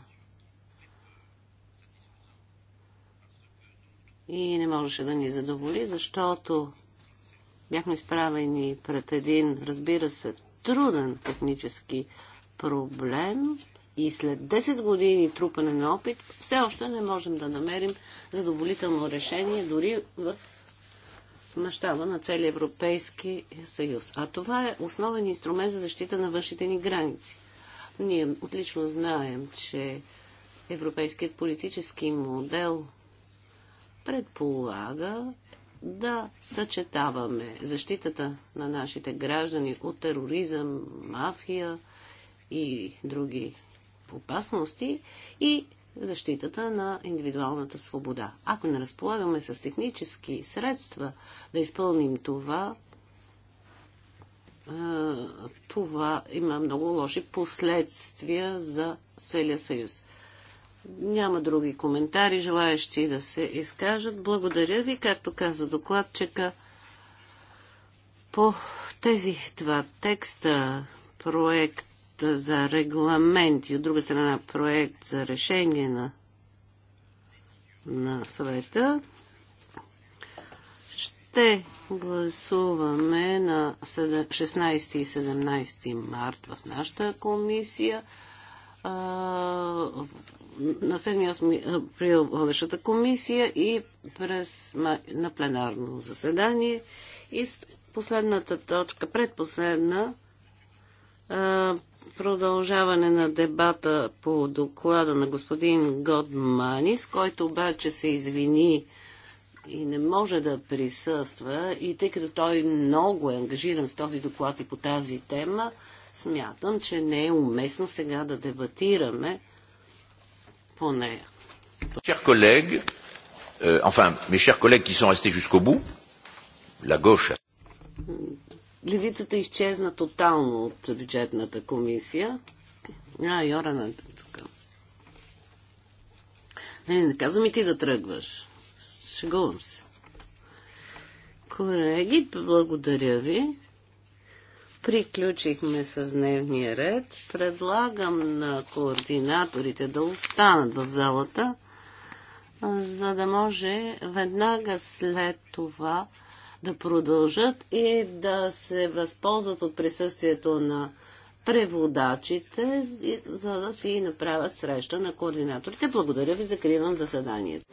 и не можеше да ни задоволи, защото бяхме изправени пред един, разбира се, труден технически проблем и след 10 години трупане на опит все още не можем да намерим задоволително решение дори в мащаба на целия Европейски съюз. А това е основен инструмент за защита на външните ни граници. Ние отлично знаем, че европейският политически модел предполага да съчетаваме защитата на нашите граждани от тероризъм, мафия и други опасности и защитата на индивидуалната свобода. Ако не разполагаме с технически средства да изпълним това, това има много лоши последствия за целия съюз. Няма други коментари, желаящи да се изкажат. Благодаря ви, както каза докладчика. По тези два текста, проект за регламент и от друга страна проект за решение на, на съвета, ще гласуваме на 16 и 17 март в нашата комисия на 7-8 април водещата комисия и през на пленарно заседание. И последната точка, предпоследна, продължаване на дебата по доклада на господин Годманис, който обаче се извини и не може да присъства. И тъй като той много е ангажиран с този доклад и по тази тема, смятам, че не е уместно сега да дебатираме по нея. Chers collègues, euh, enfin, mes chers collègues qui sont restés jusqu'au bout, la gauche. Левицата изчезна тотално от бюджетната комисия. А, Йорана, тук. Не, не казвам и ти да тръгваш. Шегувам се. Колеги, благодаря ви. Приключихме с дневния ред. Предлагам на координаторите да останат в залата, за да може веднага след това да продължат и да се възползват от присъствието на преводачите, за да си направят среща на координаторите. Благодаря ви, закривам заседанието.